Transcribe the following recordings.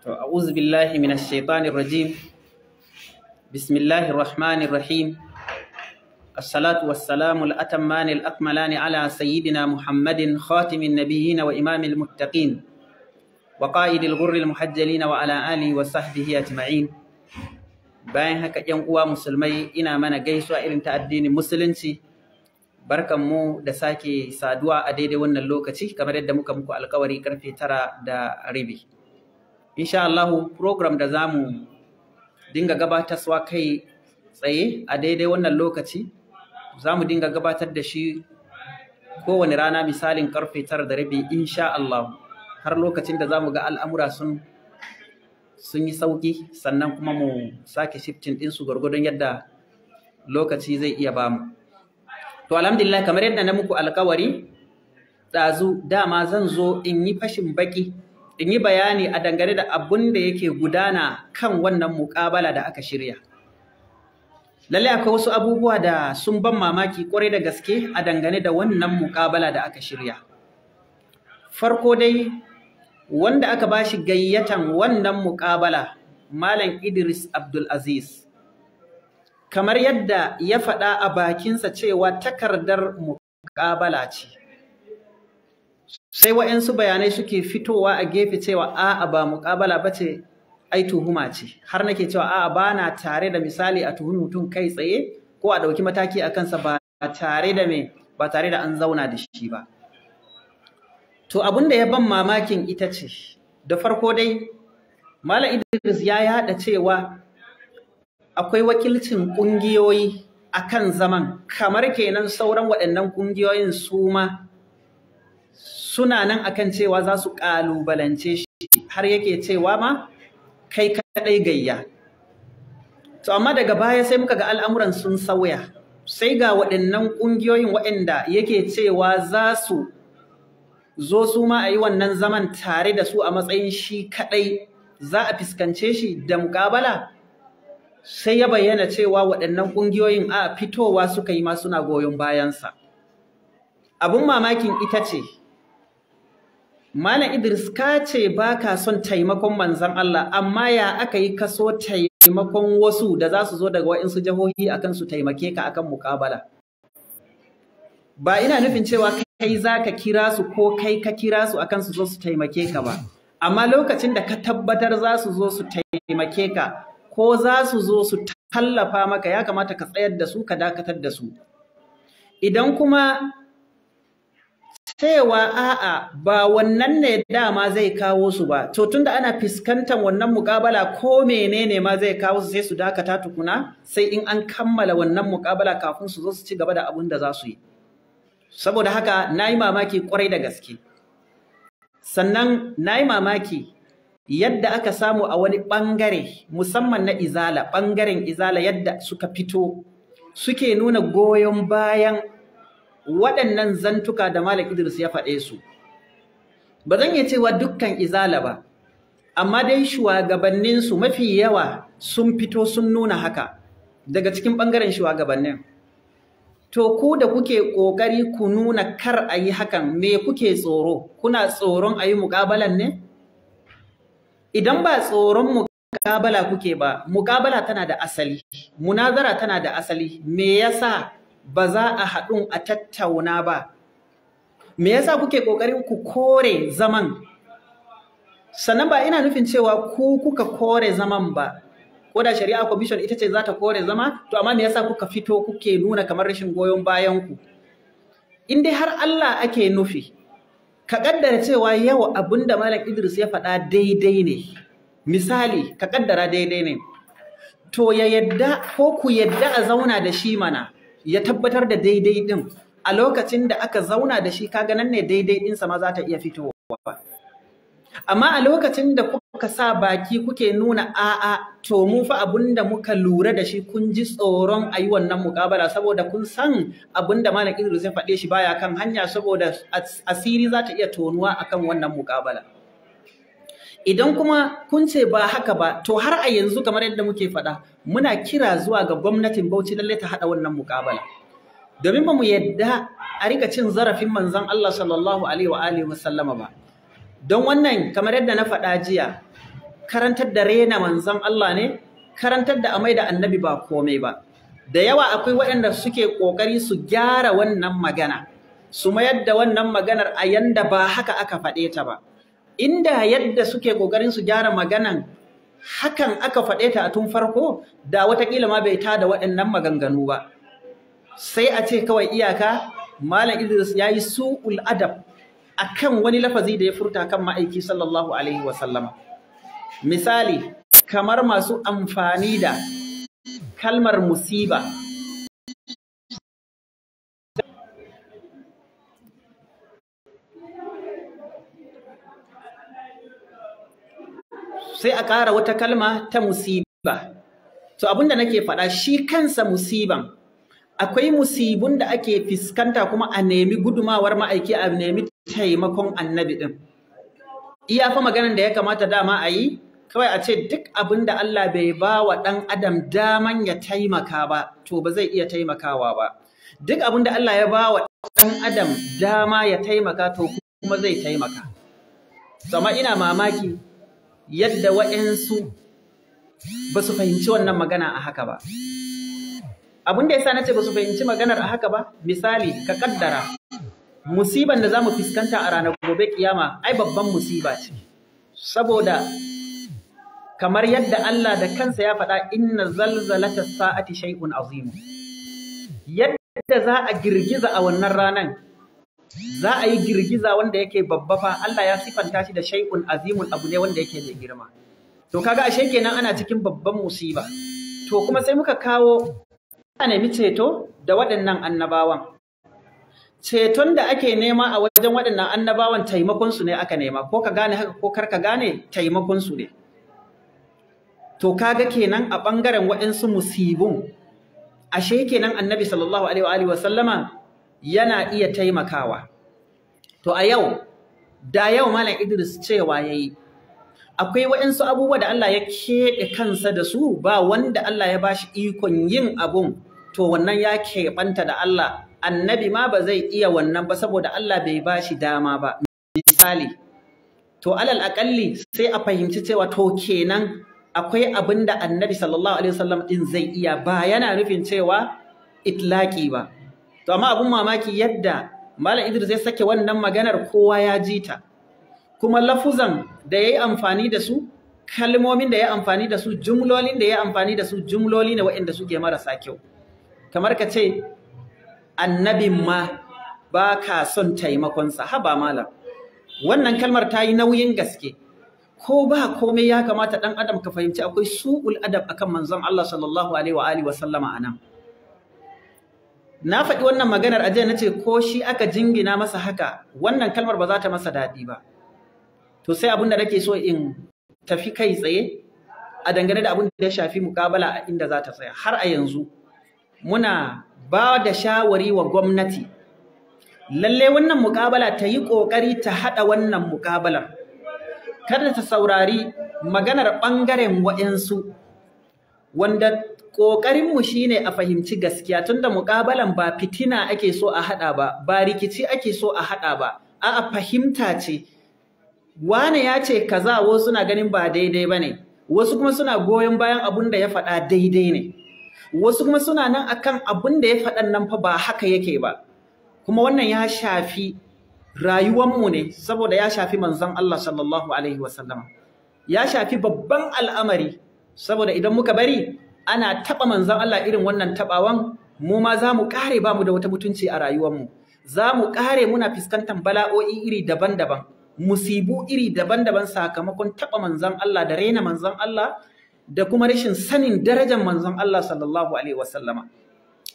To, mina billahi minash shaitanir rajim. Bismillahir rahmanir rahim. Assalatu wassalamu al-atammani al-akmalani ala sayyidina Muhammadin khatimin nabiyyin wa imamil muttaqin. Wa qa'idil ghurril muhajjalin wa ala alihi wa sahbihi ajma'in. Bayan haka ƴan uwa musulmai ina mana gaisuwa irin ta addinin musulunci. barkan mu da sake saduwa a daidai wannan lokaci kamar yadda muka muku alkawari karfe tara da ribi. insha Allahu program da za mu dinga gabatarwa kai tsaye a daidai wannan lokaci za mu dinga gabatar da shi kowane rana misalin karfe tara da rabi insha Allahu har lokacin da za mu ga al'amura sun sun yi sauki sannan kuma mu sake shifting ɗinsu gwargwadon yadda lokaci zai iya bamu. To alhamdulillah kamar yadda na muku alkawari ɗazu dama zan zo in yi fashin baki in yi bayani a dangane da abun da yake gudana kan wannan muƙabala da aka shirya. Lalle akwai wasu abubuwa da sun ban mamaki kwarai da gaske a dangane da wannan muƙabala da aka shirya. Farko dai, wanda aka ba shi gayyatan wannan muƙabala, Malam Idris Abdul Aziz. Kamar yadda ya faɗa a bakinsa cewa takardar muƙabala ce. sai wa'yansu bayanai suke fitowa a gefe cewa a'a ba muƙabala ba ce ai tuhuma ce har nake cewa a'a ba na tare da misali a tuhumi mutum kai tsaye ko a ɗauki mataki a kansa ba tare da me ba tare da an zauna da shi ba to abin da ya ban mamakin ita ce da farko dai Malam Idris ya yaɗa cewa akwai wakilcin ƙungiyoyi a kan zaman kamar kenan sauran waɗannan ƙungiyoyin su ma suna nan akan cewa za su kalubalance shi har yake cewa ma kai kaɗai gayya to amma daga baya sai muka ga al'amuran sun sauya sai ga waɗannan ƙungiyoyin waɗanda yake cewa za su zo su ma a yi wannan zaman tare da su a matsayin shi kaɗai za a fuskance shi da muƙabala sai ya bayyana cewa waɗannan ƙungiyoyin a fitowa suka yi ma suna goyon bayansa Abin mamakin ita ce Malam Idris ka ce ba ka son taimakon manzan Allah amma ya aka yi kaso taimakon wasu da za su zo daga waɗansu jihohi akan su taimake ka akan mukabala. Ba ina nufin cewa kai za ka kira su ko kai ka kira su akan su zo su taimake ka ba. Amma lokacin da ka tabbatar za su zo su taimake ka ko za su zo su tallafa maka ya kamata ka tsayar da su ka dakatar da su. Idan kuma cewa a'a ba wannan ne dama zai kawo su ba to tunda ana fuskantar wannan mukabala ko menene ma zai kawo su sai su dakata tukuna sai in an kammala wannan mukabala kafin su zo su ci gaba da abin da za su yi saboda haka na yi mamaki kwarai da gaske sannan na yi mamaki yadda aka samu a wani bangare musamman na izala bangaren izala yadda suka fito suke nuna goyon bayan waɗannan zantuka da Malik Idris ya faɗe su. Ba zan iya cewa dukkan izala ba, amma dai shugabanninsu mafi yawa sun fito sun nuna haka daga cikin ɓangaren shugabannin. To ku da kuke ƙoƙari ku nuna kar a yi hakan me kuke tsoro, kuna tsoron a yi muƙabalan ne? Idan ba tsoron muƙabala kuke ba, muƙabala tana da asali, munazara tana da asali, me yasa ba za a haɗun a tattauna ba me yasa kuke ƙoƙarin ku kore zaman sannan ba ina nufin cewa ku kuka kore zaman ba ko da shari'a commission ita ce za ta kore zama to amma me yasa kuka fito kuke nuna kamar rashin goyon bayan ku in dai har Allah ake nufi ka kaddara cewa yau da Malam Idris ya faɗa daidai ne misali ka ƙaddara daidai ne to ya yadda ko ku yadda a zauna da shi mana ya tabbatar da daidai din a lokacin da aka zauna da shi kaga nan ne daidai ɗinsa ma za ta iya fitowa amma a lokacin da kuka sa baki kuke nuna a'a to mu fa abinda muka lura da shi kun ji tsoron a yi wannan mukabala saboda kun san abinda malam Idris zai faɗe shi baya kan hanya saboda asiri za ta iya tonuwa akan wannan mukabala idan kuma kun ce ba haka ba to har a yanzu kamar yadda muke faɗa muna kira zuwa ga gwamnatin Bauchi lalle ta haɗa wannan muƙabala. Domin ba mu yadda a rika cin zarafin manzon Allah sallallahu alaihi wa wa sallama ba. Don wannan kamar yadda na faɗa jiya karantar da rena manzon Allah ne karantar da amai da annabi ba komai ba. Da yawa akwai waɗanda suke ƙoƙari su gyara wannan magana, su mayar da wannan maganar a yanda ba haka aka faɗe ta ba. Inda yadda suke ƙoƙarin su gyara maganan hakan aka faɗe ta a tun farko da watakila ma bai tada waɗannan maganganu ba sai a ce kawai iyaka malam Idris ya yi su'ul adab akan wani lafazi da ya furta kan ma'aiki sallallahu alaihi wa sallama misali kamar masu amfani da kalmar musiba sai a ƙara wata kalma ta musiba to da nake faɗa shi kansa musiban akwai musibun da ake fiskanta kuma a nemi gudumawar ma'aiki a nemi taimakon annabi ɗin. Iya fa maganan da ya kamata dama a yi, kawai a ce duk abin da Allah bai ba wa ɗan adam daman ya taimaka ba, to ba zai iya taimakawa ba. Duk abin da Allah ya ba wa ɗan adam dama ya taimaka to kuma zai taimaka. Sama ina mamaki yadda wa'yansu ba su fahimci wannan magana a haka ba. Abin da yasa na ce ba su fahimci maganar a haka ba, misali ka kaddara musiban da za mu fuskanta a ranar gobe kiyama ai babban musiba ce. Saboda kamar yadda Allah da kansa ya faɗa inna zalzalata sa'ati shay'un azimu. Yadda za a girgiza a wannan ranar za a yi girgiza wanda yake babba fa Allah ya sifanta shi da shay'un azimun abu ne wanda yake mai girma to kaga ashe kenan ana cikin babban musiba to kuma sai muka kawo a nemi ceto da waɗannan annabawan ceton da ake nema a wajen waɗannan annabawan taimakon su ne aka nema ko ka gane haka ko kar ka gane taimakon su ne to kaga kenan a bangaren waɗansu musibun ashe kenan annabi sallallahu alaihi wa sallama yana iya taimakawa to a yau da yau malam Idris cewa ya yi, akwai waɗansu abubuwa da Allah ya keɓe kansa da su ba wanda Allah ya ba shi ikon yin abun to wannan ya keɓanta da Allah annabi ma ba zai iya wannan ba saboda Allah bai ba shi dama ba misali to alal aƙalli sai a fahimci cewa to kenan akwai abin da annabi sallallahu alaihi wasallam din zai iya ba yana nufin cewa itlaki ba to amma abun mamaki yadda malam Idris ya sake wannan maganar kowa ya ji ta kuma lafuzan da yayi amfani da su kalmomin da ya amfani da su jumlolin da ya amfani da su jumloli ne waɗanda suke marasa kyau kamar ka ce annabin ma ba ka son taimakonsa haba malam wannan kalmar ta yi nauyin gaske ko ba komai ya kamata ɗan adam ka fahimci akwai su'ul adab akan manzon Allah sallallahu alaihi wa alihi wa sallama anan na faɗi wannan maganar ajiya na ce ko shi aka jingina masa haka wannan kalmar ba za ta masa daɗi ba to sai abin da nake so in tafi kai tsaye a dangane da abin da ya shafi mukabala a inda za ta tsaya har a yanzu muna ba da shawari wa gwamnati lalle wannan mukabala ta yi ƙoƙari ta haɗa wannan mukabalar kada ta saurari maganar ɓangaren waɗansu wanda ƙoƙarinmu shi ne a fahimci gaskiya tunda muƙabalan ba fitina ake so a haɗa ba, ba rikici ake so a haɗa ba, a'a fahimta ce. Wane ya ce kaza wasu suna ganin ba daidai ba ne, wasu kuma suna goyon bayan abun da ya faɗa daidai ne, wasu kuma suna nan akan abun da ya faɗan nan fa ba haka yake ba. Kuma wannan ya shafi rayuwanmu ne saboda ya shafi manzon Allah sallallahu alaihi wasallam. Ya shafi babban al'amari saboda idan muka bari ana taɓa manzan Allah irin wannan taɓawan mu ma za mu ƙare ba mu da wata mutunci a rayuwarmu za mu ƙare muna fuskantar bala'o'i iri daban-daban musibu iri daban-daban sakamakon taɓa manzan Allah da raina manzan Allah da kuma rashin sanin darajar manzan Allah sallallahu alaihi wasallama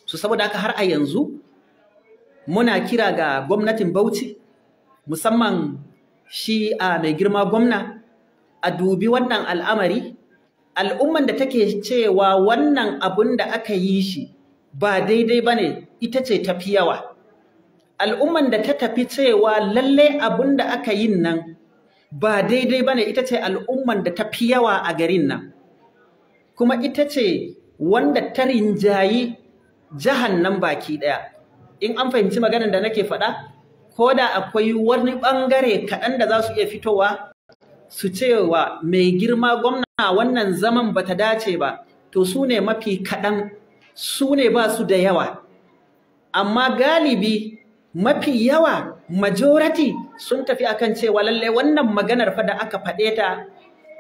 su saboda haka har a yanzu muna kira ga gwamnatin Bauchi musamman shi a mai girma gwamna a dubi wannan al'amari al'umman da take cewa wannan abun da aka yi shi ba daidai ba ne ita ce tafi yawa al'umman da ta tafi cewa lallai abun da aka yi nan ba daidai ba ne ita ce al'umman da ta fi yawa a garin nan kuma ita ce wanda ta rinjayi nan baki ɗaya in an fahimci maganar da nake faɗa ko da akwai wani ɓangare kaɗan da za su iya fitowa su cewa mai girma gwamna wannan zaman bata dace ba to su ne mafi kaɗan su ne ba su da yawa amma galibi mafi yawa majority sun tafi akan cewa lallai wannan maganar fa da aka faɗe ta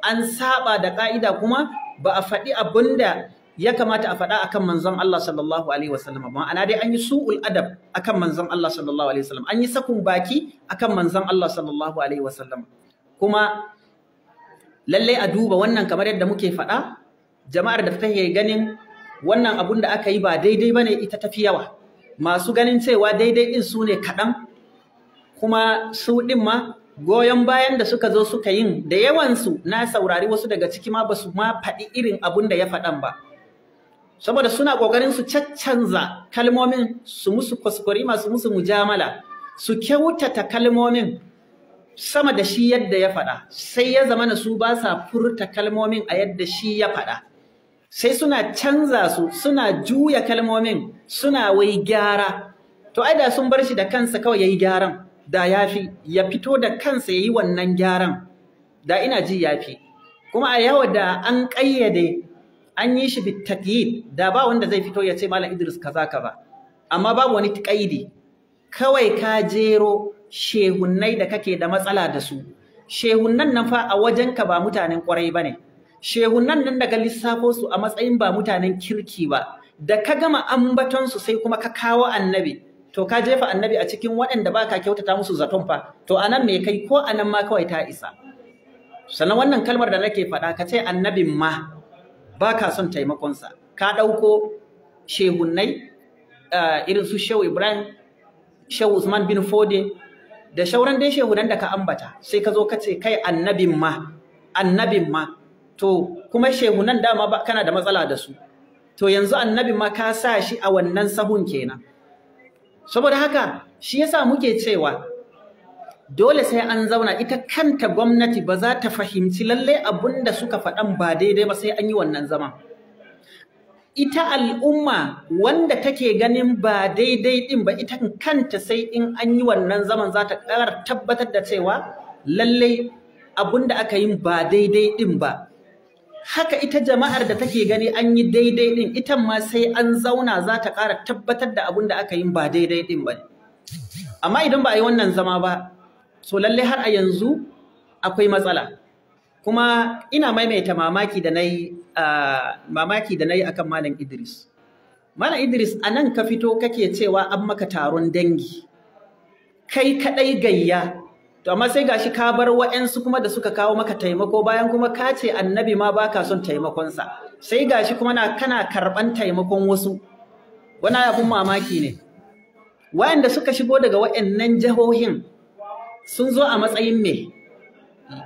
an saba da ƙa'ida kuma ba a faɗi abin da ya kamata a faɗa akan manzon Allah sallallahu alaihi wasallam ba ana dai an yi su'ul adab akan manzon Allah sallallahu alaihi wasallam an yi sakun baki akan manzon Allah sallallahu alaihi wasallam kuma lallai a duba wannan kamar yadda muke faɗa jama'ar da take ganin wannan abun da aka yi ba daidai bane ita tafi yawa masu ganin cewa daidai din su ne kaɗan kuma su ɗin ma goyon bayan da suka zo suka yin da yawansu na saurari wasu daga ciki ma basu ma faɗi irin abun da ya faɗan ba saboda suna ƙoƙarin su caccanza kalmomin su musu kuskuri, masu musu mujamala su kyautata kalmomin sama da shi yadda ya faɗa sai ya zama na su ba sa furta kalmomin a yadda shi ya faɗa sai suna canza su suna juya kalmomin suna wai gyara to ai da sun bar shi da kansa kawai yayi gyaran da yafi ya fito da kansa yayi wannan gyaran da ina ji yafi kuma a yawa da an ƙayyade an yi shi bitaƙid da ba wanda zai fito ya ce malam Idris kaza ka ba. amma babu wani ƙaidi kawai ka jero shehunnai da kake da matsala da su shehunnan nan fa a wajenka ba mutanen kwarai bane shehunnan nan daga lissafo su a matsayin ba mutanen kirki ba da ka gama ambaton su sai kuma ka kawo annabi to ka jefa annabi a cikin waɗanda baka kyautata musu zaton fa to anan me kai ko anan ma kawai ta isa sannan wannan kalmar da nake faɗa ka ce annabin ma baka son sa. ka ɗauko shehunnai eh, irin su shehu ibrahim shehu usman bin fode da shauran dai shehunan da ka ambata sai ka zo ka ce kai annabin ma annabin ma to kuma shehunan dama ba kana da matsala da su to yanzu annabin ma ka sa shi a wannan sahun kenan saboda haka shi yasa muke cewa dole sai an zauna ita kanta gwamnati ba za ta fahimci lallai abin da suka faɗan ba daidai ba sai an yi wannan zama. ita al'umma wanda take ganin ba daidai din ba ita kanta sai in an yi wannan zaman za ta ƙara tabbatar da cewa lallai abun da aka yi ba daidai din ba haka ita jama'ar da take gani an yi daidai din ita ma sai an zauna za ta ƙara tabbatar da abun da aka yi ba daidai din ba amma idan ba a yi wannan zama ba so lallai har a yanzu akwai matsala kuma ina maimaita mamaki da na yi mamaki da na yi akan Malam Idris. Malam Idris a nan ka fito kake cewa an maka taron dangi. Kai kaɗai gayya. To amma sai gashi ka bar wa'yansu kuma da suka kawo maka taimako bayan kuma ka ce annabi ma baka son taimakonsa. Sai gashi kuma na kana karɓan taimakon wasu. Wani abun mamaki ne. Wa'yanda suka shigo daga wa'yannan jihohin sun zo a matsayin me?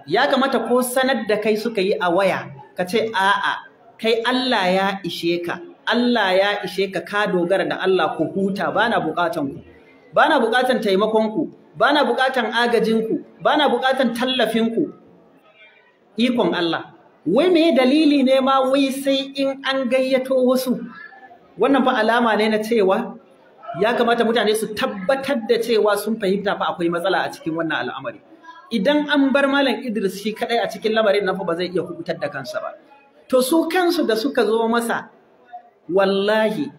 Ya kamata ko sanar da kai suka yi a waya ka ce a'a kai Allah ya ishe ka Allah ya ishe ka ka dogara da Allah ku huta bana bukatan ku bana bukatan taimakon ku bana bukatan agajin ku bana bukatan tallafin ku ikon Allah wai me dalili ne ma wai sai in an gayyato wasu wannan fa alama ne na cewa ya kamata mutane su tabbatar da cewa sun fahimta fa akwai matsala a cikin wannan al'amari idan an bar Malam Idris shi kadai a cikin lamarin na fa ba zai iya kubutar da kansa ba. To su kansu da suka zo masa wallahi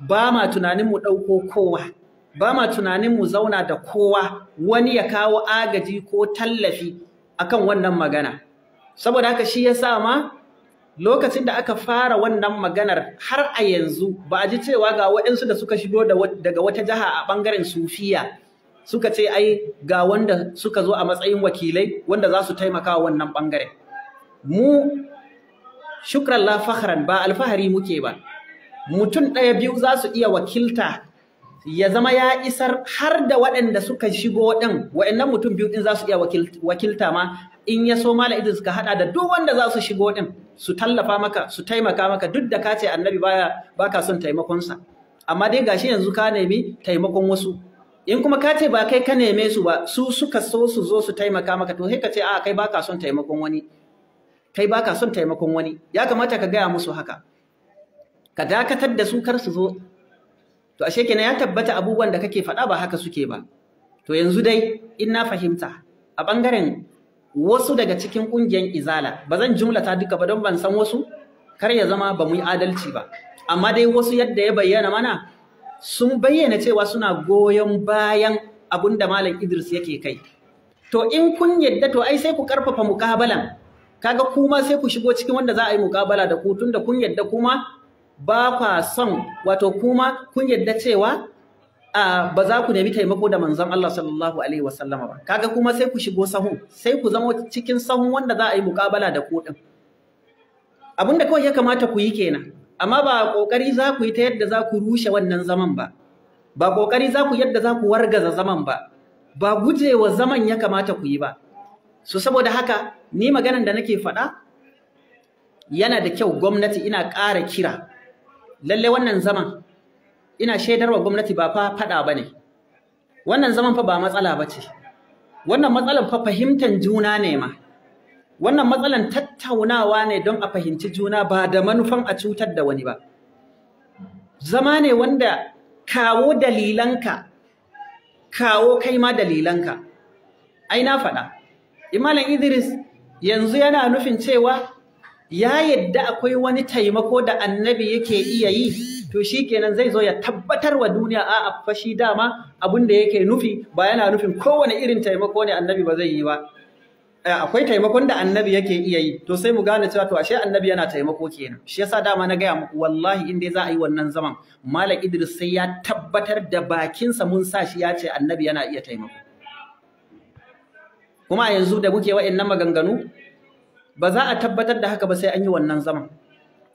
ba ma tunanin mu ɗauko kowa, ba ma tunanin mu zauna da kowa wani ya kawo agaji ko tallafi akan wannan magana. Saboda haka shi ya sa ma lokacin da aka fara wannan maganar har a yanzu ba a ji cewa ga waɗansu da suka shigo daga wata jiha a ɓangaren sufiya suka ce ai ga wanda suka zo a matsayin wakilai wanda za su taimaka wa wannan bangare mu shukran la ba alfahari muke ba mutum ɗaya biyu za su iya wakilta ya zama ya isar har da waɗanda suka shigo ɗin waɗannan mutum biyu ɗin za su iya wakilta ma in ya so mala idin suka haɗa da duk wanda za su shigo ɗin su tallafa maka su taimaka maka duk da ka ce annabi baya baka son taimakonsa amma dai gashi yanzu ka nemi taimakon wasu in kuma ka ce ba kai ka neme su ba su suka so su zo su taimaka maka to sai ka ce a kai baka son taimakon wani kai baka son taimakon wani ya kamata ka gaya musu haka ka dakatar da su kar su zo to ashe kenan ya tabbata abubuwan da kake faɗa ba haka suke ba to yanzu dai in na fahimta a bangaren wasu daga cikin ƙungiyar izala ba zan jumlata duka ba don ban san wasu kar ya zama ba mu yi adalci ba amma dai wasu yadda ya bayyana mana sun bayyana cewa suna goyon bayan abun da Malam Idris yake kai. To in kun yadda to ai sai ku karfafa mukabalan. Kaga kuma sai ku shigo cikin wanda za a yi mukabala da ku tunda kun yadda kuma ba kwa son wato kuma kun yadda cewa ba za ku nemi taimako da manzon Allah sallallahu alaihi Wasallama ba. Kaga kuma sai ku shigo sahun, sai ku zama cikin sahun wanda za a yi mukabala da ku din. Abin da kawai ya kamata ku yi kenan. amma ba kokari za ku yi ta yadda za ku rushe wannan zaman ba ba ƙoƙari za ku yadda za ku wargaza zaman ba ba gujewa zaman ya kamata ku yi ba so saboda haka ni maganan da nake faɗa yana da kyau gwamnati ina ƙara kira lalle wannan zaman ina shaidarwa gwamnati ba fa faɗa ne. wannan zaman fa ba matsala ba ce. wannan matsalar fa fahimtar juna ne ma wannan matsalan tattaunawa ne don a fahimci juna ba da manufan a cutar da wani ba zama ne wanda kawo dalilanka kawo kai ma dalilanka ai na faɗa imalan idris yanzu yana nufin cewa ya yadda akwai wani taimako da annabi yake iya yi to shi kenan zai zo ya tabbatar wa duniya a fashi dama abin da yake nufi ba yana nufin kowane irin taimako ne annabi ba zai yi ba Eh, akwai taimakon da annabi yake iya yi to sai mu gane cewa to ashe annabi yana taimako kenan shi yasa dama na gaya muku wallahi in dai za a yi wannan zaman malam Idris sai ya tabbatar da bakinsa mun sa shi ya ce annabi yana iya taimako kuma yanzu da kuke wa'annan maganganu ba za a tabbatar da haka ba sai an yi wannan zaman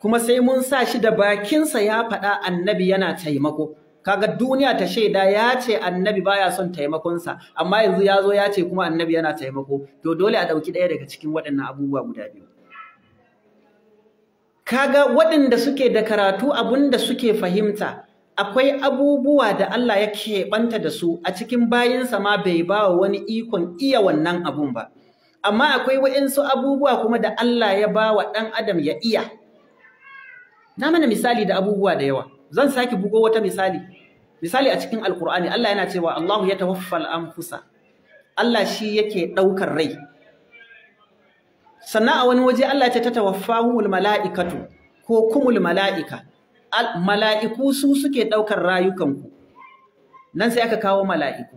kuma sai mun sa shi da bakinsa ya faɗa annabi yana taimako kaga duniya ta shaida ya ce annabi baya son taimakonsa amma yanzu ya zo ya ce kuma annabi yana taimako to dole a ɗauki ɗaya daga cikin waɗannan abubuwa guda biyu kaga waɗanda suke da karatu abun da suke fahimta akwai abubuwa da Allah ya keɓanta da su a cikin bayinsa ma bai ba wa wani ikon iya wannan abun ba amma akwai waɗansu abubuwa kuma da Allah ya ba wa ɗan adam ya iya na mana misali da abubuwa da yawa zan sake bugo wata misali misali a cikin alkur'ani Allah yana cewa Allahu ya tawaffal anfusa Allah shi yake ɗaukar rai sannan a wani waje Allah ya ce ta tawaffahumul mala'ikatu ko kumul mala'ika mala'iku su suke ɗaukar rayukanku nan sai aka kawo mala'iku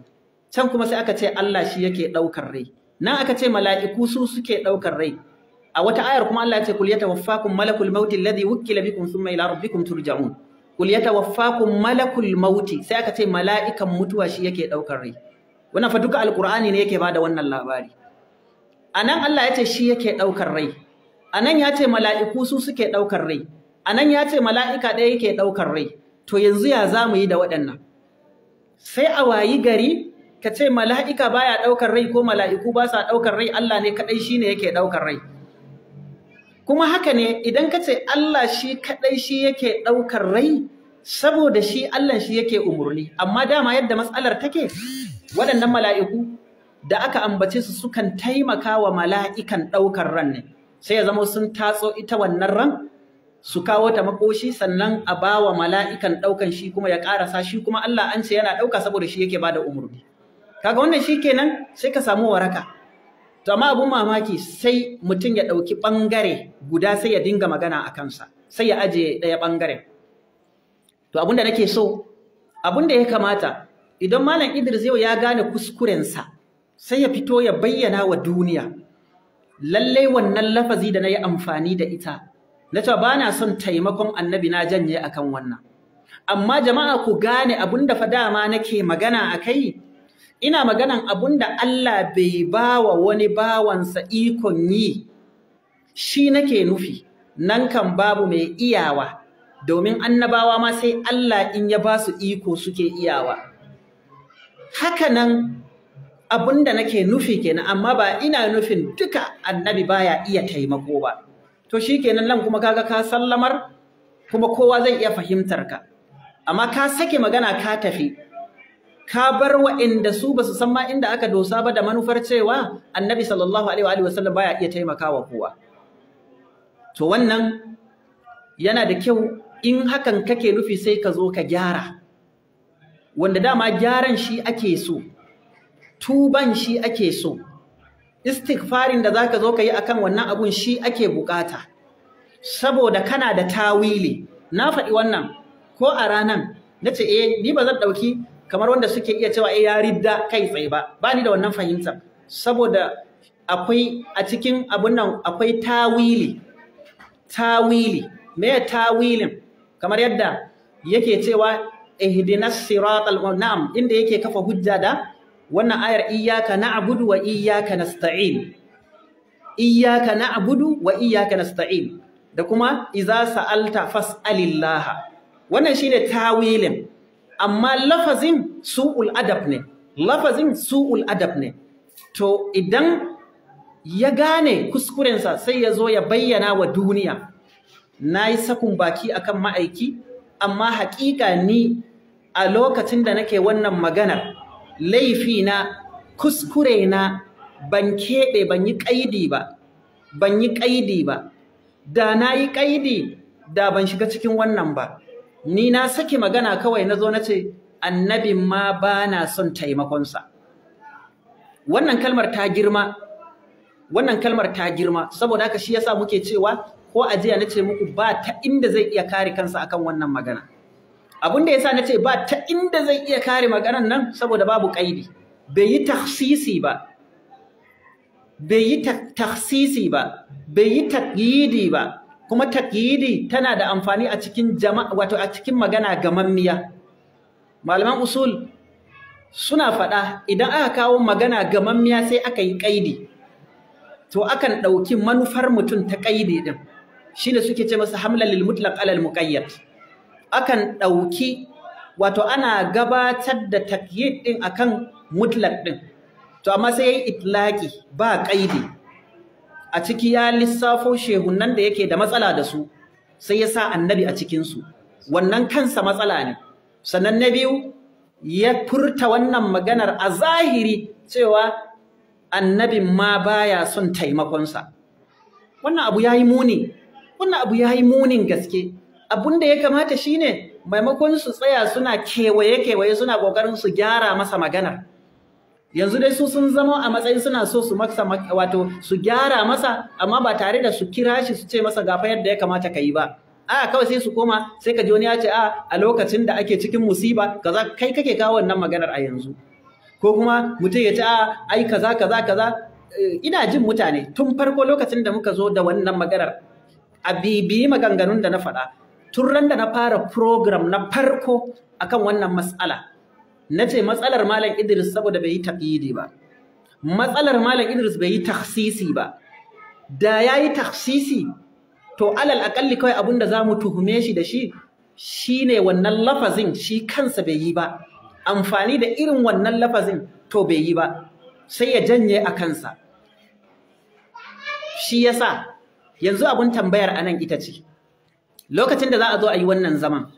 can kuma sai aka ce Allah shi yake ɗaukar rai nan aka ce mala'iku su suke ɗaukar rai a wata ayar kuma Allah ya ce kul yatawaffakum malakul mauti alladhi wukkila bikum thumma ila rabbikum turja'un kul yatawaffakum malakul mauti sai aka ce mala'ikan mutuwa shi yake daukar rai wannan fa duka alqur'ani ne yake bada wannan labari anan Allah ya shi yake daukar rai anan ya ce mala'iku su suke daukar rai anan ya ce mala'ika ɗaya yake daukar rai to yanzu ya zamu yi da waɗannan sai a wayi gari ka ce mala'ika baya daukar rai ko mala'iku ba sa daukar rai Allah ne kadai shine yake daukar rai kuma haka ne idan ka ce Allah shi kaɗai shi yake ɗaukar rai saboda shi Allah shi yake umurni amma dama yadda matsalar take waɗannan mala'iku da aka ambace su sukan taimaka wa mala'ikan ɗaukar ran ne sai ya zama sun tatso ita wannan ran su kawo ta makoshi sannan a ba wa mala'ikan ɗaukan shi kuma ya ƙarasa shi kuma Allah an ce yana ɗauka saboda shi yake ba da umurni kaga wannan shi kenan sai ka samu waraka To amma abun mamaki sai mutum ya ɗauki ɓangare guda sai ya dinga magana a kansa, sai ya ajiye ɗaya ɓangaren. To abun da nake so, abun da ya kamata, idan Malam Idris yau ya gane kuskurensa, sai ya fito ya bayyana wa duniya. Lallai wannan lafazi da na yi amfani da ita, na ta ba na son taimakon annabi na janye akan wannan. Amma jama'a ku gane abun da fa dama nake magana a kai, ina maganan abun da Allah bai ba wa wani bawansa ikon yi shi nake nufi nan kan babu mai iyawa domin annabawa ma sai Allah in ya ba su iko suke iyawa haka nan abun da nake nufi kenan amma ba ina nufin duka annabi baya iya taimako ba to shi kenan nan kuma kaga ka sallamar kuma kowa zai iya fahimtar ka amma ka sake magana ka tafi ka bar wa'inda su basu san ma inda aka dosa ba da manufar cewa annabi sallallahu alaihi wa wasallam baya iya taimakawa kowa to wannan yana da kyau in hakan kake nufi sai ka zo ka gyara wanda dama gyaran shi ake so tuban shi ake so istighfarin da za ka zo ka yi akan wannan abun shi ake bukata saboda kana da tawili na faɗi wannan ko a ranan nace eh ni ba zan ɗauki kamar wanda suke iya cewa eh, ya ridda kai tsaye ba ba ni da wannan fahimta saboda akwai a cikin abun nan akwai tawili tawili me tawilin kamar yadda yake cewa ihdinas siratal na'am inda yake kafa hujja da wannan ayar iyyaka na'budu wa iyyaka nasta'in iyyaka na'budu wa iyyaka nasta'in da kuma idza sa'alta fas'alillah wannan shine tawilin amma lafazin su'ul adab ne lafazin su'ul adab ne to idan ya gane kuskurensa sai ya zo ya bayyana wa duniya na yi sakun baki akan ma'aiki amma haƙiƙa ni a lokacin da nake wannan maganar laifi na, ban keɓe ban yi ƙaidi ba ban yi ƙaidi ba da na yi ƙaidi da ban shiga cikin wannan ba ni na sake magana kawai na zo na ce annabin ma ba na son taimakonsa wannan kalmar ta girma wannan kalmar ta girma saboda haka shi yasa muke cewa ko ajiya jiya na ce muku ba ta inda zai iya kare kansa akan wannan magana abin da yasa na ce ba ta inda zai iya kare maganar nan saboda babu kaidi bai yi tahsisi ba bai yi tahsisi ba bai yi ba kuma taqyidi tana da amfani a cikin jama'a wato a cikin magana gamammiya malaman usul suna faɗa idan aka kawo magana gamammiya sai aka yi ƙaidi to akan ɗauki manufar mutum ta ƙaidi ɗin shi ne suke ce masa hamla lil mutlaq alal muqayyad akan ɗauki wato ana gabatar da takyid ɗin akan mutlaq ɗin to amma sai yayi itlaqi ba ƙaidi a ciki ya lissafo shehunan da yake da matsala da su sai ya sa annabi a cikinsu wannan kansa matsala ne sannan na biyu ya furta wannan maganar a zahiri cewa annabin ma baya son taimakonsa wannan abu yayi muni wannan abu yayi munin gaske abun da ya kamata shine maimakon su tsaya suna kewaye kewaye suna kokarin su gyara masa maganar yanzu dai su sun zama a matsayin suna so su maksa wato su gyara masa amma ba tare da su kira shi su ce masa gafa yadda ya kamata ka yi ba a kawai sai su koma sai ka ji wani ya ce a lokacin da ake cikin musiba kaza kai kake kawo wannan maganar a yanzu ko kuma mutum ya ce a ai kaza kaza kaza eh, ina jin mutane tun farko lokacin da muka zo da wannan maganar a bibiyi maganganun da na faɗa tun ran da na fara program na farko akan wannan matsala. Na ce matsalar malam Idris saboda bai yi taqyidi ba matsalar malam Idris bai yi takhsisi ba da yayi takhsisi to alal akalli kawai za mu tuhume shi da shi shi ne wannan lafazin shi kansa bai yi ba amfani da irin wannan lafazin to bai yi ba sai ya janye a kansa shi yasa yanzu abun tambayar anan ita ce lokacin da za a zo a yi wannan zaman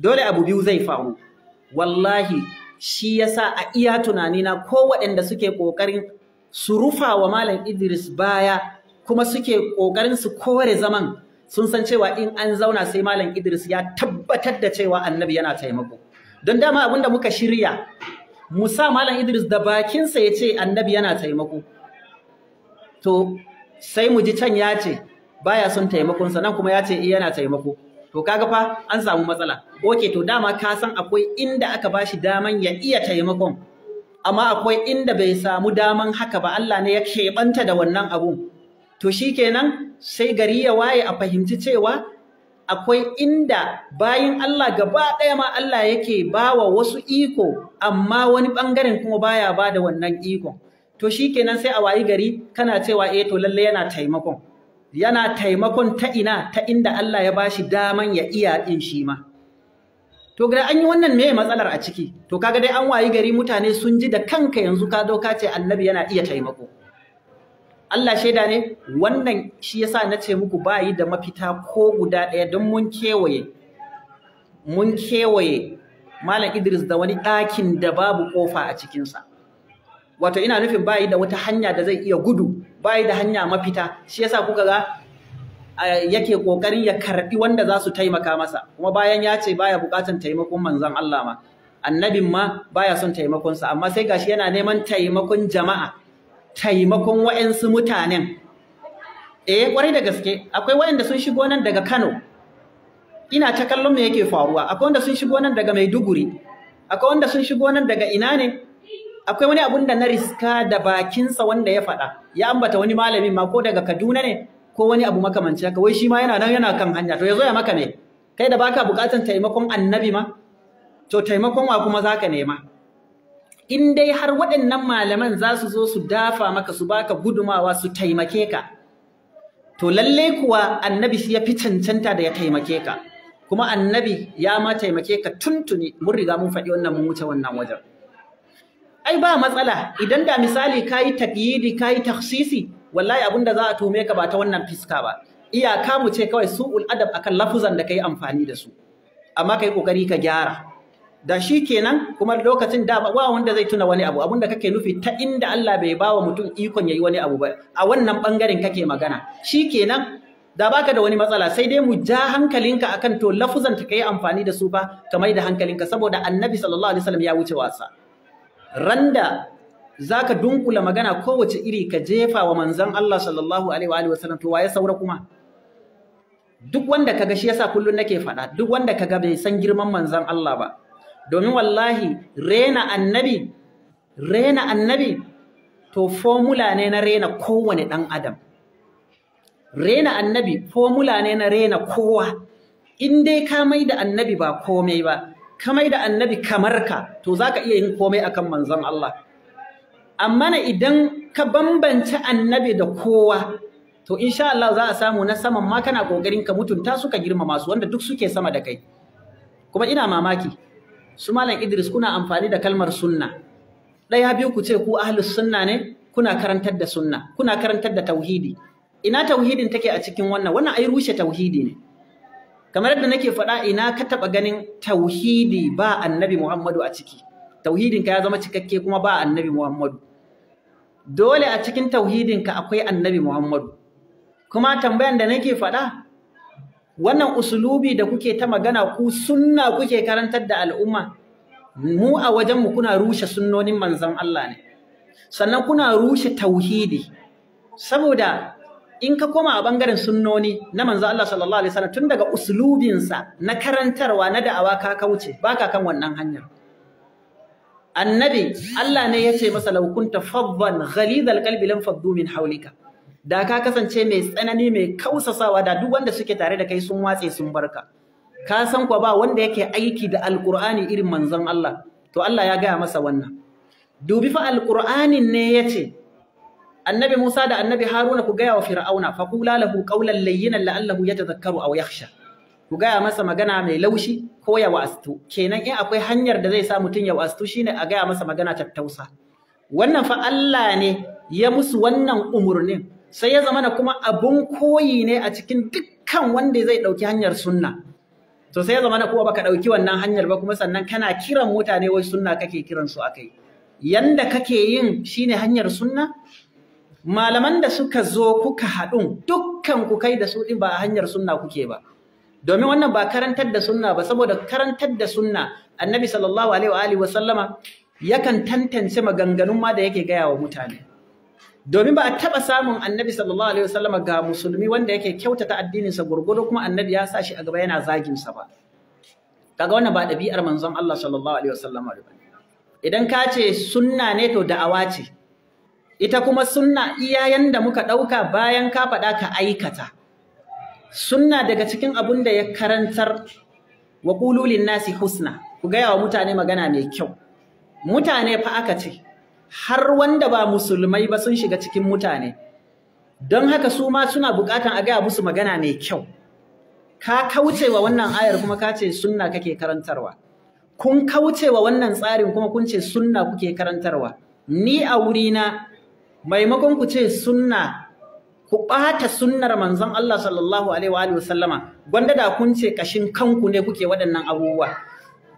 dole abu biyu zai faru wallahi shi yasa a iya tunanina ko waɗanda suke ƙoƙarin su rufa wa Malam Idris baya kuma suke ƙoƙarin su kore zaman sun san cewa in an zauna sai Malam Idris ya tabbatar da cewa annabi yana taimako. Don dama abinda muka shirya, Musa Malam Idris da bakinsa ya ce annabi yana taimako. To, sai mu ji can ya ce, baya sun taimakonsa nan kuma ya ce eh yana taimako. to kaga fa an samu matsala oke to dama ka san akwai inda aka bashi daman ya iya taimakon amma akwai inda bai samu daman haka ba Allah ne ya keɓanta da wannan abun to shikenan sai gari ya waye a fahimci cewa akwai inda bayin Allah gaba ɗaya ma Allah yake bawa wasu iko amma wani ɓangaren kuma baya ba da wannan iko. to shikenan sai a wayi gari kana cewa eh to lalle yana taimakon yana taimakon ta ina ta inda Allah ya bashi daman ya iya in shi ma to gada an yi wannan meye matsalar a ciki to kaga dai an wayi gari mutane sun ji da kanka yanzu ka doka ce annabi yana iya taimako Allah shaida ne wannan shi yasa na ce muku bayi da mafita ko guda ɗaya don mun kewaye mun kewaye Malam Idris da wani ɗakin da babu ƙofa a cikinsa. Wato ina nufin bayi da wata hanya da zai iya gudu bai da hanya mafita shi yasa kuka ga yake kokari ya karbi wanda za su taimaka masa kuma bayan ya ce baya bukatan taimakon manzon Allah ma annabin ma baya son taimakon sa amma sai gashi yana neman taimakon jama'a taimakon wa'ansu mutanen eh kwarai da gaske akwai wa'anda sun shigo nan daga Kano ina ta kallon me yake faruwa akwai wanda sun shigo nan daga Maiduguri akwai wanda sun shigo nan daga ina ne akwai wani abun da na riska da bakinsa wanda ya faɗa ya ambata wani malamin ma ko daga Kaduna ne ko wani abu makamanci haka wai shi ma yana nan yana kan hanya to yazo ya maka ne kai da baka bukatan taimakon annabi ma to taimakon wa kuma zaka nema in dai har waɗannan malaman za su zo su dafa maka su baka gudumawa su taimake ka to lalle kuwa annabi shi ya fi cancanta da ya taimake ka kuma annabi ya ma taimake ka tuntuni mun riga mun faɗi wannan mun wuce wannan wajen ai ba matsala idan da misali ka kayi takyidi yi takhsisi wallahi abun da za a tome ka ba ta wannan fiska ba iyaka mu ce kawai su'ul adab akan lafuzan da kai amfani da su amma kai kokari ka gyara da shi kenan kuma lokacin da ba wanda zai tuna wani abu da kake nufi ta inda Allah bai ba wa mutum ikon yayi wani abu ba a wannan bangaren kake magana shi kenan da baka da wani matsala sai dai mu ja hankalinka akan to lafuzan ta kai amfani da su ba ka mai da hankalinka saboda annabi sallallahu alaihi wasallam ya wuce wasa randa za ka dunkula magana kowace iri ka jefa wa manzan Allah sallallahu alaihi wa alihi wasallam to waye saura kuma duk wanda kaga shi yasa kullun nake faɗa duk wanda kaga bai san girman manzan Allah ba domin wallahi rena annabi rena annabi to formula ne na rena kowane ɗan adam rena annabi formula ne na rena kowa in dai ka mai da annabi ba komai ba ka mai da annabi kamar ka to za ka iya yin komai akan manzon Allah amma na idan ka bambance annabi da kowa to insha Allah za a samu na saman ma kana kokarin ka mutunta suka ka girmama su wanda duk suke sama da kai kuma ina mamaki su malam Idris kuna amfani da kalmar sunna ɗaya biyu ku ce ku ahlus sunna ne kuna karantar da sunna kuna karantar da tauhidi ina tauhidin take a cikin wannan wannan ai rushe tauhidi ne kamar yadda nake faɗa ina ka taɓa ganin tauhidi ba annabi Muhammadu a ciki tauhidinka ya zama cikakke kuma ba annabi Muhammadu dole a cikin tauhidinka akwai annabi Muhammadu kuma tambayan da nake faɗa wannan usulubi da kuke ta magana ku sunna kuke karantar da al'umma mu a wajenmu kuna rushe sunnonin manzon Allah ne sannan kuna rushe tauhidi saboda in ka koma a bangaren sunnoni na manzo Allah sallallahu alaihi wasallam tun daga uslubinsa na karantarwa na da'awa ka ka wuce baka kan wannan hanyar annabi Allah ne yace masa law kunta faddan ghalidhal qalbi lam faddu min hawlika da ka kasance mai tsanani mai kausasawa da duk wanda suke tare da kai sun watse sun barka ka san kwaba ba wanda yake aiki da alqur'ani irin manzon Allah to Allah ya gaya masa wannan dubi fa alqur'anin ne yace annabi Musa da annabi Haruna ku gaya wa Fir'auna fa qula lahu qawlan layyinan la'allahu yatadhakkaru aw yakhsha ku gaya masa magana mai laushi ko ya kenan in akwai hanyar da zai sa mutun ya wa'astu shine a gaya masa magana tattausa wannan fa Allah ne ya musu wannan umurnin sai ya na kuma abun koyi ne a cikin dukkan wanda zai dauki hanyar sunna to sai ya na kuma baka dauki wannan hanyar ba kuma sannan kana kiran mutane wai sunna kake kiransu su akai yanda kake yin shine hanyar sunna malaman da suka zo kuka haɗun dukkan ku kai da su ɗin ba a hanyar sunna kuke ba domin wannan ba karantar da sunna ba saboda karantar da sunna annabi sallallahu alaihi wa sallama yakan tantance maganganun ma da yake gaya wa mutane domin ba a taɓa samun annabi sallallahu alaihi sallama ga musulmi wanda yake kyautata addininsa gurgudu kuma annabi ya sa shi a gaba yana zaginsa ba kaga wannan ba ɗabi'ar manzon Allah sallallahu alaihi wa sallama idan ka ce sunna ne to da'awa ce ita kuma sunna iyayen da muka ɗauka bayan ka faɗa ka aikata sunna daga cikin abun da ya karantar wa ƙululin nasi husna ku gaya wa mutane magana mai kyau mutane fa aka ce har wanda ba musulmai ba sun shiga cikin mutane don haka su ma suna buƙatan a gaya musu magana mai kyau ka kauce wa wannan ayar kuma ka ce sunna kake karantarwa kun kauce wa wannan tsarin kuma kun ce sunna kuke karantarwa ni a wurina maimakon ku ce sunna ku ɓata sunnar manzon Allah sallallahu alaihi wa sallama gwanda da kun ce kashin kanku ne kuke waɗannan abubuwa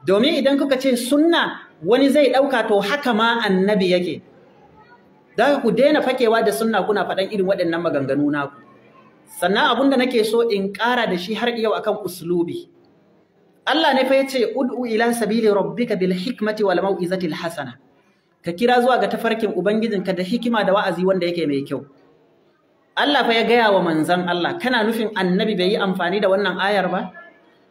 domin idan kuka ce sunna wani zai ɗauka to haka ma annabi yake da ku daina fakewa da sunna kuna faɗan irin waɗannan maganganu naku sannan abun da nake so in ƙara da shi har yau akan uslubi Allah ne fa yace ud'u ila sabili rabbika bil hikmati wal mau'izati al hasana ka kira zuwa ga tafarkin ubangijinka da hikima da wa'azi wanda yake mai kyau Allah fa ya gaya wa manzan Allah kana nufin annabi bai yi amfani da wannan ayar ba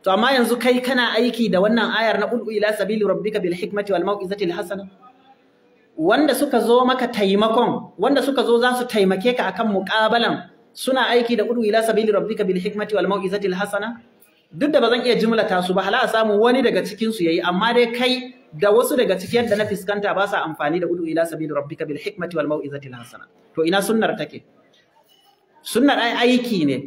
to amma yanzu kai kana aiki da wannan ayar na ud'u ila sabili rabbika bil hikmati wal mau'izati al hasana wanda suka zo maka taimakon wanda suka zo za su taimake ka akan muƙabalan suna aiki da ud'u ila sabili rabbika bil hikmati wal mau'izati al hasana duk da ba zan iya jimlata su ba hala a samu wani daga cikinsu ya yi amma dai kai da wasu daga cikin da na fiskanta ba sa amfani da udu ila sabili rabbika bil hikmati wal mau'izati hasana to ina sunnar take sunnar ai aiki ne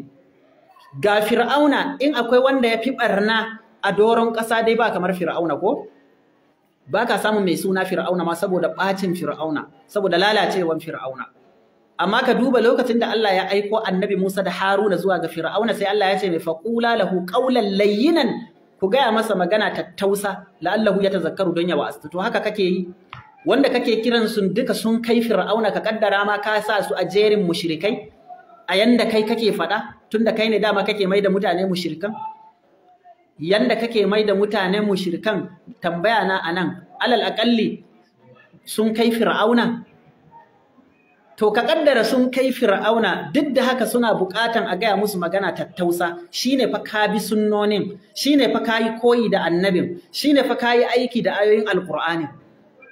ga fir'auna in akwai wanda ya fi barna a doron ƙasa dai ba kamar fir'auna ko ba ka samun mai suna fir'auna ma saboda ɓacin fir'auna saboda lalacewan fir'auna amma ka duba lokacin da Allah ya aiko annabi Musa da Haruna zuwa ga fir'auna sai Allah ya ce mai faqula lahu qawlan layyinan ku gaya masa magana ta Tausa, la'allahu ya tazakkaru don ya wa'astu to haka kake yi wanda kake kiran su duka sun kai fir'auna ka kaddara ma ka sa su a jerin mushrikai a yanda kai kake faɗa tunda kai ne dama kake mai da mutane mushrikan yanda kake mai da mutane mushrikan tambaya na anan alal aqalli sun kai fir'auna to ka kaddara sun kai fir'auna duk da haka suna bukatan a gaya musu magana tattausa shine fa ka bi sunnonin shine fa ka yi koyi da annabin shine fa ka yi aiki da ayoyin alqur'ani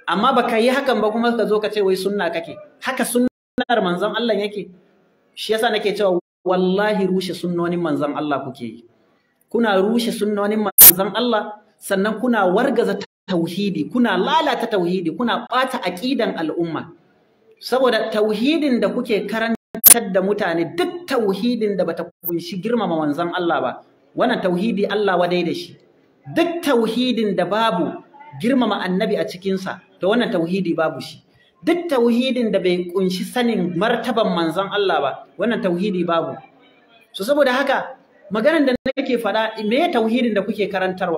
amma baka yi hakan ba kuma ka zo ka ce wai sunna kake haka sunnar manzon Allah yake shi yasa nake cewa wallahi rushe sunnonin manzon Allah kuke yi kuna rushe sunnonin manzon Allah sannan kuna wargaza tauhidi kuna lalata tauhidi kuna bata aqidan al'umma saboda tauhidin da kuke karantar da mutane duk tauhidin da bata kunshi girmama manzon Allah ba wannan tauhidi Allah wadai da shi duk tauhidin da babu girmama annabi a cikinsa to wannan tauhidi babu shi duk tauhidin da bai kunshi sanin martaban manzon Allah ba wannan tauhidi babu so saboda haka maganar da nake faɗa me tauhidin da kuke karantarwa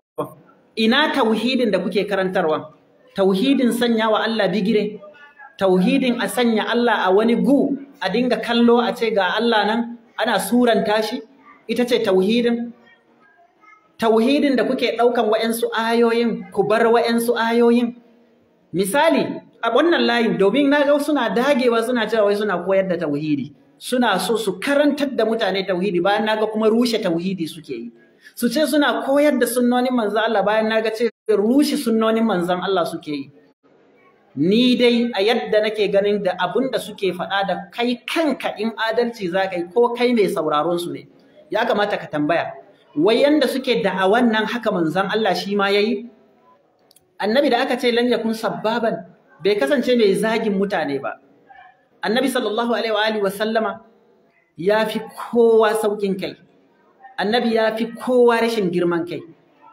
ina tauhidin da kuke karantarwa tauhidin sanya wa Allah bigire tauhidin a sanya Allah a wani gu a dinga kallo a ce ga Allah nan ana suranta shi ita ce tauhidin tauhidin da kuke ɗaukan wa'yansu ayoyin ku bar wa'yansu ayoyin misali a wannan layin domin na ga suna dagewa suna cewa wai suna koyar da tauhidi suna so su karantar da mutane tauhidi bayan na ga kuma rushe tauhidi suke yi su ce suna koyar da sunnonin manzon Allah bayan na ga ce rushe sunnonin manzon Allah suke yi ni dai a yadda nake ganin da abun da suke faɗa da kai kanka in adalci za ka yi ko kai mai sauraron su ne ya kamata ka tambaya wai yanda suke da'awan wannan haka manzon Allah shi ma yayi annabi da aka ce lan yakun sabbaban bai kasance mai zagin mutane ba annabi sallallahu alaihi wa wa sallama ya fi kowa saukin kai annabi ya fi kowa rashin girman kai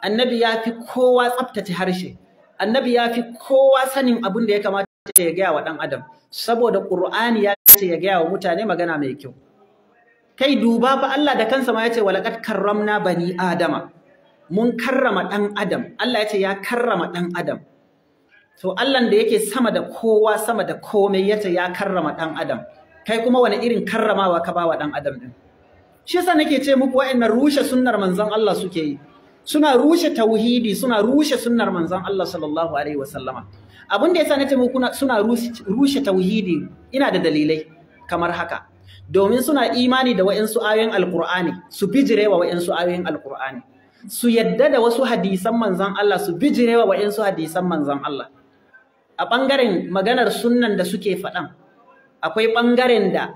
annabi ya fi kowa tsaftace harshe annabi ya fi kowa sanin abin da ya kamata ya gaya wa ɗan adam saboda ƙur'ani ya ce ya gaya wa mutane magana mai kyau kai duba fa Allah da kansa ma ya ce walaƙad karramna bani adama mun karrama ɗan adam Allah ya ce ya karrama ɗan adam to Allah da yake sama da kowa sama da komai ya ce ya karrama ɗan adam kai kuma wani irin karramawa ka ba wa ɗan adam ɗin shi yasa nake ce muku wa'annan rushe sunnar manzon Allah suke yi suna rushe tauhidi suna rushe sunnar manzon Allah sallallahu alaihi Sallama. abin da yasa nace muku suna rushe tauhidi ina da dalilai kamar haka domin suna imani da wa'insu ayoyin alqur'ani su bijire wa wa'insu ayoyin alqur'ani su yadda da wasu hadisan manzon Allah su bijire wa wa'insu hadisan manzon Allah a bangaren maganar sunnan da suke faɗan akwai bangaren da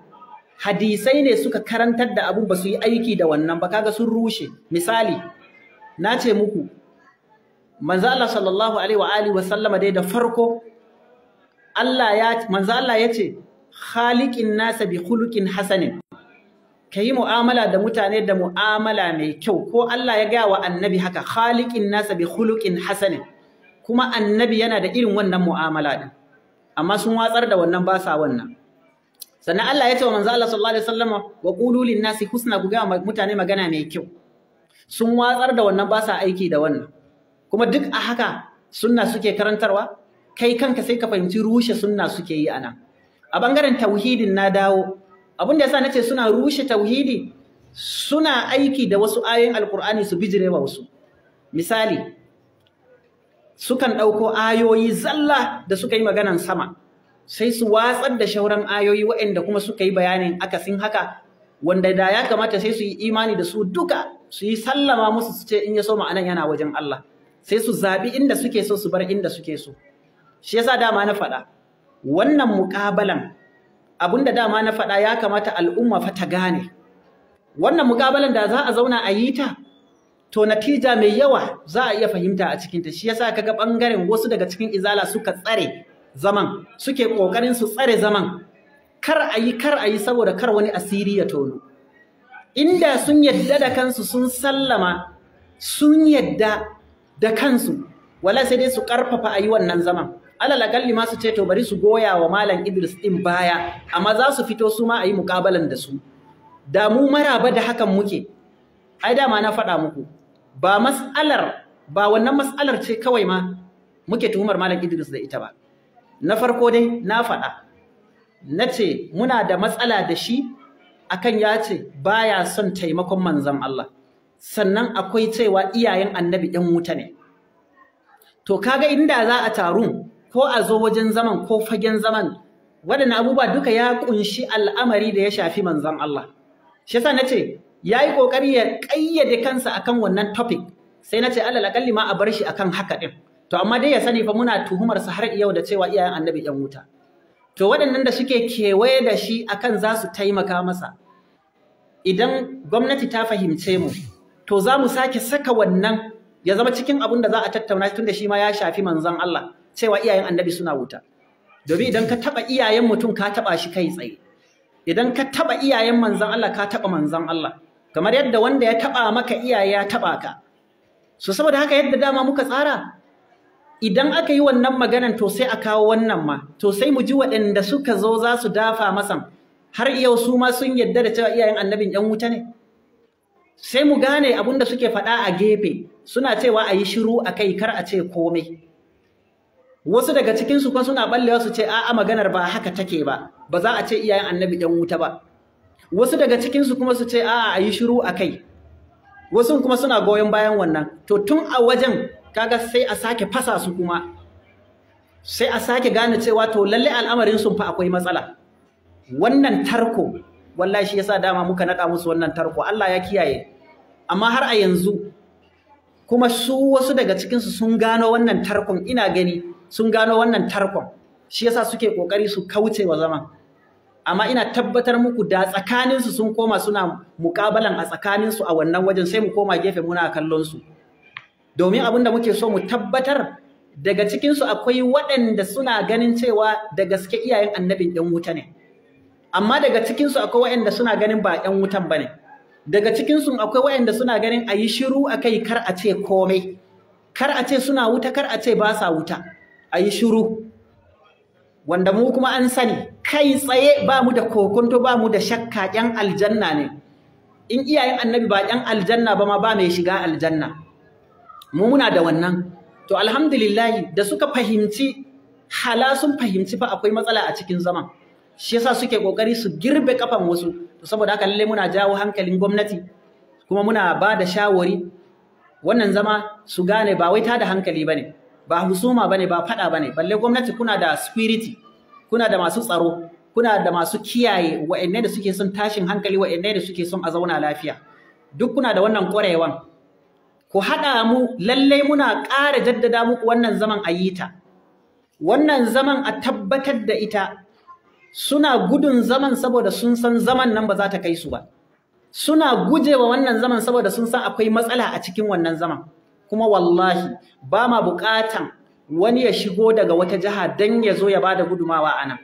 hadisai ne suka karantar da abu ba su yi aiki da wannan ba kaga sun rushe misali na ce muku manzo Allah sallallahu alaihi wa alihi wa sallama dai da farko Allah ya manzo Allah yace khaliqin nasa bi khuluqin hasanin kai mu'amala da mutane da mu'amala mai kyau ko Allah ya gaya wa annabi haka khaliqin nasa bi khuluqin hasanin kuma annabi yana da irin wannan mu'amala din amma sun watsar da wannan ba sa wannan sannan Allah ya ce wa manzo Allah sallallahu alaihi wasallam wa qulul linasi nasi husna ku ga mutane magana mai kyau sun watsar da wannan ba sa aiki da wannan kuma duk a haka sunna suke karantarwa kai kanka sai ka fahimci rushe sunna suke yi anan a bangaren tauhidin na dawo abin da ya na ce suna rushe tauhidi suna aiki da wasu ayoyin alkur'ani su wa wasu misali sukan ɗauko ayoyi zalla da suka yi maganan sama sai su watsar da shauran ayoyi waɗanda kuma suka yi bayanin akasin haka wanda da ya kamata sai su yi imani da su duka su yi sallama musu su ce in ya so ma'anan yana wajen Allah sai su zaɓi inda suke so su bar inda suke so shi yasa dama na faɗa wannan muƙabalan da dama na faɗa ya kamata al'umma fa ta gane wannan muƙabalan da za a zauna a yi ta to natija mai yawa za a iya fahimta a cikinta shi yasa kaga ɓangaren wasu daga cikin izala suka tsare zaman suke ƙoƙarin su tsare zaman kar a yi kar a yi saboda kar wani asiri ya tono inda sun yadda da kansu sun sallama sun yadda da kansu wala sai dai su karfafa a yi wannan zaman alal kalli ma su ce to bari su goya wa malam Idris din baya amma za su fito su ma a yi muƙabalan da su da mu maraba da hakan muke ai da ma na faɗa muku ba mas'alar ba wannan mas'alar ce kawai ma muke tuhumar malam Idris da ita ba na farko dai na faɗa nace muna da matsala da shi akan ya ce ba ya son taimakon manzan Allah sannan akwai cewa iyayen annabi ɗan wuta ne to kaga inda za a taru ko a zo wajen zaman ko fagen zaman waɗannan abubuwa duka ya ƙunshi al'amari da ya shafi manzan Allah shi yasa nace yi ƙoƙari ya ƙayyade kansa akan wannan topic sai nace Allah lakalli ma a bar shi akan haka ɗin to amma dai ya sani fa muna tuhumarsa sa har yau da cewa iyayen annabi ɗan wuta to waɗannan da suke kewaye da shi akan za su taimaka masa idan gwamnati ta fahimce mu to za mu sake saka wannan ya zama cikin abin da za a tattauna tun da shi ma ya shafi manzon Allah cewa iyayen annabi suna wuta domin idan ka taɓa iyayen mutum ka taɓa shi kai tsaye idan ka taɓa iyayen manzon Allah ka taɓa manzon Allah kamar yadda wanda ya taɓa maka iyaye ya taɓa ka so saboda haka yadda dama muka tsara idan aka yi wannan maganan to sai a kawo wannan ma to sai mu ji waɗanda suka zo za su dafa masan har yau su ma sun yadda da cewa iyayen annabin yan wuta ne sai mu gane abin da suke faɗa a gefe suna cewa a yi shiru a kai kar a ce komai wasu daga cikinsu kuma suna ballewa su ce a'a maganar ba haka take ba ba za a ce iyayen annabi yan wuta ba wasu daga cikinsu kuma su ce a'a a yi shiru a kai wasu kuma suna goyon bayan wannan to tun a wajen kaga sai a sake fasa su kuma sai a sake gane cewa to lalle al'amarin sun fa akwai matsala wannan tarko wallahi shi yasa dama muka nada musu wannan tarko Allah ya kiyaye amma har a yanzu kuma su wasu daga cikin su sun gano wannan tarkon ina gani sun gano wannan tarkon shi yasa suke kokari su kauce wa zaman amma ina tabbatar muku da tsakaninsu sun koma suna muƙabalan a tsakaninsu a wannan wajen sai mu koma gefe muna kallon su domin abin da muke so mu tabbatar daga cikinsu akwai waɗanda suna ganin cewa da gaske iyayen annabin ‘yan wuta ne, amma daga cikinsu akwai waɗanda suna ganin ba ‘yan wutan ba ne, daga cikinsu akwai waɗanda suna ganin a yi shiru a kai kar a ce komai, kar a ce suna wuta kar a ce ba sa wuta, a yi shiru. Wanda mu kuma an sani, kai tsaye ba mu da kokonto ba mu da shakka ‘yan aljanna ne, in iyayen annabi ba ‘yan aljanna ba ma ba mai shiga aljanna. mu muna da wannan to alhamdulillahi da suka fahimci hala sun fahimci fa akwai matsala a cikin zaman shi yasa suke kokari su girbe kafan wasu to saboda haka lalle muna jawo hankalin gwamnati kuma muna ba da shawari wannan zama su gane ba wai ta da hankali bane ba husuma bane ba fada bane balle gwamnati kuna da spirit kuna da masu tsaro kuna da masu kiyaye wa'anne da suke son tashin hankali wa'anne da suke son a zauna lafiya duk kuna da wannan ƙwarewan ku haɗa mu lallai muna ƙara jaddada muku wannan zaman a yi ta wannan zaman a tabbatar da ita suna gudun zaman saboda sun san zaman nan ba za ta kai su ba suna gujewa wannan zaman saboda sun san akwai matsala a cikin wannan zaman kuma wallahi ba ma buƙatan wani ya shigo daga wata jiha don ya zo ya bada gudumawa a nan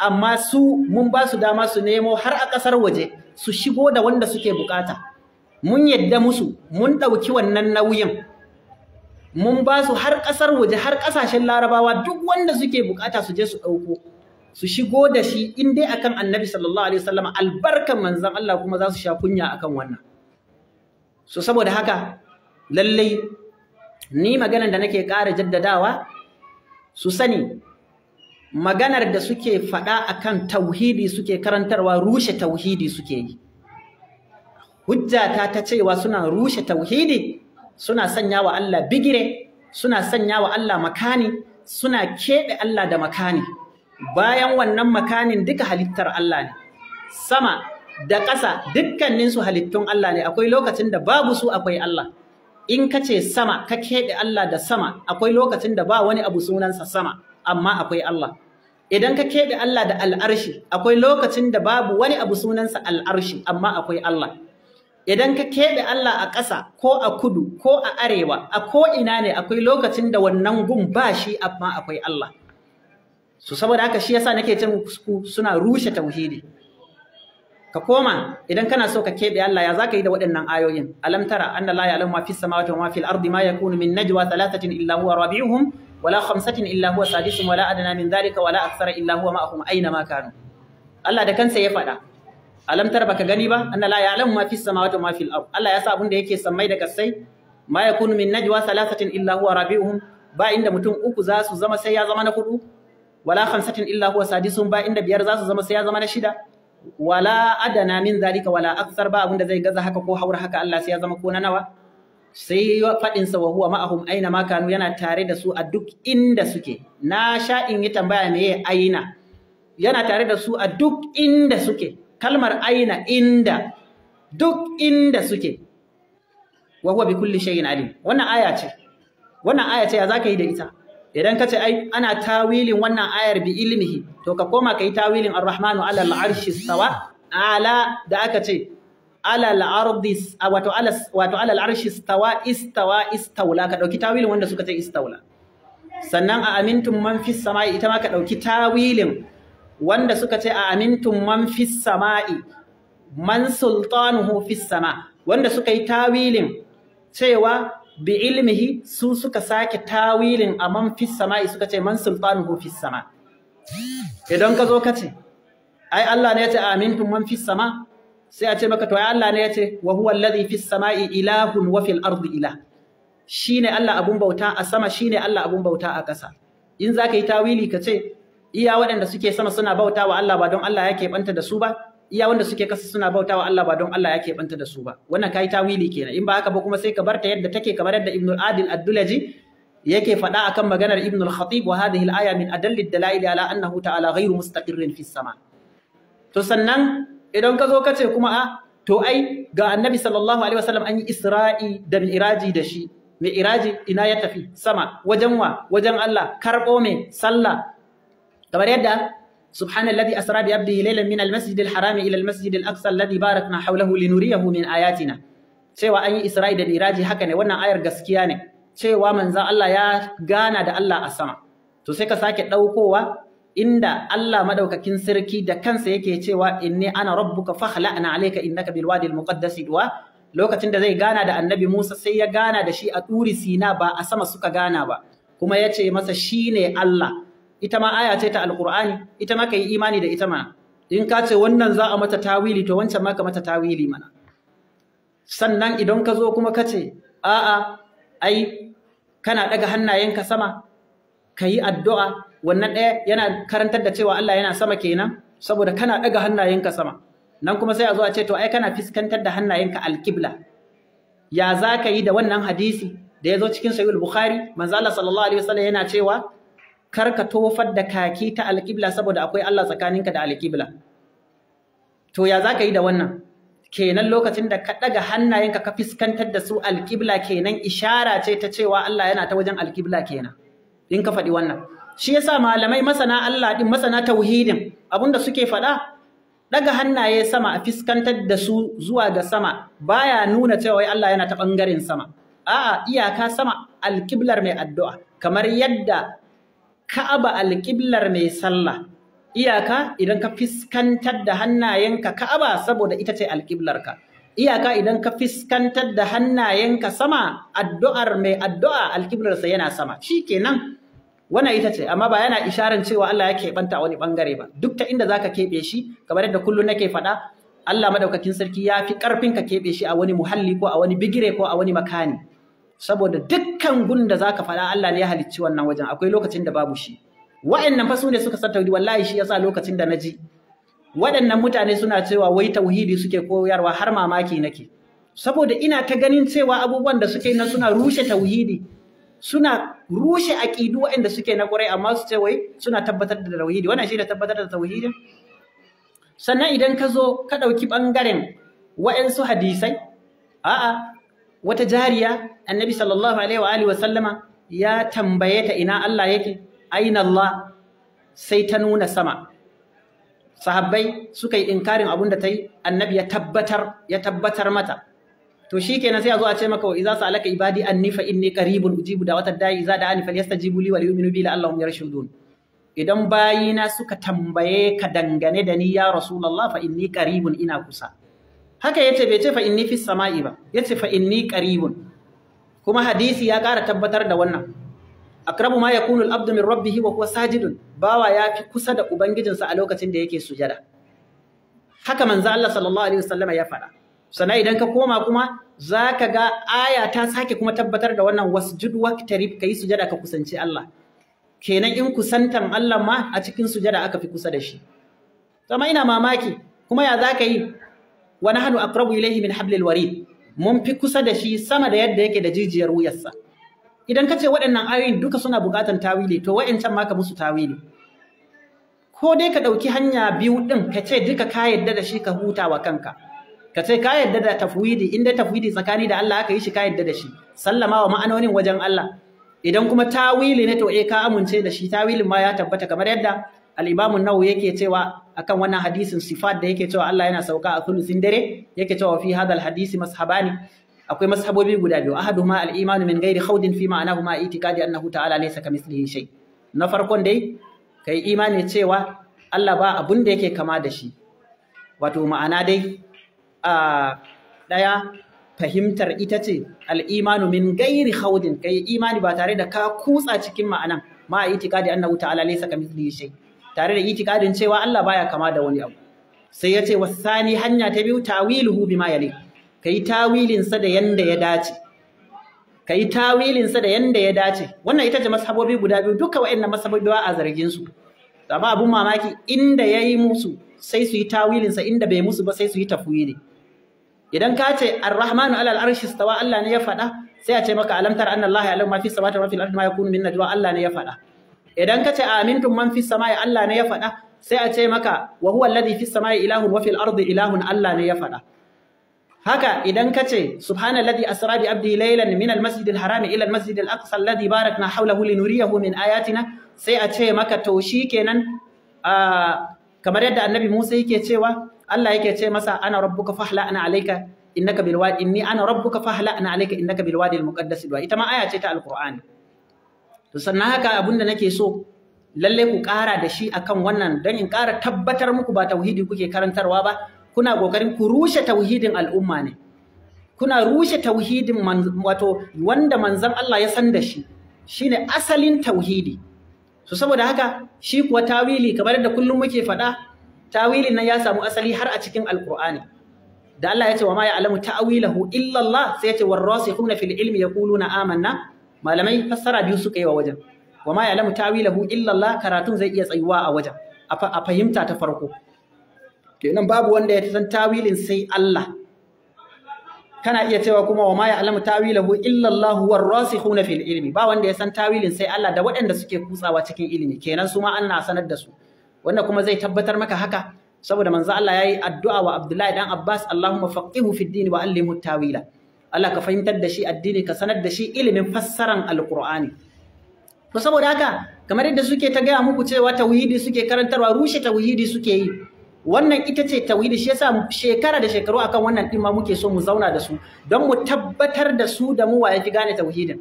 amma su mun ba su dama su nemo har a ƙasar waje su shigo da wanda suke buƙata mun yadda musu mun ɗauki wannan nauyin mun ba su har ƙasar waje har ƙasashen larabawa duk wanda suke bukata su je su ɗauko su shigo da shi in dai akan annabi sallallahu alaihi wasallam albarkan manzon Allah kuma za su sha kunya akan wannan so saboda haka lallai ni maganar da nake ƙara jaddadawa su sani maganar da suke faɗa akan tauhidi suke karantarwa rushe tauhidi suke yi hujjata ta cewa suna rushe tauhidi suna sanya wa Allah bigire suna sanya wa Allah makani suna keɓe Allah da makani bayan wannan makanin duka halittar Allah ne sama da ƙasa dukkaninsu halittun Allah ne akwai lokacin da babu su akwai Allah in ka ce sama ka keɓe Allah da sama akwai lokacin da ba wani abu sunansa sama amma akwai Allah idan ka keɓe Allah da al'arshi akwai lokacin da babu wani abu sunansa al'arshi amma akwai Allah idan ka keɓe Allah a ƙasa ko a kudu ko a arewa a ko'ina ne akwai lokacin da wannan gun ba shi amma akwai Allah su saboda haka shi yasa nake cin ku suna rushe tauhidi ka koma idan kana so ka keɓe Allah ya ka yi da waɗannan ayoyin alam tara anna la ya'lamu ma fis samawati wa ma fil ardi ma yakunu min najwa thalathatin illa huwa rabi'uhum wala khamsatin illa huwa sadisuhum wala adna min dhalika wala akthara illa huwa ma'ahum aina ma kanu Allah da kansa ya faɗa alam tara baka gani ba anna la ya'lamu ma fi samawati wa ma fil ard Allah ya sa abin da yake sammai da kasai ma yakunu min najwa thalathatin illa huwa rabi'uhum ba inda mutum uku za su zama sai ya zama na hudu wala khamsatin illa huwa sadisun ba inda biyar za su zama sai ya zama na shida wala adana min zalika wala aksar ba abin da zai gaza haka ko haura haka Allah sai ya zama ko na nawa sai fadin sa wa huwa ma'ahum aina ma kanu yana tare da su a duk inda suke na sha in yi tambaya me aina yana tare da su a duk inda suke kalmar aina inda duk inda suke wa huwa bi kulli shay'in alim wannan aya ce wannan aya ce ya zaka yi da ita idan ka ce ai ana tawilin wannan ayar bi ilmihi to ka koma ka yi tawilin arrahmanu ala al-arshi Sawa? ala da aka ce ala al-ardi wato ala wato ala al-arshi stawa istawa istawla ka dauki tawilin wanda suka ce istawla sannan a amintum man fis samai ita ma ka dauki tawilin wanda suka ce a amintun man fis sama'i man sultanuhu fis sama wanda suka yi tawilin cewa bi ilmihi su suka sake tawilin a man fis sama'i suka ce man sultanuhu fis sama idan ka zo ka ce ai Allah ne ya ce a amintun man fis sama sai a ce maka to ai Allah ne ya ce wa huwa alladhi fis sama'i ilahun wa fil ardi ilah shine Allah abun bauta a sama shine Allah abun bauta a ƙasa in zaka yi tawili ka ce iya waɗanda suke sama suna bauta wa Allah ba don Allah ya keɓanta da su ba iya wanda suke kasa suna bauta wa Allah ba don Allah ya keɓanta da su ba wannan yi tawili kenan in ba haka ba kuma sai ka barta yadda take kamar yadda Ibn Adil ad yake faɗa akan maganar Ibn Al-Khatib wa hadhihi al-aya min adalli dalail ala annahu ta'ala ghayru mustaqirrin fi sama to sannan idan ka zo ka ce kuma a to ai ga Annabi sallallahu alaihi wasallam an yi Isra'i da Mi'raji da shi Mi'raji ina ya tafi sama wajen wa wajen Allah karɓo me sallah kamar yadda subhanallazi asra bi abdihi laylan min almasjid alharami ila almasjid alaqsa alladhi barakna hawlahu linuriyahu min na. cewa an yi isra'i da miraji haka ne wannan ayar gaskiya ne cewa manzon Allah ya gana da Allah a sama to sai ka sake daukowa inda Allah madaukakin sarki da kansa yake cewa inni ana rabbuka fakhla'na alayka innaka bilwadi almuqaddas duwa lokacin da zai gana da annabi Musa sai ya gana da shi a turi sina ba a sama suka gana ba kuma ya ce masa shine Allah ita ma aya ce ta alqur'ani ita ma kai imani da ita ma in ka ce wannan za a mata tawili to wancan ma ka mata tawili mana sannan idan ka zo kuma ka ce a'a ai kana daga hannayenka sama ka yi addu'a wannan ɗaya yana karantar da cewa Allah yana sama kenan saboda kana ɗaga hannayenka sama nan kuma sai a zo a ce to ai kana fiskantar da hannayenka alkibla ya za ka yi da wannan hadisi da ya zo cikin sahih bukhari manzo Allah sallallahu alaihi wasallam yana cewa kar ka tofar da kaki ta alƙibla saboda akwai Allah tsakaninka da alƙibla to ya za ka yi da wannan kenan lokacin da ka ɗaga hannayenka ka fiskantar da su alƙibla kenan ishara ce ta cewa Allah yana ta wajen alƙibla kenan in ka faɗi wannan shi ya sa malamai masana Allah ɗin, masana tauhidin da suke faɗa Ɗaga hannaye sama a fiskantar da su zuwa ga sama baya nuna cewa wai Allah yana ta ɓangaren sama a'a iyaka sama alkiblar mai addu'a kamar yadda Ka'aba alƙiblar mai sallah iyaka idan ka fiskantar da hannayenka Ka'aba saboda ita ce alƙiblarka iyaka idan ka fiskantar da hannayenka sama addu'ar mai addu'a alƙiblarsa yana sama Shi kenan wannan ita ce amma ba yana isharar cewa Allah ya keɓanta a wani bangare ba duk ta inda zaka keɓe shi kamar yadda kullum nake faɗa Allah madaukakin sarki ya fi ƙarfin ka keɓe shi a wani muhalli ko a wani bigire ko a wani makani saboda dukkan gun da zaka fada Allah ne ya halicci wannan wajen akwai lokacin da babu shi wa'annan fa ne suka san tauhidi wallahi shi yasa lokacin da na ji. waɗannan mutane suna cewa wai tauhidi suke koyarwa har mamaki nake saboda ina ta ganin cewa abubuwan da suke na suna rushe tauhidi suna rushe aqidu waɗanda suke na ƙurai amma su ce wai suna tabbatar da tauhidi wannan shi ne tabbatar da tauhidi sannan idan ka zo ka ɗauki ɓangaren waɗansu hadisai a'a wata jariya annabi sallallahu alaihi wa alihi wa sallama ya tambaye ta ina Allah yake aina Allah sai ta nuna sama sahabbai suka yi inkarin abun da ta yi annabi ya tabbatar ya tabbatar mata to shikenan sai a zo a ce maka wa idza sa'alaka ibadi anni fa inni qaribun ujibu da'watad da'i idza da'ani falyastajibu li wa liyu'minu bi la'allahum yarshudun idan bayina suka tambaye ka dangane da ni ya rasulullah fa inni qaribun ina kusa haka ya ce bai ce fa inni fis sama'i ba ya ce fa inni ƙaribun. kuma hadisi ya ƙara tabbatar da wannan akrabu ma ya kunul abdu min hiwa wa huwa sajidun bawa ya fi kusa da ubangijinsa a lokacin da yake sujada haka manzo Allah sallallahu alaihi wasallama ya faɗa sana idan ka koma kuma za ka ga aya ta sake kuma tabbatar da wannan wasjud ka yi sujada ka kusanci Allah kenan in kusantan Allah ma a cikin sujada aka fi kusa da shi zama ina mamaki kuma ya za ka yi wa nahnu aqrabu ilayhi min hablil warid mun fi kusa da shi sama da yadda yake da jijiyar wuyarsa idan kace waɗannan ayoyin duka suna buƙatar tawili to wa'ancan ma ka musu tawili ko dai ka ɗauki hanya biyu ɗin ka ce duka ka yadda da shi ka huta wa kanka ka ce ka yadda da tafwidi inda tafwidi tsakani da Allah aka yi shi ka yadda da shi sallama wa ma'anonin wajen Allah idan kuma tawili ne to eh ka amince da shi tawilin ma ya tabbata kamar yadda al-Imam an yake cewa akan wannan hadisin sifat da yake cewa Allah yana sauka a thuluthin dare yake cewa fi hadal hadisi mashabani akwai mashabobi guda biyu Ahadu ma iman min gairi khawdin fi ma'anahu ma itiqadi annahu ta'ala laysa kamithlihi shai. na farkon dai kai imani cewa Allah ba abun da yake kama da shi wato ma'ana dai a daya fahimtar ita ce al min gairi ghairi ka yi imani ba tare da ka kutsa cikin ma'anan ma itiqadi annahu ta'ala laysa kamithlihi shai. tare da itikadin cewa Allah baya kama da wani abu sai ya ce wasani hanya ta biyu tawiluhu bima yali kai tawilin sa da yanda ya dace kai tawilin sa da yanda ya dace wannan ita ce mashabobi guda biyu duka waɗannan mashabobi ba a zargin su amma abun mamaki inda yayi musu sai su yi tawilin sa inda bai musu ba sai su yi tafwili idan ka ce ar-rahmanu alal arshi stawa Allah ne ya faɗa sai a ce maka alamtar anna Allah ya'lamu ma fi samawati wa ma fi al-ardi ma yakunu min najwa Allah ne ya faɗa idan ka ce amintun man fi samai Allah ne ya faɗa sai a ce maka wa huwa alladhi fis samai ilahun wa fil ardi ilahun Allah ne ya faɗa haka idan ka ce subhanalladhi asra bi abdi laylan min al masjid al haram ila al masjid al aqsa alladhi barakna hawlahu linuriyahu min ayatina sai a ce maka to kenan kamar yadda annabi Musa yake cewa Allah yake ce masa ana rabbuka fahla ana alayka innaka bil wadi inni ana rabbuka fahla ana alayka innaka bil wadi al muqaddas ita ma aya ce ta alqur'ani to sannan haka abin da nake so lallai ku ƙara da shi akan wannan don in ƙara tabbatar muku ba tauhidi kuke karantarwa ba kuna ƙoƙarin ku rushe tauhidin al'umma ne kuna rushe tauhidin wato wanda manzon Allah ya san da shi shine asalin tauhidi so saboda haka shi kuwa tawili kamar da kullum muke faɗa tawilin nan ya samu asali har a cikin Alƙur'ani. da Allah ya ce wa ma ya'lamu ta'wilahu illa Allah sai ya ce warasikhuna fil ilmi yaquluna amanna malamai fassara biyu suka yi wa wajen wa ma ya'lamu tawilahu illa Allah karatun zai iya tsayuwa a wajen a fahimta ta farko kenan babu wanda ya san tawilin sai Allah kana iya cewa kuma wa ma ya'lamu tawilahu illa Allah war rasikhuna fil ilmi ba wanda ya san tawilin sai Allah da waɗanda suke kutsawa cikin ilimi kenan su ma Allah sanar da su wanda kuma zai tabbatar maka haka saboda manzo Allah yayi addu'a wa Abdullahi dan Abbas Allahumma faqihu fid din wa allimhu tawila Allah ka fahimtar da shi addini ka sanar da shi ilimin fassaran alqur'ani to saboda haka kamar yadda suke ta gaya muku cewa tauhidi suke karantarwa rushe tauhidi suke yi wannan ita ce tauhidi shi yasa shekara da shekaru akan wannan din ma muke so mu zauna da su don mu tabbatar da su da mu waye gane tauhidin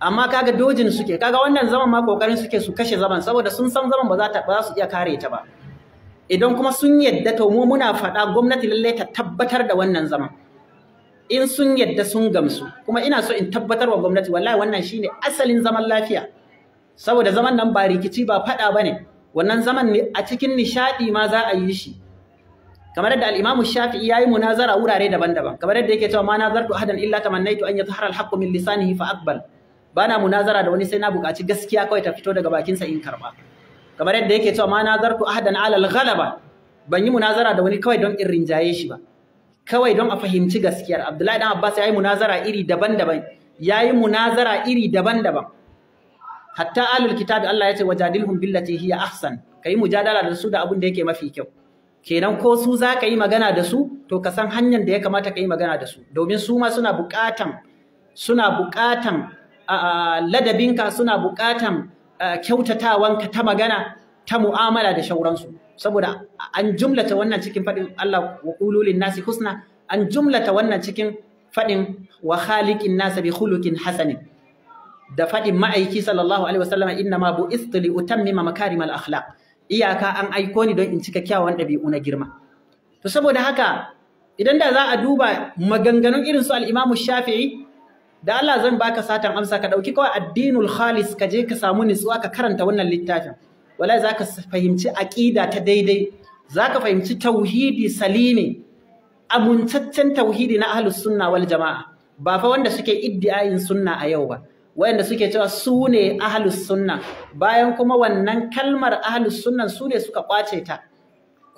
amma kaga dojin suke kaga wannan zaman ma kokarin suke su kashe zaman saboda sun san zaman ba za ta ba su iya kare ta ba idan kuma sun yadda to mu muna faɗa gwamnati lalle ta tabbatar da wannan zaman in sun yadda sun gamsu kuma ina so in tabbatar wa gwamnati wallahi wannan shine asalin zaman lafiya saboda zaman nan ba rikici ba faɗa ba ne wannan zaman ne a cikin nishaɗi ma za a yi shi kamar yadda al-Imam Shafi'i yayi munazara wurare daban-daban kamar yadda yake cewa ma nazartu ahadan illa tamannaitu an yatahara al-haqqu min lisanihi fa aqbal bana munazara da wani sai na buƙaci gaskiya kawai ta fito daga sa in karba kamar yadda yake cewa ma nazartu ahadan ala al-ghalaba ban yi munazara da wani kawai don in rinjaye shi ba kawai don a fahimci gaskiyar Abdullahi dan Abbas yayi munazara iri daban-daban yayi munazara iri daban-daban hatta alul kitabi Allah ya ce wajadilhum billati hiya ahsan kai mujadala da su da abin da yake mafi kyau kenan ko su za ka yi magana da su to ka san hanyar da ya kamata ka yi magana da su domin su ma suna buƙatan suna buƙatan ladabinka suna buƙatan kyautatawanka ta magana ta mu'amala da shauransu saboda an jumlata wannan cikin faɗin Allah wa qululin nasi husna an jumlata wannan cikin faɗin wa khaliqin nasa bi khuluqin hasanin da faɗin ma'aiki sallallahu alaihi wasallam inna ma bu'istu li utammima makarimal akhlaq iyaka an aiko ni don in cika kyawawan ɗabi'u na girma to saboda haka idan da za a duba maganganun irin su al-Imam Shafi'i da Allah zan baka satan amsa ka dauki kawai addinul khalis ka je ka samu nutsuwa ka karanta wannan littafin wala za ka fahimci aƙida ta daidai za ka fahimci tauhidi salimi abuntaccen tauhidi na ahlus sunna wal jama'a ba fa wanda suke iddiayin sunna a yau ba wayanda suke cewa su ne ahlus sunna bayan kuma wannan kalmar ahlus sunna su ne suka kwace ta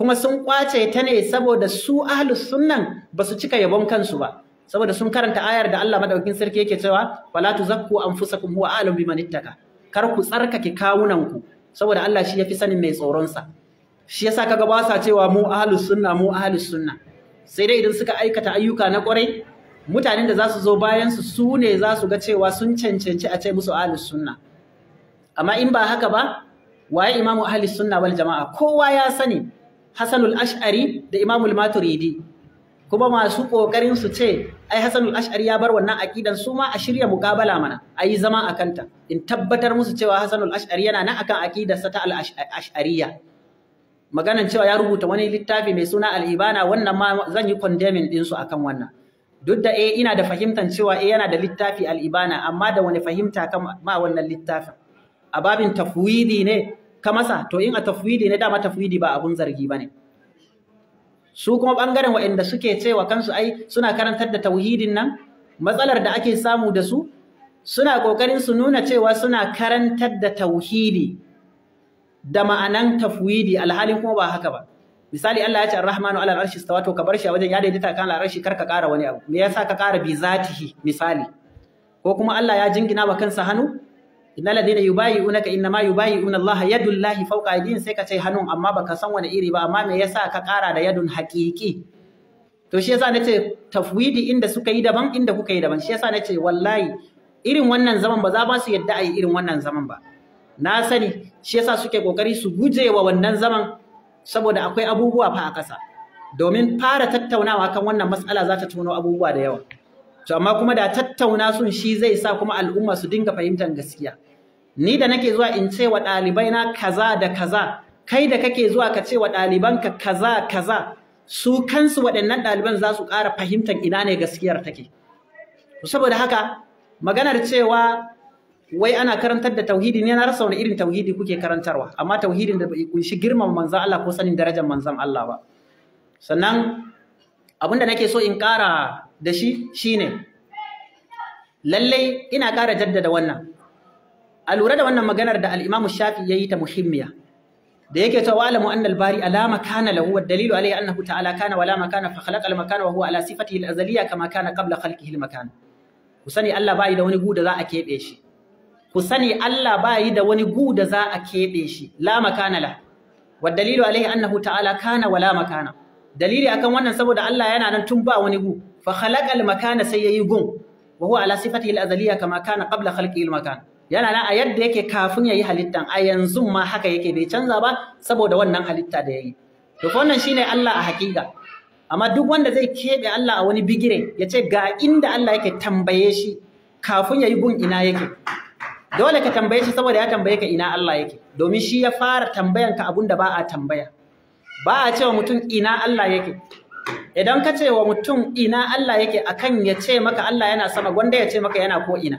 kuma sun kwace ta ne saboda su ahlus sunnan ba su cika yabon kansu ba saboda sun karanta ayar da Allah madaukakin sarki yake cewa wala tuzakku anfusakum huwa a'lamu biman ittaka kar ku tsarkake kawunanku ku saboda Allah shi ya fi sanin mai tsoronsa shi yasa kaga ba sa cewa mu ahlus sunna mu ahlus sunna sai dai idan suka aikata ayyuka na kwarai mutanen da za su zo bayan su su ne za su ga cewa sun cancanci a ce musu ahlus sunna amma in ba haka ba waye imamu ahlus sunna wal jama'a kowa ya sani Hassanul ash'ari da imamul maturidi kuma masu kokarin su ce ai Hassanul Ash'ari ya bar wannan akidan su ma a shirya mukabala mana a yi zama a kanta. in tabbatar musu cewa Hassanul Ash'ari yana nan akan sa ta al maganan cewa ya rubuta wani littafi mai suna al wannan ma zan yi condemning din su akan wannan duk da eh ina da fahimtar cewa eh yana da littafi al-Ibana amma da wani fahimta kan ma wannan littafin a babin tafwidi ne ka masa to in a tafwidi ne dama tafwidi ba abun zargi bane su kuma bangaren waɗanda suke cewa kansu ai suna karantar da tauhidin nan matsalar da ake samu da su suna kokarin su nuna cewa suna karantar da tauhidi da ma'anan tafwidi alhalin kuma ba haka ba misali Allah ya ce Ar-Rahmanu 'alal arshi istawa to ka bar shi a wajen ya daidaita kan al'arshi kar ka ƙara wani abu me yasa ka ƙara bi zatihi misali ko kuma Allah ya jingina wa kansa hannu Inna ladina yubayi'unaka innama yubayi'una Allah yadullahi fawqa aydihim sai ka ce hannun amma baka san wani iri ba amma me yasa ka kara da yadun haƙiƙi to shi yasa nace tafwidi inda suka yi daban inda kuka yi daban shi yasa nace wallahi irin wannan zaman ba za ba su yadda a yi irin wannan zaman ba na sani shi yasa suke kokari su guje wa wannan zaman saboda akwai abubuwa fa a kasa domin fara tattaunawa kan wannan matsala za ta tono abubuwa da yawa to amma kuma da tattauna sun shi zai sa kuma al'umma su dinga fahimtar gaskiya ni da nake zuwa in ce wa ɗalibai na kaza da kaza kai da kake zuwa ka ce wa ɗalibanka kaza kaza su kansu waɗannan ɗaliban za su ƙara fahimtar ina ne gaskiyar take saboda haka maganar cewa wai ana karantar da tauhidi ne na rasa wani irin tauhidi kuke karantarwa amma tauhidin da bai kunshi girman manzon Allah ko sanin darajar manzon Allah ba sannan abin da nake so in ƙara da shi shine lallai ina ƙara jaddada wannan a lura da wannan maganar da al shafi ya yi ta muhimmiya da yake cewa alamu anna al-bari alama kana lahu wa dalilu alayhi annahu ta'ala kana wala makana fa khalaqa al-makana wa huwa ala sifatihi al azaliya kama kana qabla khalqihi al-makana ku sani Allah bai da wani guda za a kebe shi ku sani Allah bai da wani guda za a kebe shi la makana la wa dalilu alayhi annahu ta'ala kana wala makana dalili akan wannan saboda Allah yana nan tun ba wani gu fa khalaqa al-makana sai yayi gun wa huwa ala sifatihi al azaliya kama kana qabla khalqihi al-makana yana nan a yadda yake kafin ya yi halittan a yanzu ma haka yake bai canza ba saboda wannan halitta da yayi to wannan shine Allah a hakika amma duk wanda zai keɓe Allah a wani bigire ya ce ga inda Allah yake tambaye shi kafin ya yi gun ina yake dole ka tambaye shi saboda ya tambaye ka ina Allah yake domin shi ya fara tambayan ka abun da ba a tambaya ba a cewa mutum ina Allah yake idan ka ce wa mutum ina Allah yake akan ya ce maka Allah yana sama gwanda ya ce maka yana ko ina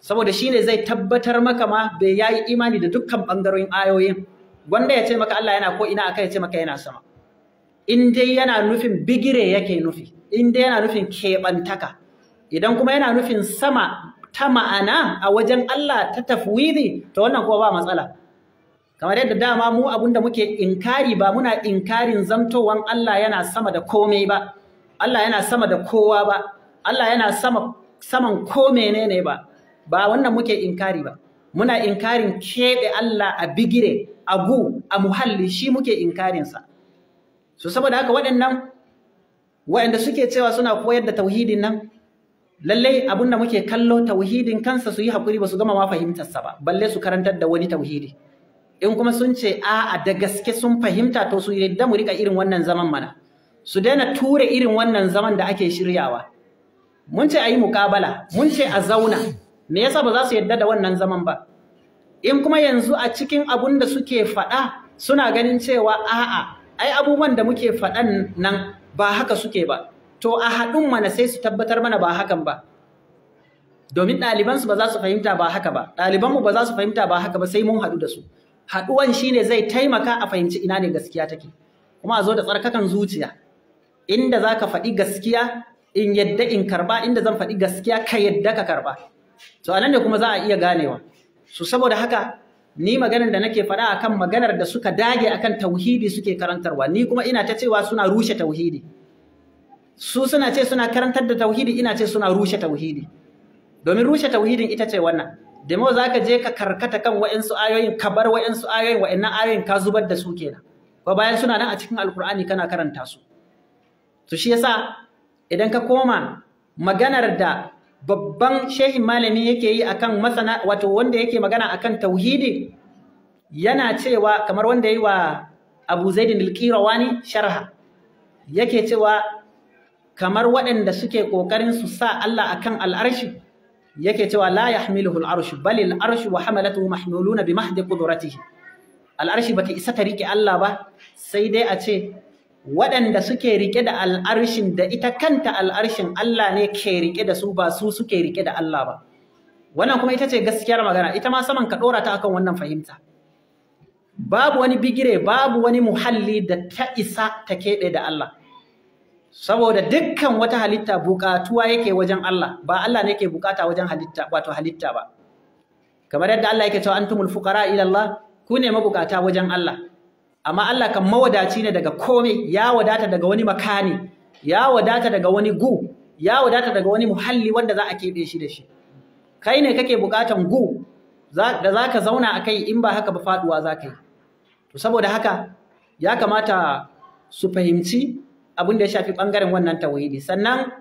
saboda shi ne zai tabbatar maka ma bai ya yi imani da dukkan ɓangarorin ayoyin wanda ya ce maka Allah yana ko ina aka ya ce maka yana sama in dai yana nufin bigire yake nufi in dai yana nufin keɓantaka idan kuma yana nufin sama ta ma'ana a wajen Allah ta tafwidi to wannan kuma ba matsala kamar yadda dama mu abun da muke inkari ba muna inkarin zamtowan Allah yana sama da komai ba Allah yana sama da kowa ba Allah yana sama saman ko menene ba ba wannan muke inkari ba muna inkarin keɓe Allah a bigire a gu a muhalli shi muke inkarinsa so saboda haka waɗannan waɗanda suke cewa suna koyar da tauhidin nan lallai abin da muke kallo tauhidin kansa su yi haƙuri ba su gama ma fahimtarsa ba balle su karantar da wani tauhidi in kuma sun ce a da gaske sun fahimta to su yadda mu rika irin wannan zaman mana su daina ture irin wannan zaman da ake shiryawa mun ce a yi muƙabala mun ce a zauna me yasa ba za su yadda da wannan zaman ba in kuma yanzu a cikin abun da suke faɗa suna ganin cewa a'a ai abubuwan da muke faɗan nan ba haka suke ba to a haɗun mana sai su tabbatar mana ba hakan ba domin ɗalibansu ba za su fahimta ba haka ba ɗalibanmu ba za su fahimta ba haka ba sai mun haɗu da su haɗuwan shine zai taimaka a fahimci ina ne gaskiya take kuma a zo da tsarkakan zuciya inda za ka faɗi gaskiya in yadda in karba inda zan faɗi gaskiya ka yadda ka karba so anan ne kuma za a iya ganewa so saboda haka ni maganar da nake faɗa akan maganar da suka dage akan tauhidi suke karantarwa ni kuma ina ta cewa suna rushe tauhidi su suna ce suna karantar da tauhidi ina ce suna rushe tauhidi domin rushe tauhidin ita ce wannan demo za ka je ka karkata kan wa'insu ayoyin ka bar wa'insu ayoyin wa'innan ayoyin ka zubar da su kenan ko bayan suna nan a cikin alkur'ani kana karanta su to shi yasa idan ka koma maganar da babban shehin malami yake yi akan masana wato wanda yake magana akan tauhidi yana cewa kamar wanda yi wa Abu Zaidin al sharha yake cewa kamar waɗanda suke ƙoƙarin su sa Allah akan al'arshi arshi yake cewa la yahmiluhu al-arshu bal al-arshu wa hamalatuhu mahmuluna bi mahdi qudratihi Al'arshi bata isa ta rike Allah ba sai dai a ce waɗanda suke rike da al'arshin da ita kanta al'arshin Allah ne ke rike da su ba su suke rike da Allah ba wannan kuma ita ce gaskiyar magana ita ma saman ka ɗora ta akan wannan fahimta babu wani bigire babu wani muhalli da ta isa ta keɓe da Allah saboda dukkan wata halitta buƙatuwa yake wajen Allah ba Allah ne ke buƙata wajen halitta wato halitta ba kamar yadda Allah yake cewa antumul fuqara ila Allah ku ne mabuƙata wajen Allah amma Allah kan mawadaci ne daga komai ya wadata daga wani makani ya wadata daga wani gu ya wadata daga wani muhalli wanda za a keɓe shi da shi kai ne kake buƙatan gu da za ka zauna a kai in ba haka ba faɗuwa za ka yi to saboda haka ya kamata su fahimci abin da ya shafi ɓangaren wannan tauhidi sannan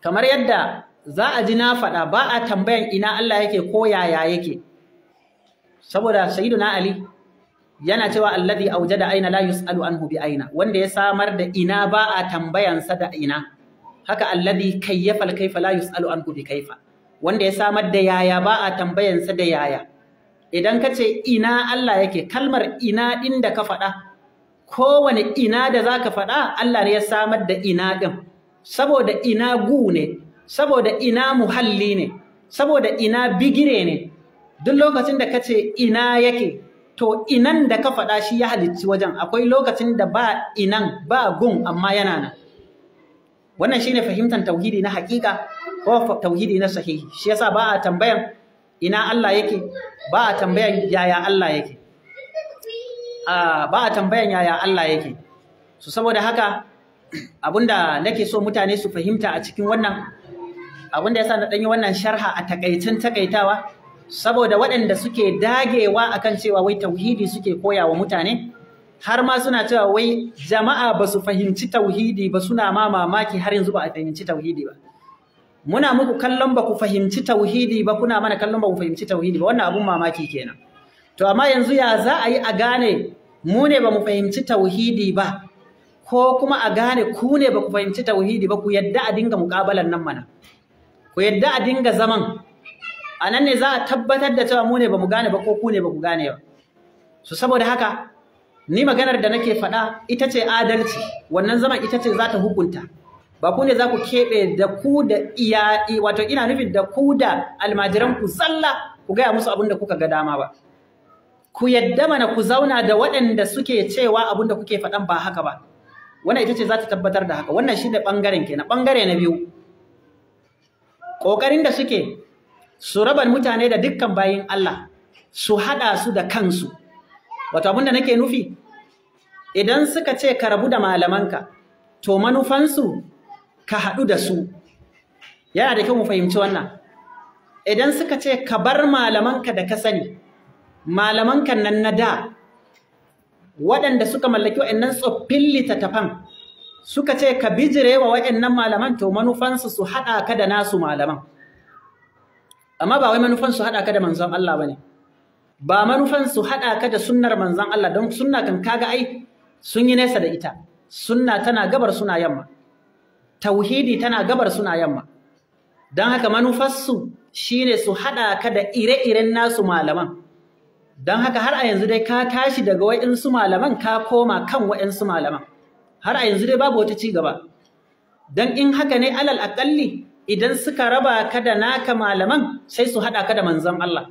kamar yadda za a ji na faɗa ba a tambayan ina Allah yake ko yaya yake saboda sayyiduna Ali yana cewa alladhi awjada aina la yusalu anhu bi aina wanda ya samar da ina ba a tambayansa da ina haka alladhi kayyafa kaifa la yusalu anhu bi kaifa wanda ya samar da yaya ba a tambayansa da yaya idan ka ce ina Allah yake kalmar ina din da ka faɗa kowane ina da za ka faɗa Allah ne ya samar da ina ɗin saboda ina gu ne saboda ina muhalli ne saboda ina bigire ne duk lokacin da ka ce ina yake to inan da ka faɗa shi ya halicci wajen akwai lokacin da ba inan ba gun amma yana nan wannan shine fahimtar tauhidi na hakika ko tauhidi na sahihi shi yasa ba a tambayan ina Allah yake ba a tambayan yaya Allah yake ba a tambayan yaya Allah yake so saboda haka abinda nake so mutane su fahimta a cikin wannan abinda yasa na danyi wannan sharha a takaicin takaitawa saboda waɗanda suke dagewa akan cewa wai tauhidi suke koya wa mutane har ma suna cewa wai jama'a ba su fahimci tauhidi ba suna ma mamaki har yanzu ba a fahimci tauhidi ba muna muku kallon ba ku fahimci tauhidi ba kuna mana kallon ba ku fahimci tauhidi ba wannan abun mamaki kenan to amma yanzu ya za a yi a gane mu ne ba mu fahimci tauhidi ba ko kuma a gane ku ne ba ku fahimci tauhidi ba ku yadda a dinga muƙabalan nan mana ku yadda a dinga zaman a nan ne za a tabbatar da cewa mu ne ba mu gane ba ko ku ne ba ku gane ba so saboda haka ni maganar da nake faɗa ita ce adalci wannan zaman ita ce za ta hukunta ba ku ne za ku keɓe da ku da iya wato ina nufin da ku da almajiran ku zalla ku gaya musu abin da kuka ga dama ba ku yadda mana ku zauna da waɗanda suke cewa abin da kuke faɗan ba haka ba wannan ita ce za ta tabbatar da haka wannan shi ne ɓangaren kenan ɓangare na biyu ƙoƙarin da suke su raba mutane da dukkan bayin Allah su hada su da kansu wato abin nake nufi idan suka ce ka rabu da malamanka to manufansu ka haɗu da su yana da kyau mu fahimci wannan idan suka ce ka bar malamanka da ka sani malamanka nan na da waɗanda suka mallaki waɗannan tsoffin littattafan suka ce ka bijire wa waɗannan malaman to manufansu su haɗa ka da nasu malaman amma ba wai manufan su haɗa ka da manzon Allah ne, ba manufan su haɗa ka da sunnar manzon Allah don sunna kan kaga ai sun yi nesa da ita sunna tana gabar suna yamma tauhidi tana gabar suna yamma don haka manufarsu shine su haɗa ka da ire-iren nasu malaman don haka har a yanzu dai ka tashi daga wa'insu malaman ka koma kan wa'insu malaman har a yanzu dai babu wata ci gaba don in haka ne alal aƙalli idan suka raba ka da naka malaman sai su haɗa ka da manzon Allah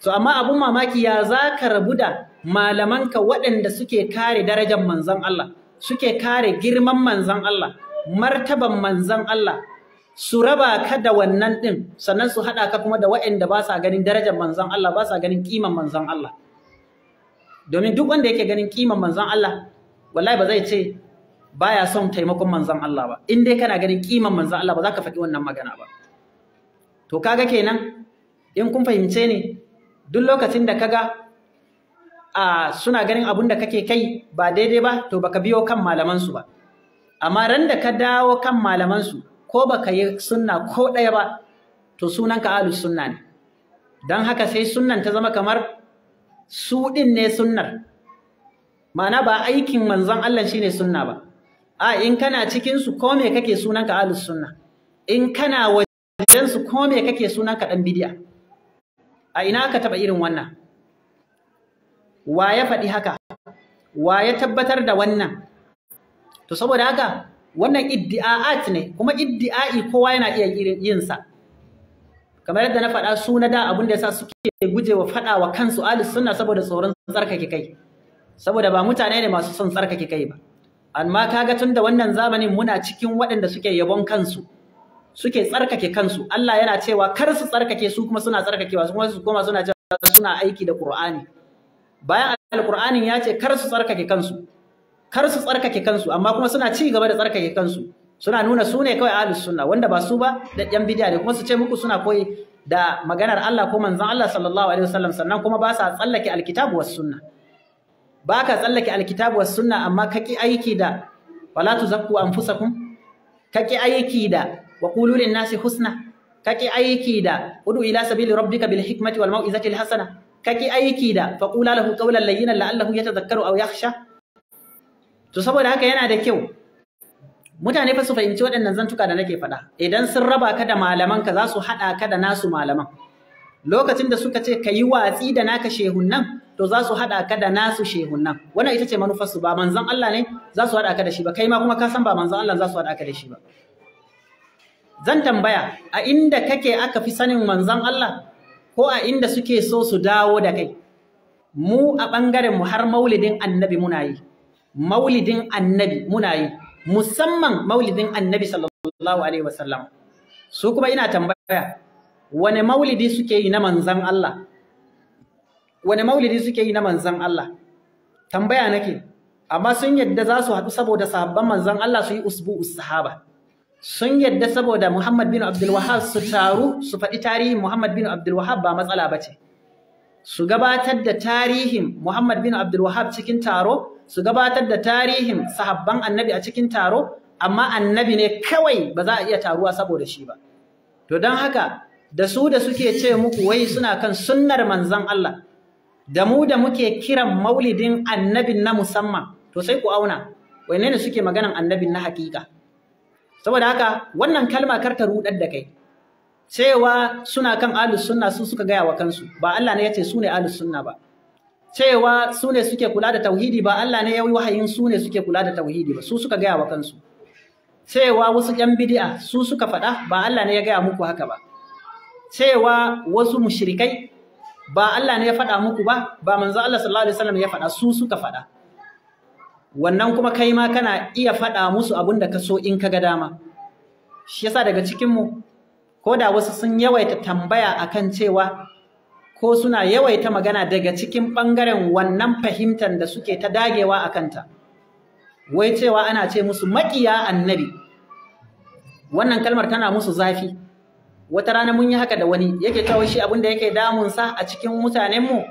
To amma abun mamaki ya za ka rabu da malamanka waɗanda suke kare darajar manzon Allah suke kare girman manzon Allah martaban manzan Allah su raba ka da wannan ɗin sannan su haɗa ka kuma da waɗanda ba sa ganin darajar manzon Allah ba sa ganin ƙiman manzon Allah domin duk wanda yake ganin ƙiman manzon Allah wallahi ba zai ce baya son taimakon manzon Allah ba in dai kana ganin kiman manzon Allah ba za ka faɗi wannan magana ba to kaga kenan in kun fahimce ni duk lokacin da kaga a suna ganin abun da kake kai ba daidai ba to baka biyo kan malaman su ba amma ran da ka dawo kan malaman su ko baka yi sunna ko ɗaya ba to sunan ka a'lu sunna ne dan haka sai sunnan ta zama kamar su ɗin ne sunnar ma'ana ba aikin manzon Allah shine sunna ba a in kana cikin ko me kake sunanka ahlus sunna in kana wajen su ko me kake sunanka dan bid'a a ina ka taba irin wannan wa ya faɗi haka wa ya tabbatar da wannan to saboda haka wannan iddi'a'at ne kuma iddi'a'i kowa yana iya yin sa kamar yadda na faɗa su na da abin da yasa suke gujewa faɗa wa kansu ahlus sunna saboda tsoron tsarkake kai saboda ba mutane ne masu son tsarkake kai ba amma kaga tun da wannan zamanin muna cikin waɗanda suke yabon kansu suke tsarkake kansu Allah yana cewa kar su tsarkake su kuma suna tsarkake su kuma su koma suna cewa suna aiki da Qur'ani bayan al ya ce kar su tsarkake kansu kar su tsarkake kansu amma kuma suna ci gaba da tsarkake kansu suna nuna su ne kawai ahlus sunna wanda ba su ba da yan bidiya ne kuma su ce muku suna koyi da maganar Allah ko manzon Allah sallallahu alaihi wasallam sannan kuma ba sa tsallake alkitabu was sunna baka tsallake alkitabu was sunna amma kaki aiki da wala tuzakku anfusakum kaki aiki da wa qulu lin nasi husna kaki aiki da udu ila sabili rabbika bil hikmati wal mau'izati al hasana kaki aiki da faqula lahu qawlan layyinan la'allahu yatadhakkaru aw yakhsha to saboda haka yana da kyau mutane fa su fahimci waɗannan zantuka da nake faɗa idan sun raba ka da malaman ka za su haɗa ka da nasu malaman lokacin da suka ce ka yi watsi da naka shehun nan to za su haɗa ka da nasu shehunan wannan ita ce manufar su ba manzon Allah ne za su haɗa ka da shi ba kai ma kuma ka san ba manzon Allah za su haɗa ka da shi ba zan tambaya a inda kake aka fi sanin manzon Allah ko a inda suke so su dawo da kai mu a ɓangaren mu har maulidin annabi muna yi maulidin annabi muna yi musamman maulidin annabi sallallahu alaihi wasallam su kuma ina tambaya wane maulidi suke yi na manzon Allah wani maulidi suke yi na manzan Allah tambaya nake amma sun yadda za su haɗu saboda sahabban manzan Allah su yi usbu sahaba sun yadda saboda Muhammad bin Abdul Wahab su taru su faɗi tarihin Muhammad bin Abdul Wahab ba matsala ba ce su gabatar da tarihin Muhammad bin Abdul Wahab cikin taro su gabatar da tarihin sahabban annabi a cikin taro amma annabi ne kawai ba za a iya taruwa saboda shi ba to don haka da su da suke ce muku wai suna kan sunnar manzan Allah da mu da muke kiran maulidin annabin na musamman to sai ku auna wanne ne suke maganan annabin na hakika saboda haka wannan kalma kar ta rudar da kai cewa suna kan ahlus sunna su suka gaya wa kansu ba Allah ne yace su ne ahlus sunna ba cewa su ne suke kula da tauhidi ba Allah ne ya yi wahayin su ne suke kula da tauhidi ba su suka gaya wa kansu cewa wasu ƴan bid'a su suka faɗa ba Allah ne ya gaya muku haka ba cewa wasu mushrikai ba Allah ne ya faɗa muku ba ba manzo Allah sallallahu alaihi wasallam ya faɗa su suka faɗa wannan kuma kai ma kana iya faɗa musu abin da ka so in ka ga dama shi yasa daga cikin mu ko da wasu sun yawaita tambaya akan cewa ko suna yawaita magana daga cikin ɓangaren wannan fahimtar da suke ta dagewa a kanta wai cewa ana ce musu maƙiya annabi wannan kalmar tana musu zafi wata rana mun yi haka da wani yake kawo shi abin da yake damunsa a cikin mutanen mu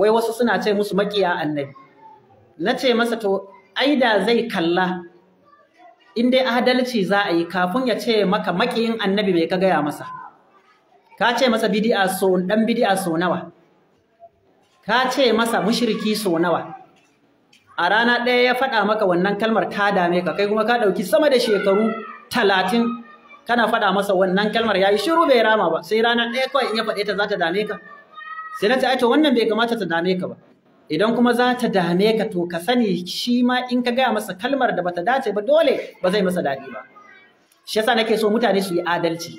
wai wasu suna ce musu maƙiya annabi na ce masa to ai da zai kalla in dai adalci za a yi kafin ya ce maka maƙiyin annabi mai ka gaya masa ka ce masa bid'a so dan bid'a so nawa ka ce masa mushriki so nawa a rana ɗaya ya faɗa maka wannan kalmar ta dame ka kai kuma ka ɗauki sama da shekaru talatin kana faɗa masa wannan kalmar ya yi shiru bai rama ba sai rana ɗaya kawai in ya faɗe ta za ta dame ka sai na ce ai to wannan bai kamata ta dame ka ba idan kuma za ta dame ka to ka sani shi ma in ka gaya masa kalmar da bata dace ba dole ba zai masa daɗi ba shi yasa nake so mutane su yi adalci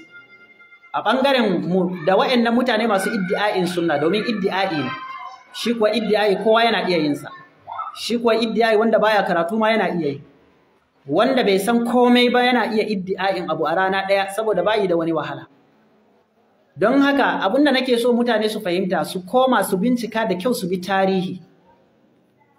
a ɓangaren mu da wa'annan mutane masu iddi'a'in sunna domin iddi'a'i ne shi kuwa iddi'a'i kowa yana iya yin sa shi kuwa iddi'a'i wanda baya karatu ma yana iya yi wanda bai san komai ba yana iya iddi'ain abu a rana ɗaya saboda bayi da wani wahala don haka abin da nake so mutane su fahimta su koma su bincika da kyau su bi tarihi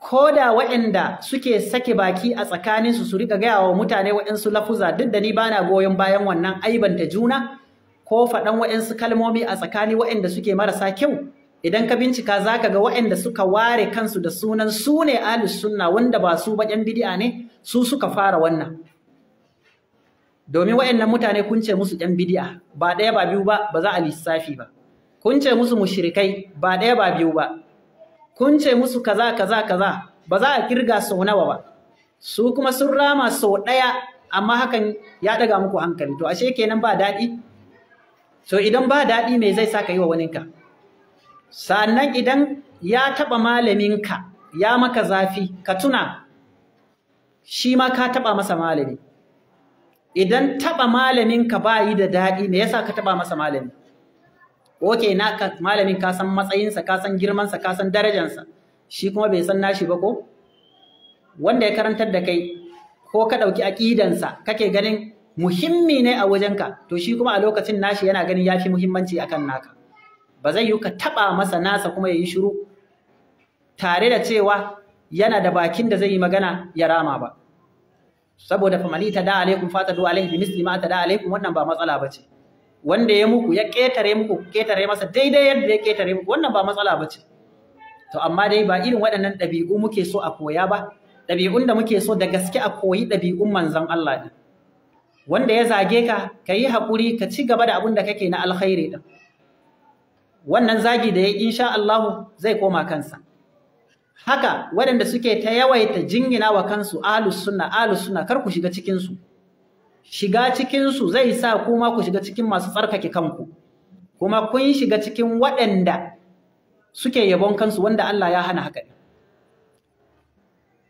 ko da waɗanda suke sake baki a tsakaninsu su riƙa gaya wa mutane waɗansu lafuza duk da ni bana goyon bayan wannan aibanta juna ko faɗan waɗansu kalmomi a tsakani waɗanda suke marasa kyau idan ka bincika zaka ga waɗanda suka ware kansu da sunan su ne ahlus sunna wanda ba su ba ƴan ne su suka fara wannan domin waɗannan mutane kun ce musu ‘yan bidi'a ba ɗaya ba biyu ba ba za a lissafi ba kun ce musu mushrikai ba ɗaya ba biyu ba kun ce musu kaza kaza kaza ba za a kirga sau nawa ba su kuma sun rama sau ɗaya amma hakan ya ɗaga muku hankali to ashe kenan ba daɗi To idan ba daɗi me zai sa ka yi wa waninka sannan idan ya taɓa malaminka ya maka zafi ka tuna shi ma ka taɓa masa malami idan taɓa malamin ka ba yi da daɗi me yasa ka taɓa masa malami ok na malamin ka san matsayinsa ka san girmansa ka san darajansa shi kuma bai san nashi ba ko wanda ya karantar da kai ko ka ɗauki aƙidansa kake ganin muhimmi ne a wajenka to shi kuma a lokacin nashi yana ganin ya fi muhimmanci a kan naka ba zai yi ka taɓa masa nasa kuma ya yi shiru tare da cewa yana da bakin da zai yi magana ya rama ba saboda famali ta da alaikum fata du alaihi bimisli ma ta da alaikum wannan ba matsala bace wanda ya muku ya ketare muku ketare masa daidai yadda ya ketare muku wannan ba matsala bace to amma dai ba irin waɗannan ɗabi'u muke so a koya ba ɗabi'un da muke so da gaske a koyi ɗabi'un manzon Allah ne wanda ya zage ka ka yi haƙuri ka ci gaba da abin da kake na alkhairi din wannan zagi da ya insha Allah zai koma kansa haka waɗanda suke ta yawaita jingina wa kansu alus sunna alus sunna kar ku shiga cikin shiga cikinsu, zai sa kuma ku shiga cikin masu tsarkake kanku kuma kun shiga cikin waɗanda suke yabon kansu wanda Allah ya hana haka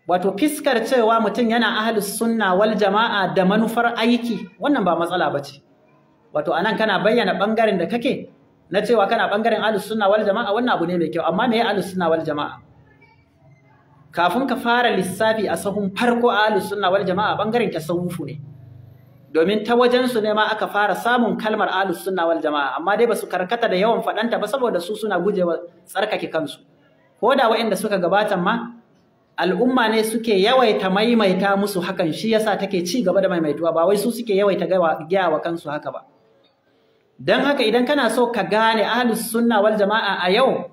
wato fiskar cewa mutum yana ahlus sunna wal jama'a da manufar aiki wannan ba matsala bace wato anan kana bayyana bangaren da kake na cewa kana bangaren ahlus sunna wal jama'a wannan abu ne mai kyau amma me ya sunna wal jama'a kafin ka fara lissafi a sahun farko ahlus sunna wal jama'a bangaren tasawufu ne domin ta wajen su ne ma aka fara samun kalmar ahlus sunna wal jama'a amma dai basu karkata da yawan fadanta ba saboda su suna gujewa tsarkake kansu ko da waɗanda suka gabata ma al'umma ne suke yawaita maimaita musu hakan shi yasa take ci gaba da maimaituwa ba wai su suke yawaita gaya wa kansu haka ba Don haka idan kana so ka gane ahlus sunna wal jama'a a yau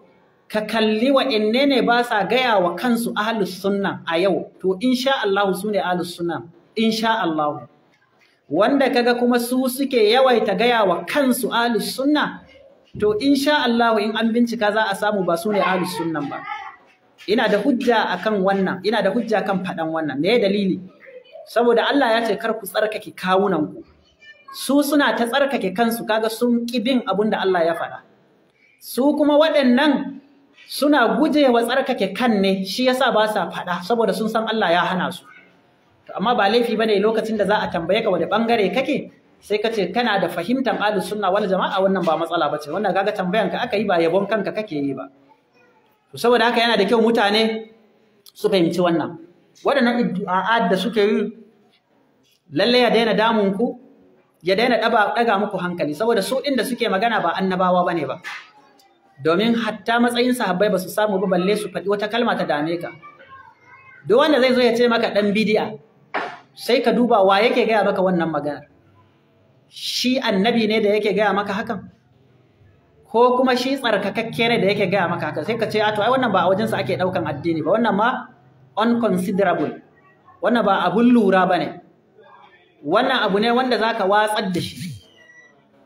ka kalli inne ne ba sa gaya wa kansu ahlus sunna a yau to insha Allah su ne ahlus sunna insha Allah wanda kaga kuma su suke yawaita gaya wa kansu ahlus sunna to insha Allah in an bincika za a samu ba su ne ahlus sunna ba ina da hujja akan wannan ina da hujja kan faɗan wannan me dalili saboda Allah ya ce kar ku tsarkake kawunan ku su suna ta tsarkake kansu kaga sun ƙi bin abin da Allah ya faɗa. Su kuma waɗannan suna gujewa tsarkake kan ne shi yasa ba sa faɗa saboda sun san Allah ya hana su to amma ba laifi ne lokacin da za a tambaye ka wani bangare kake sai ka ce kana da fahimtar ahlus sunna wal jama'a wannan ba matsala bace wannan kaga tambayan ka aka yi ba yabon kanka kake yi ba to saboda haka yana da kyau mutane su fahimci wannan wadannan addu'a'ad da suke yi lallai ya daina damun ku ya daina ɗaga muku hankali saboda su ɗin da suke magana ba annabawa bane ba domin hatta matsayin sahabbai ba su samu ba balle su faɗi wata kalma ta dame ka duk wanda zai zo ya ce maka ɗan bidiya sai ka duba wa yake gaya maka wannan magana shi annabi ne da yake gaya maka hakan ko kuma shi tsarkakakke ne da yake gaya maka hakan sai ka ce a to ai wannan ba a wajensa ake ɗaukan addini ba wannan ma unconsiderable wannan ba abun lura ba ne wannan abu ne wanda za ka watsar da shi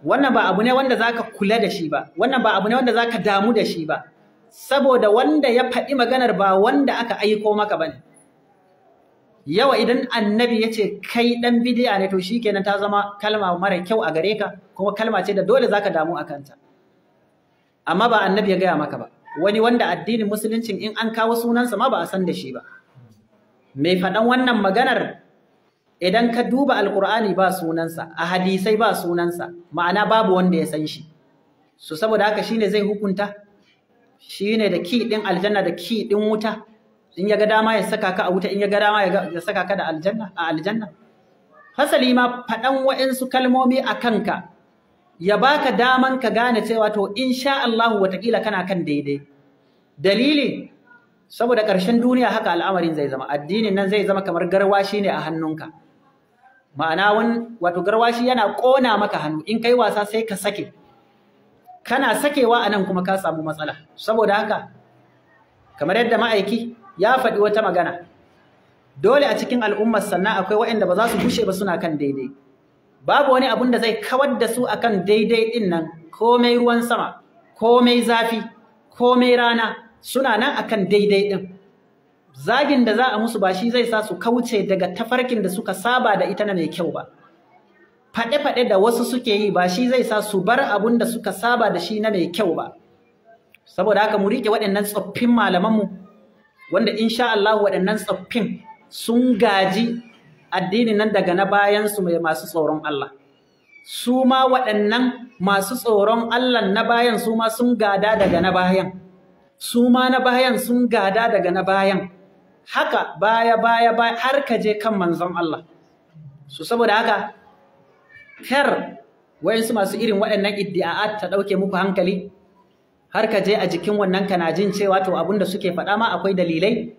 wannan ba abu ne wanda ka kula da shi ba wannan ba abu ne wanda ka damu da shi ba saboda wanda ya faɗi maganar ba wanda aka aiko maka ba ne. yawa idan annabi ya ce kai ɗan bidiya ne to shi kenan ta zama kalma mara kyau a gare ka kuma kalma ce da dole za ka damu a kanta amma ba annabi ya gaya maka ba wani wanda addinin musuluncin in an kawo sunansa ma ba a san da shi ba mai faɗan wannan maganar idan ka duba alkur'ani ba sunansa a hadisai ba sunansa ma'ana babu wanda ya san shi so saboda haka shine zai hukunta shine da ki din aljanna da ki din wuta in ya ga dama ya saka ka a wuta in ya ga dama ya saka ka da aljanna a aljanna hasali ma faɗan wa'insu kalmomi a kanka ya baka daman ka gane cewa to insha Allahu watakila kana kan daidai dalili saboda ƙarshen duniya haka al'amarin zai zama addinin nan zai zama kamar garwashi ne a hannunka ma'ana wani wato garwashi yana ƙona maka hannu in kai wasa sai ka sake kana sakewa a nan kuma ka samu matsala saboda haka kamar yadda ma'aiki ya faɗi wata magana dole a cikin al'ummar sannan akwai waɗanda ba za su bushe ba suna kan daidai babu wani abun da zai kawar da su akan daidai ɗin nan komai ruwan sama komai zafi komai rana suna nan akan daidai ɗin zagin da za a musu ba shi zai sa su kauce daga tafarkin da suka saba da ita na mai kyau ba faɗe-faɗe da wasu suke yi ba shi zai sa su bar abun da suka saba da shi na mai kyau ba saboda haka mu riƙe waɗannan tsoffin malamanmu wanda insha Allah waɗannan tsoffin sun gaji addinin nan daga na bayansu mai masu tsoron Allah su ma waɗannan masu tsoron Allah na bayan su ma sun gada daga na bayan su ma na bayan sun gada daga na bayan haka baya baya baya har ka je kan manzon Allah so saboda haka kar wayansu masu irin waɗannan iddia'at ta ɗauke muku hankali har ka je a jikin wannan kana jin cewa to abin da suke faɗa ma akwai dalilai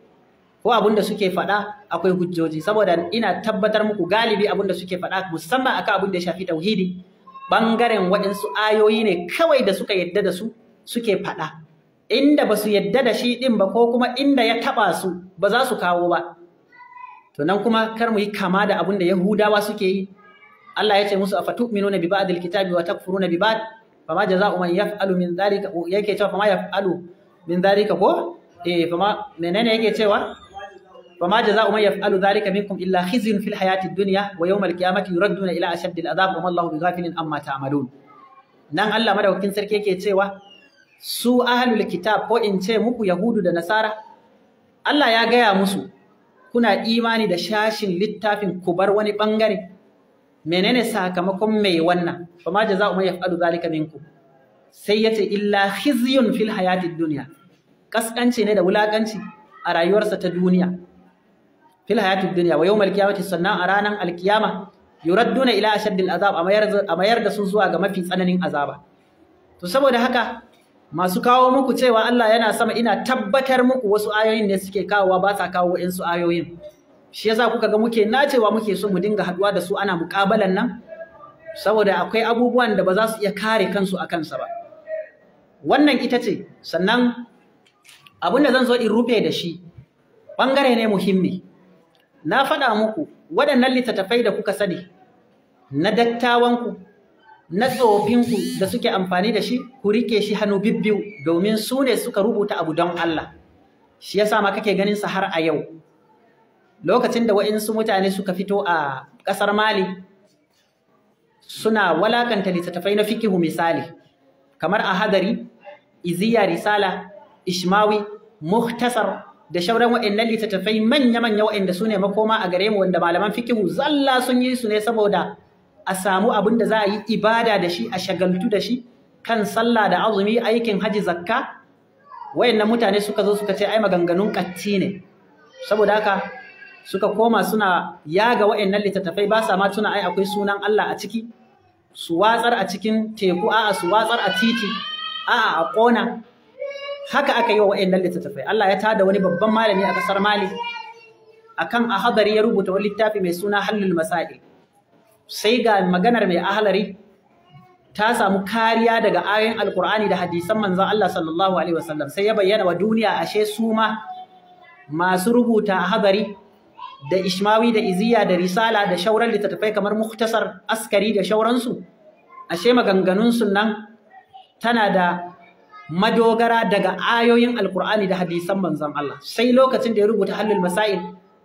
ko abin suke faɗa akwai hujjoji saboda ina tabbatar muku galibi abinda suke faɗa musamman akan abin ya shafi tauhidi bangaren waɗansu ayoyi ne kawai da suka yadda da su suke faɗa inda ba su yadda da shi ɗin ba ko kuma inda ya taɓa su ba za su kawo ba to nan kuma kar mu yi kama da abin da yahudawa suke yi Allah ya ce musu a fatu'minuna bi ba'dil kitabi wa takfuruna bi ba'd fama jaza'u man yaf'alu min dhalika yake cewa fama yaf'alu min dhalika ko eh fama menene yake cewa فما جزاء من يفعل ذلك منكم إلا خزي في الحياة الدنيا ويوم القيامة يردون إلى أشد العذاب وما الله بغافل عما تعملون نان الله مدوكين سركي yake cewa su ahlul kitab ko in ce muku yahudu da nasara Allah ya gaya musu kuna imani da shashin littafin kubar wani bangare menene sakamakon mai wannan fama jaza'u man yaf'alu zalika minkum sai yace illa khizyun fil hayatid dunya kaskanci ne da wulakanci a rayuwarsa ta duniya fil hayatid dunya wa yawmal qiyamati sannan a ranar alkiyama yuradduna ila ashaddil azab a mayar da su zuwa ga mafi tsananin azaba to saboda haka masu kawo muku cewa Allah yana sama ina tabbatar muku wasu ayoyin ne suke kawowa ba sa kawo su ayoyin shi yasa kuka ga muke nacewa muke so mu dinga haduwa da su ana mukabalan nan saboda akwai abubuwan da ba za su iya kare kansu a kansa ba wannan ita ce sannan abin da zan zo in rufe da shi bangare ne muhimmi na faɗa muku waɗannan littattafai da kuka sani na dattawanku na tsofinku da suke amfani da shi ku rike shi hannu bibbiyu domin su ne suka rubuta abu don Allah shi yasa ma kake ganin sa har a yau lokacin da wa'insu mutane suka fito a ƙasar Mali suna walakanta littattafai na fikihu misali kamar a hadari iziya risala ishmawi muhtasar da shauran wa'annan littattafai manya-manya wa'anda su ne makoma a gare mu wanda malaman fikihu zalla sun yi su ne saboda a samu abin da za a yi ibada da shi a shagaltu da shi kan sallah da azumi aikin haji zakka wayannan mutane suka zo suka ce ai maganganun katti ne saboda haka suka koma suna yaga wayannan litattafai, ba sa ma tuna ai akwai sunan Allah a ciki su watsar a cikin teku a'a su watsar a titi a'a a kona haka aka yi wa wayannan litattafai. Allah ya tada wani babban malami a kasar Mali akan a hadari ya rubuta wani littafi mai suna Hallul Masail sai ga maganar mai ahlari ta samu kariya daga ayoyin alkur'ani da hadisan manzon Allah sallallahu alaihi wasallam sai ya bayyana wa duniya ashe su ma masu rubuta hadari da ishmawi da iziya da risala da shauran littattafai kamar muktasar askari da shauransu ashe maganganunsu nan tana da madogara daga ayoyin alkur'ani da hadisan manzon Allah sai lokacin da ya rubuta halul masail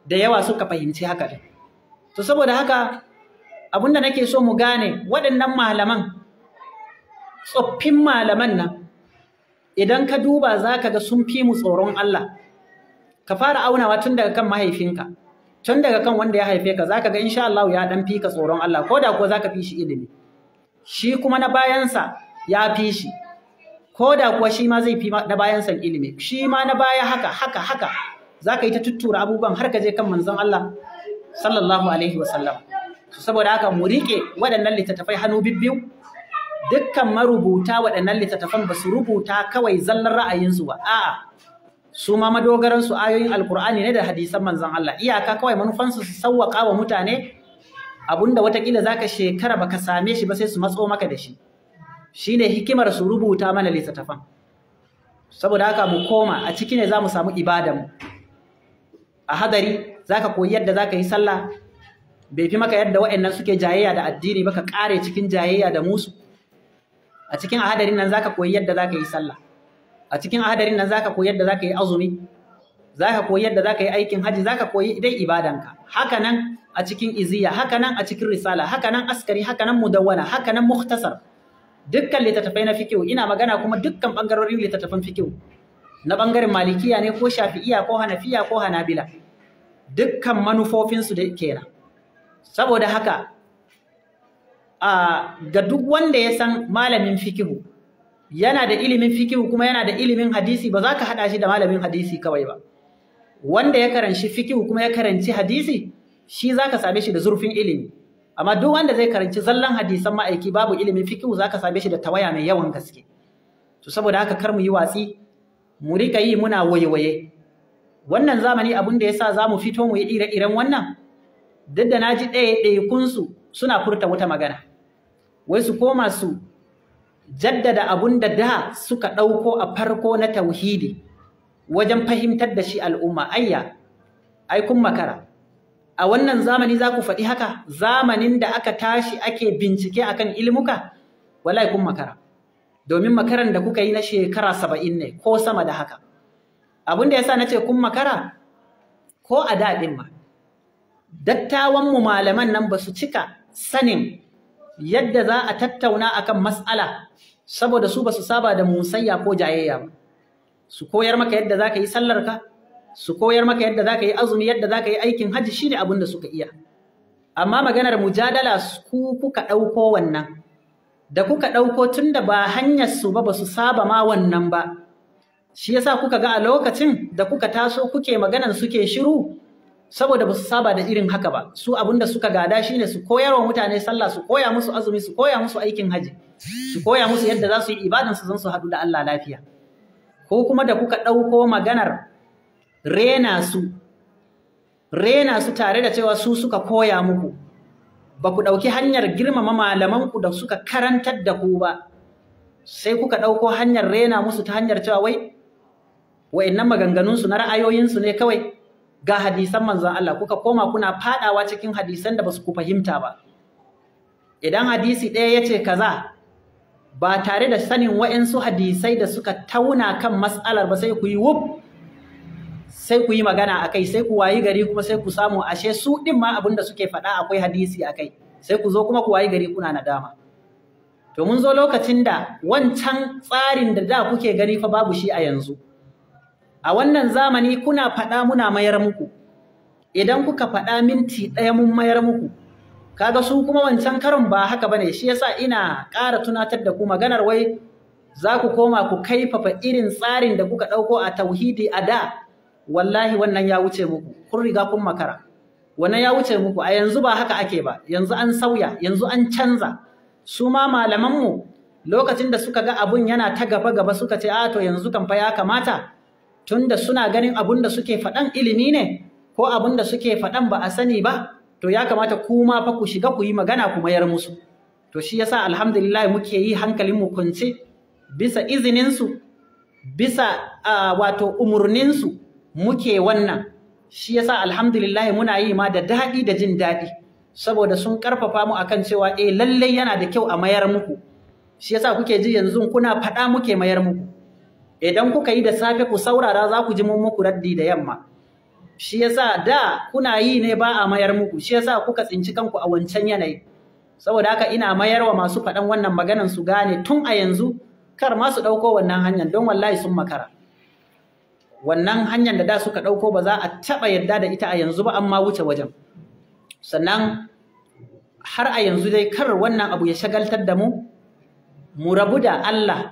da yawa suka fahimci haka to saboda haka abinda nake so mu gane waɗannan malaman tsoffin malaman nan idan ka duba za ka ga sun fi mu tsoron Allah ka fara aunawa tun daga kan mahaifinka tun daga kan wanda ya haife ka za ka ga insha Allah ya dan fi ka tsoron Allah ko da kuwa za ka fi shi ilimi shi kuma na bayansa ya fi shi ko da kuwa shi ma zai fi na bayansa ilimi shi ma na baya haka haka haka za ka yi ta tuttura abubuwan har ka je kan manzon Allah sallallahu alaihi wasallam saboda haka mu riƙe waɗannan littattafai hannu bibbiyu dukkan marubuta waɗannan littattafan ba su rubuta kawai zallar ra'ayinsu ba a'a su ma madogaransu ayoyin alkur'ani ne da hadisan manzon Allah iyaka kawai manufansu su sawwaka wa mutane abunda watakila zaka shekara baka same shi ba sai su matso maka da shi shine hikimar su rubuta mana littattafan saboda haka mu koma a ciki ne zamu samu mu. a hadari zaka koyi yadda zaka yi sallah bai fi maka yadda wa'annan suke jayayya da addini ba ka kare cikin jayayya da musu a cikin ahadarin nan zaka koyi yadda zaka yi sallah a cikin ahadarin nan zaka koyi yadda zaka yi azumi zaka koyi yadda zaka yi aikin haji zaka koyi dai ibadanka haka nan a cikin iziya haka nan a cikin risala haka nan askari haka nan mudawwana haka nan mukhtasar dukkan litattafai na fikihu ina magana kuma dukkan bangarorin litattafan fikihu na bangaren malikiya ne ko shafi'iya ko hanafiya ko hanabila dukkan manufofinsu da kenan saboda haka a ga duk wanda ya san malamin fikihu yana da ilimin fikihu kuma yana da ilimin hadisi ba za ka haɗa shi da malamin hadisi kawai ba wanda ya karanci fikihu kuma ya karanci hadisi shi za ka same shi da zurfin ilimi amma duk wanda zai karanci zallan hadisan ma'aiki babu ilimin fikihu za ka same shi da tawaya mai yawan gaske to saboda haka kar mu yi watsi mu rika yi muna waye-waye wannan zamani abin da ya sa za mu fito mu yi ire-iren wannan duk da naji ɗaya ɗaya kunsu suna furta wata magana wai su koma su jaddada abun da da suka ɗauko a farko na tauhidi wajen fahimtar da shi al'umma ayya ai kun makara a wannan zamani za ku faɗi haka zamanin da aka tashi ake bincike akan ilmuka wallahi kun makara domin makaran da kuka yi na shekara saba'in ne ko sama da haka abin da ya sa na ce kun makara ko a daɗin ma dattawan mu malaman nan ba su cika sanin yadda za a tattauna akan mas'ala saboda su ba su saba da musayya ko jayayya ba su koyar maka yadda za ka yi sallarka su koyar maka yadda za ka yi azumi yadda za ka yi aikin hajji shi ne abin da suka iya amma maganar mujadala ku kuka ɗauko wannan da kuka ɗauko tun da ba hanyar su ba ba su saba ma wannan ba shi yasa kuka ga a lokacin da kuka taso kuke maganar suke shiru saboda ba su saba da irin haka ba su abinda suka gada shine su koyarwa mutane sallah su koya musu azumi su koya musu aikin haji su koya musu yadda za su yi ibadan su zan su haɗu da Allah lafiya ko kuma da kuka ɗauko maganar rena su rena su tare da cewa su suka koya muku ba ku ɗauki hanyar girmama malamanku da suka karantar da ku ba sai kuka ɗauko hanyar rena musu ta hanyar cewa wai wa'annan maganganunsu na ra'ayoyinsu ne kawai ga hadisan manzon Allah kuka koma kuna fadawa cikin hadisan da basu ku fahimta ba idan hadisi ɗaya yace kaza ba tare da sanin wa'insu hadisai da suka tauna kan mas'alar ba sai ku yi wuf sai ku yi magana akai sai ku wayi gari kuma sai ku samu ashe su ɗin ma abinda suke faɗa akwai hadisi akai sai ku zo kuma ku wayi gari kuna nadama to mun zo lokacin da wancan tsarin da da kuke gani fa babu shi a yanzu a wannan zamani kuna faɗa muna mayar muku idan kuka faɗa minti ɗaya mun mayar muku kaga su kuma wancan karon ba haka bane shi yasa ina ƙara tunatar da ku maganar wai za ku koma ku kaifafa irin tsarin da kuka ɗauko a tauhidi a da wallahi wannan ya wuce muku kun riga kun makara wannan ya wuce muku a yanzu ba haka ake ba yanzu an sauya yanzu an canza su ma malamanmu lokacin da suka ga abun yana ta gaba gaba suka ce a to yanzu kamfa ya kamata tunda suna ganin abun da suke faɗan ilimi ne ko abun da suke faɗan ba a sani ba to ya kamata kuma fa ku shiga ku yi magana ku mayar musu to shi yasa alhamdulillah muke yi hankalin mu kunce bisa izinin su bisa uh, wato umurnin su muke wannan shi yasa alhamdulillah muna yi ma da daɗi da jin daɗi saboda sun ƙarfafa mu akan cewa eh lallai yana da kyau a mayar muku shi yasa kuke ji yanzu kuna faɗa muke mayar muku idan kuka yi da safe ku saurara za ku ji mun muku raddi da yamma shi yasa da kuna yi ne ba a mayar muku shi yasa kuka tsinci kanku a wancan yanayi saboda haka ina mayar wa masu faɗan wannan maganan su gane tun a yanzu kar ma su ɗauko wannan hanyar don wallahi sun makara wannan hanyar da da suka ɗauko ba za a taɓa yarda da ita a yanzu ba amma wuce wajen sannan har a yanzu dai kar wannan abu ya shagaltar da mu mu rabu da Allah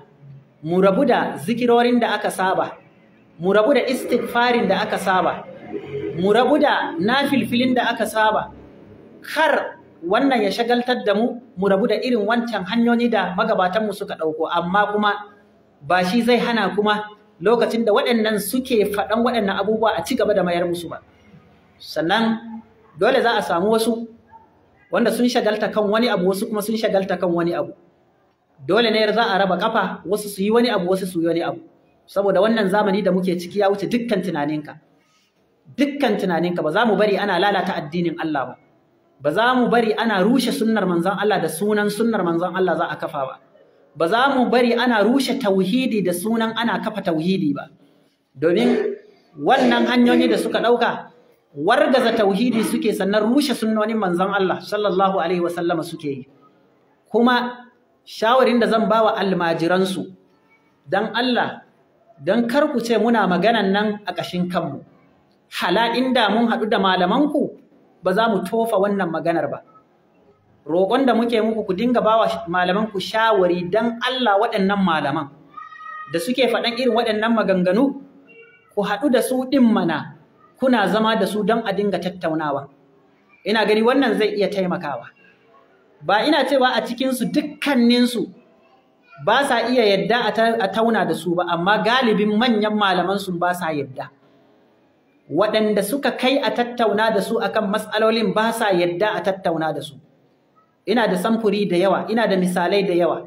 mu rabu da zikirorin da aka saba mu rabu da istighfarin da aka saba mu rabu da nafilfilin da aka saba kar wannan ya shagaltar da mu mu rabu da irin wancan hanyoyi da magabatanmu suka ɗauko amma kuma ba shi zai hana kuma lokacin da waɗannan suke faɗan waɗannan abubuwa a ci gaba da mayar musu ba sannan dole za a samu wasu wanda sun shagalta kan wani abu wasu kuma sun shagalta kan wani abu dole ne za a raba kafa wasu su yi wani abu wasu su yi wani abu saboda wannan zamani da muke ciki ya wuce dukkan tunaninka dukkan tunaninka ba za mu bari ana lalata addinin Allah ba ba za mu bari ana rushe sunnar manzon Allah da sunan sunnar manzon Allah za a kafa ba ba za mu bari ana rushe tauhidi da sunan ana kafa tauhidi ba domin wannan hanyoyi da suka ɗauka wargaza tauhidi suke sannan rushe sunnonin manzon Allah sallallahu alaihi wasallama suke yi kuma shawarin da zan ba bawa almajiransu don Allah don kar ku ce muna maganan nan a ƙashin kanmu hala inda mun haɗu da malamanku ba za mu tofa wannan maganar ba roƙon da muke muku ku dinga bawa malamanku shawari don Allah waɗannan malaman da suke faɗan irin waɗannan maganganu ku haɗu da su ɗin mana kuna zama da su don a dinga tattaunawa ina gani wannan zai iya taimakawa ba ina cewa a cikinsu dukkaninsu ba sa iya yadda a tauna da su ba amma galibin manyan malaman sun ba sa yadda waɗanda suka kai a tattauna da su akan matsalolin ba sa yadda a tattauna da su ina da samfuri da yawa ina da misalai da yawa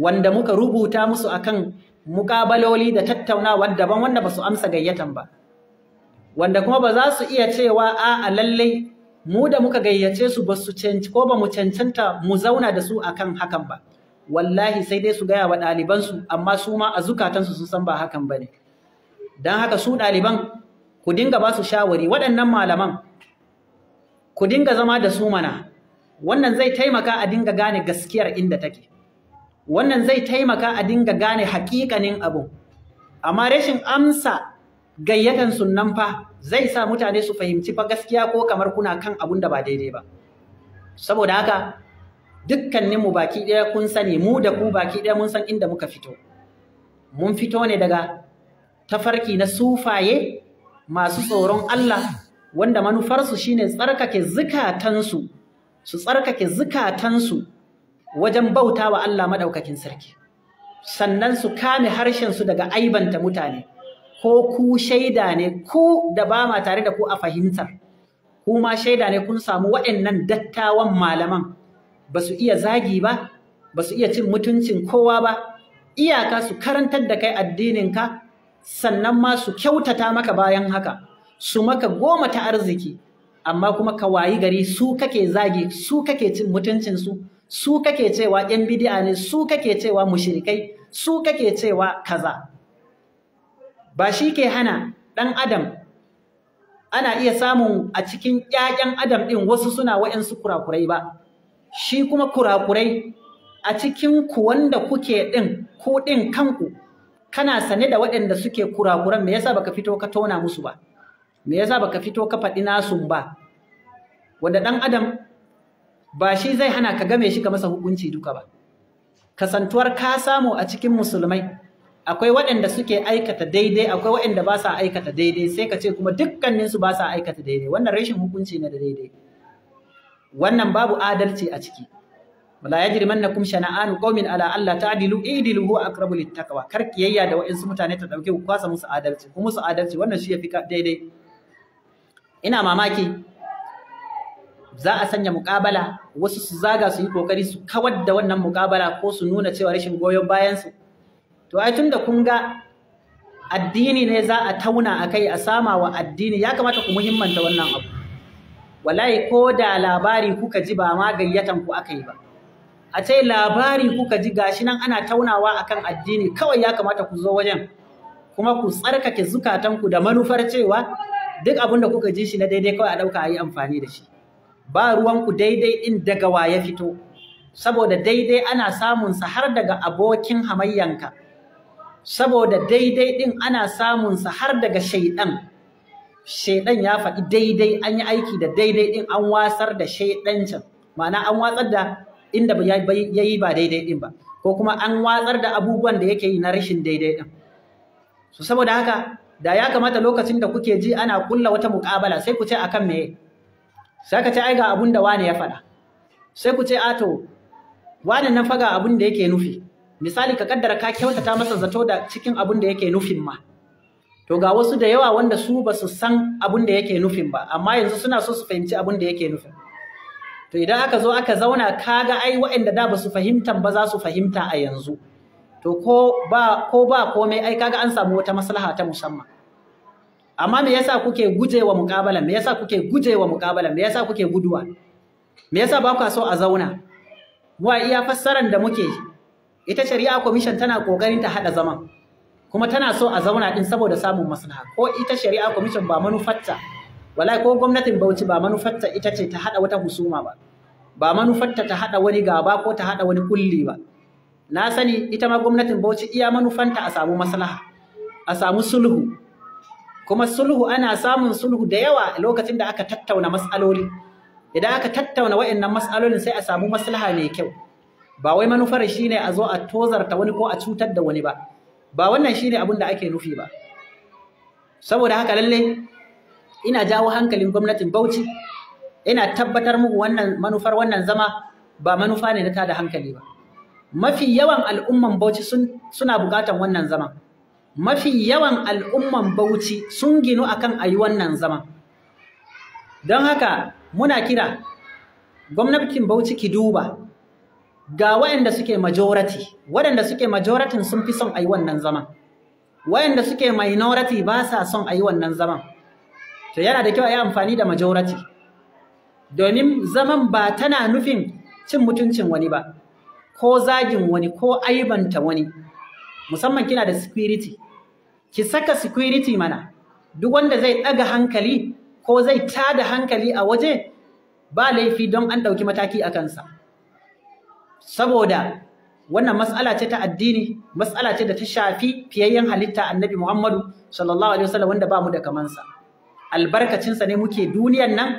wanda muka rubuta musu akan mukabaloli da tattaunawa daban wanda ba su amsa gayyatan ba wanda kuma ba za su iya cewa a lallai mu da muka gayyace su ba su canci ko ba mu cancanta mu zauna da su akan hakan ba wallahi sai dai su gaya wa ɗalibansu amma su ma a zukatansu sun san ba hakan ba ne don haka su ɗaliban ku dinga ba su shawari waɗannan malaman ku dinga zama da su mana wannan zai taimaka a dinga gane gaskiyar inda take wannan zai taimaka a dinga gane haƙiƙanin abu amma rashin amsa gayyatan sunan fa zai sa mutane su fahimci fa gaskiya ko kamar kuna kan abun da ba daidai ba saboda haka dukkanin mu baki ɗaya kun sani mu da ku baki ɗaya mun san inda muka fito mun fito ne daga tafarki na sufaye masu tsoron Allah wanda manufarsu shine tsarkake zikatansu su tsarkake zukatansu wajen bauta wa Allah maɗaukakin sarki sannan su kame harshensu daga aibanta mutane ko ku shaida ne ku da ba ma tare da ku a fahimtar ku ma shaida ne kun samu waɗannan dattawan malaman ba su iya zagi ba ba su iya cin mutuncin kowa ba iyaka su karantar da kai addininka sannan ma su kyautata maka bayan haka su maka goma ta arziki amma kuma ka wayi gari su kake zagi su kake cin mutuncinsu su kake cewa 'yan bidi'a ne su kake cewa mushirikai su kake cewa kaza ba shi ke hana ɗan adam ana iya samun a cikin 'ya'yan adam ɗin wasu suna wa'yansu kurakurai ba shi kuma kurakurai a cikin ku wanda kuke ɗin ku ɗin kanku kana sane da waɗanda suke kurakuran me yasa baka fito ka tona musu ba me yasa baka fito ka faɗi nasu ba wanda ɗan adam ba shi zai hana ka game shi ka masa hukunci duka ba kasantuwar ka samu a cikin musulmai akwai waɗanda suke aikata daidai akwai waɗanda ba sa aikata daidai sai ka ce kuma dukkaninsu ba sa aikata daidai wannan rashin hukunci ne da daidai wannan babu adalci a ciki wala yajrimannakum shana'an qaumin ala alla ta'dilu idilu huwa aqrabu littaqwa kar kiyayya da wa'insu mutane ta dauke ku kwasa musu adalci ku musu adalci wannan shi yafi daidai ina mamaki za a sanya muƙabala wasu su zaga su yi kokari su kawar da wannan muƙabala ko su nuna cewa rashin goyon bayan su to ai tunda kun ga addini ne za a tauna a kai a sama wa addini ya kamata ku muhimmanta wannan abu wallahi ko da labari kuka ji ba ma gayyatan ku aka yi ba a ce labari kuka ji gashi nan ana taunawa akan addini kawai ya kamata ku zo wajen kuma ku tsarkake zukatanku da manufar cewa duk abin da kuka ji shi na daidai kawai a ɗauka a yi amfani da shi ba ruwan ku daidai in daga wa ya fito saboda daidai ana samunsa har daga abokin hamayyanka saboda daidai ɗin ana samunsa har daga shaidan shaidan ya faɗi daidai an yi aiki da daidai ɗin, an wasar da can, ma'ana an watsar da inda ya yi ba daidai din ba ko kuma an watsar da abubuwan da yake yi na rashin daidai din so saboda haka da ya kamata lokacin da kuke ji ana kulla wata muƙabala sai ku ce akan meye sai ka ce ai ga abun da wane ya faɗa sai ku ce ato wane na faga abun da yake nufi misali ka kaddara ka kyautata masa zato da cikin abin da yake nufin ma to ga wasu da yawa wanda su ba su san abin da yake nufin ba amma yanzu suna so su fahimci abin da yake nufin to idan aka zo aka zauna ka ga ai waɗanda da ba su fahimta ba za su fahimta a yanzu to ko ba ko ba komai ai kaga an samu wata maslaha ta musamman amma me yasa kuke gujewa muƙabala me yasa kuke gujewa muƙabala me yasa kuke guduwa me yasa ba ku so a zauna mu iya fassaran da muke ita shari'a commission tana kokarin ta hada zaman kuma tana so a zauna din saboda samun maslaha ko ita shari'a commission ba manufarta wallahi ko gwamnatin Bauchi ba manufarta ita ce ta hada wata husuma ba ba manufarta ta hada wani gaba ko ta hada wani kulli ba na sani ita ma gwamnatin Bauchi iya manufanta a samu maslaha a samu sulhu kuma sulhu ana samun sulhu da yawa lokacin da aka tattauna matsaloli idan aka tattauna waɗannan matsalolin sai a samu maslaha mai kyau ba wai manufar ne a zo a tozarta wani ko a cutar da wani ba ba wannan shi ne abin da ake nufi ba saboda haka lalle ina jawo hankalin gwamnatin Bauchi ina tabbatar muku wannan manufar wannan zama ba manufa ne na tada hankali ba mafi yawan al'umman Bauchi suna bukatan wannan zama mafi yawan al'umman Bauchi sun ginu akan ayi wannan zama don haka muna kira gwamnatin Bauchi ki duba ga waɗanda suke majority waɗanda suke majoratin sun fi son a wannan zaman wayanda suke minority ba sa son ayi wannan zaman to yana da kyau a yi amfani da majority domin zaman ba tana nufin cin mutuncin wani ba ko zagin wani ko aibanta wani musamman kina da security ki saka security mana duk wanda zai ɗaga hankali ko zai tada hankali a waje ba laifi don an ɗauki mataki a kansa saboda wannan mas'ala ce ta addini mas'ala ce da ta shafi fiyayyen halitta annabi Muhammadu sallallahu alaihi wasallam wanda ba mu da kamansa albarkacinsa ne muke duniyan nan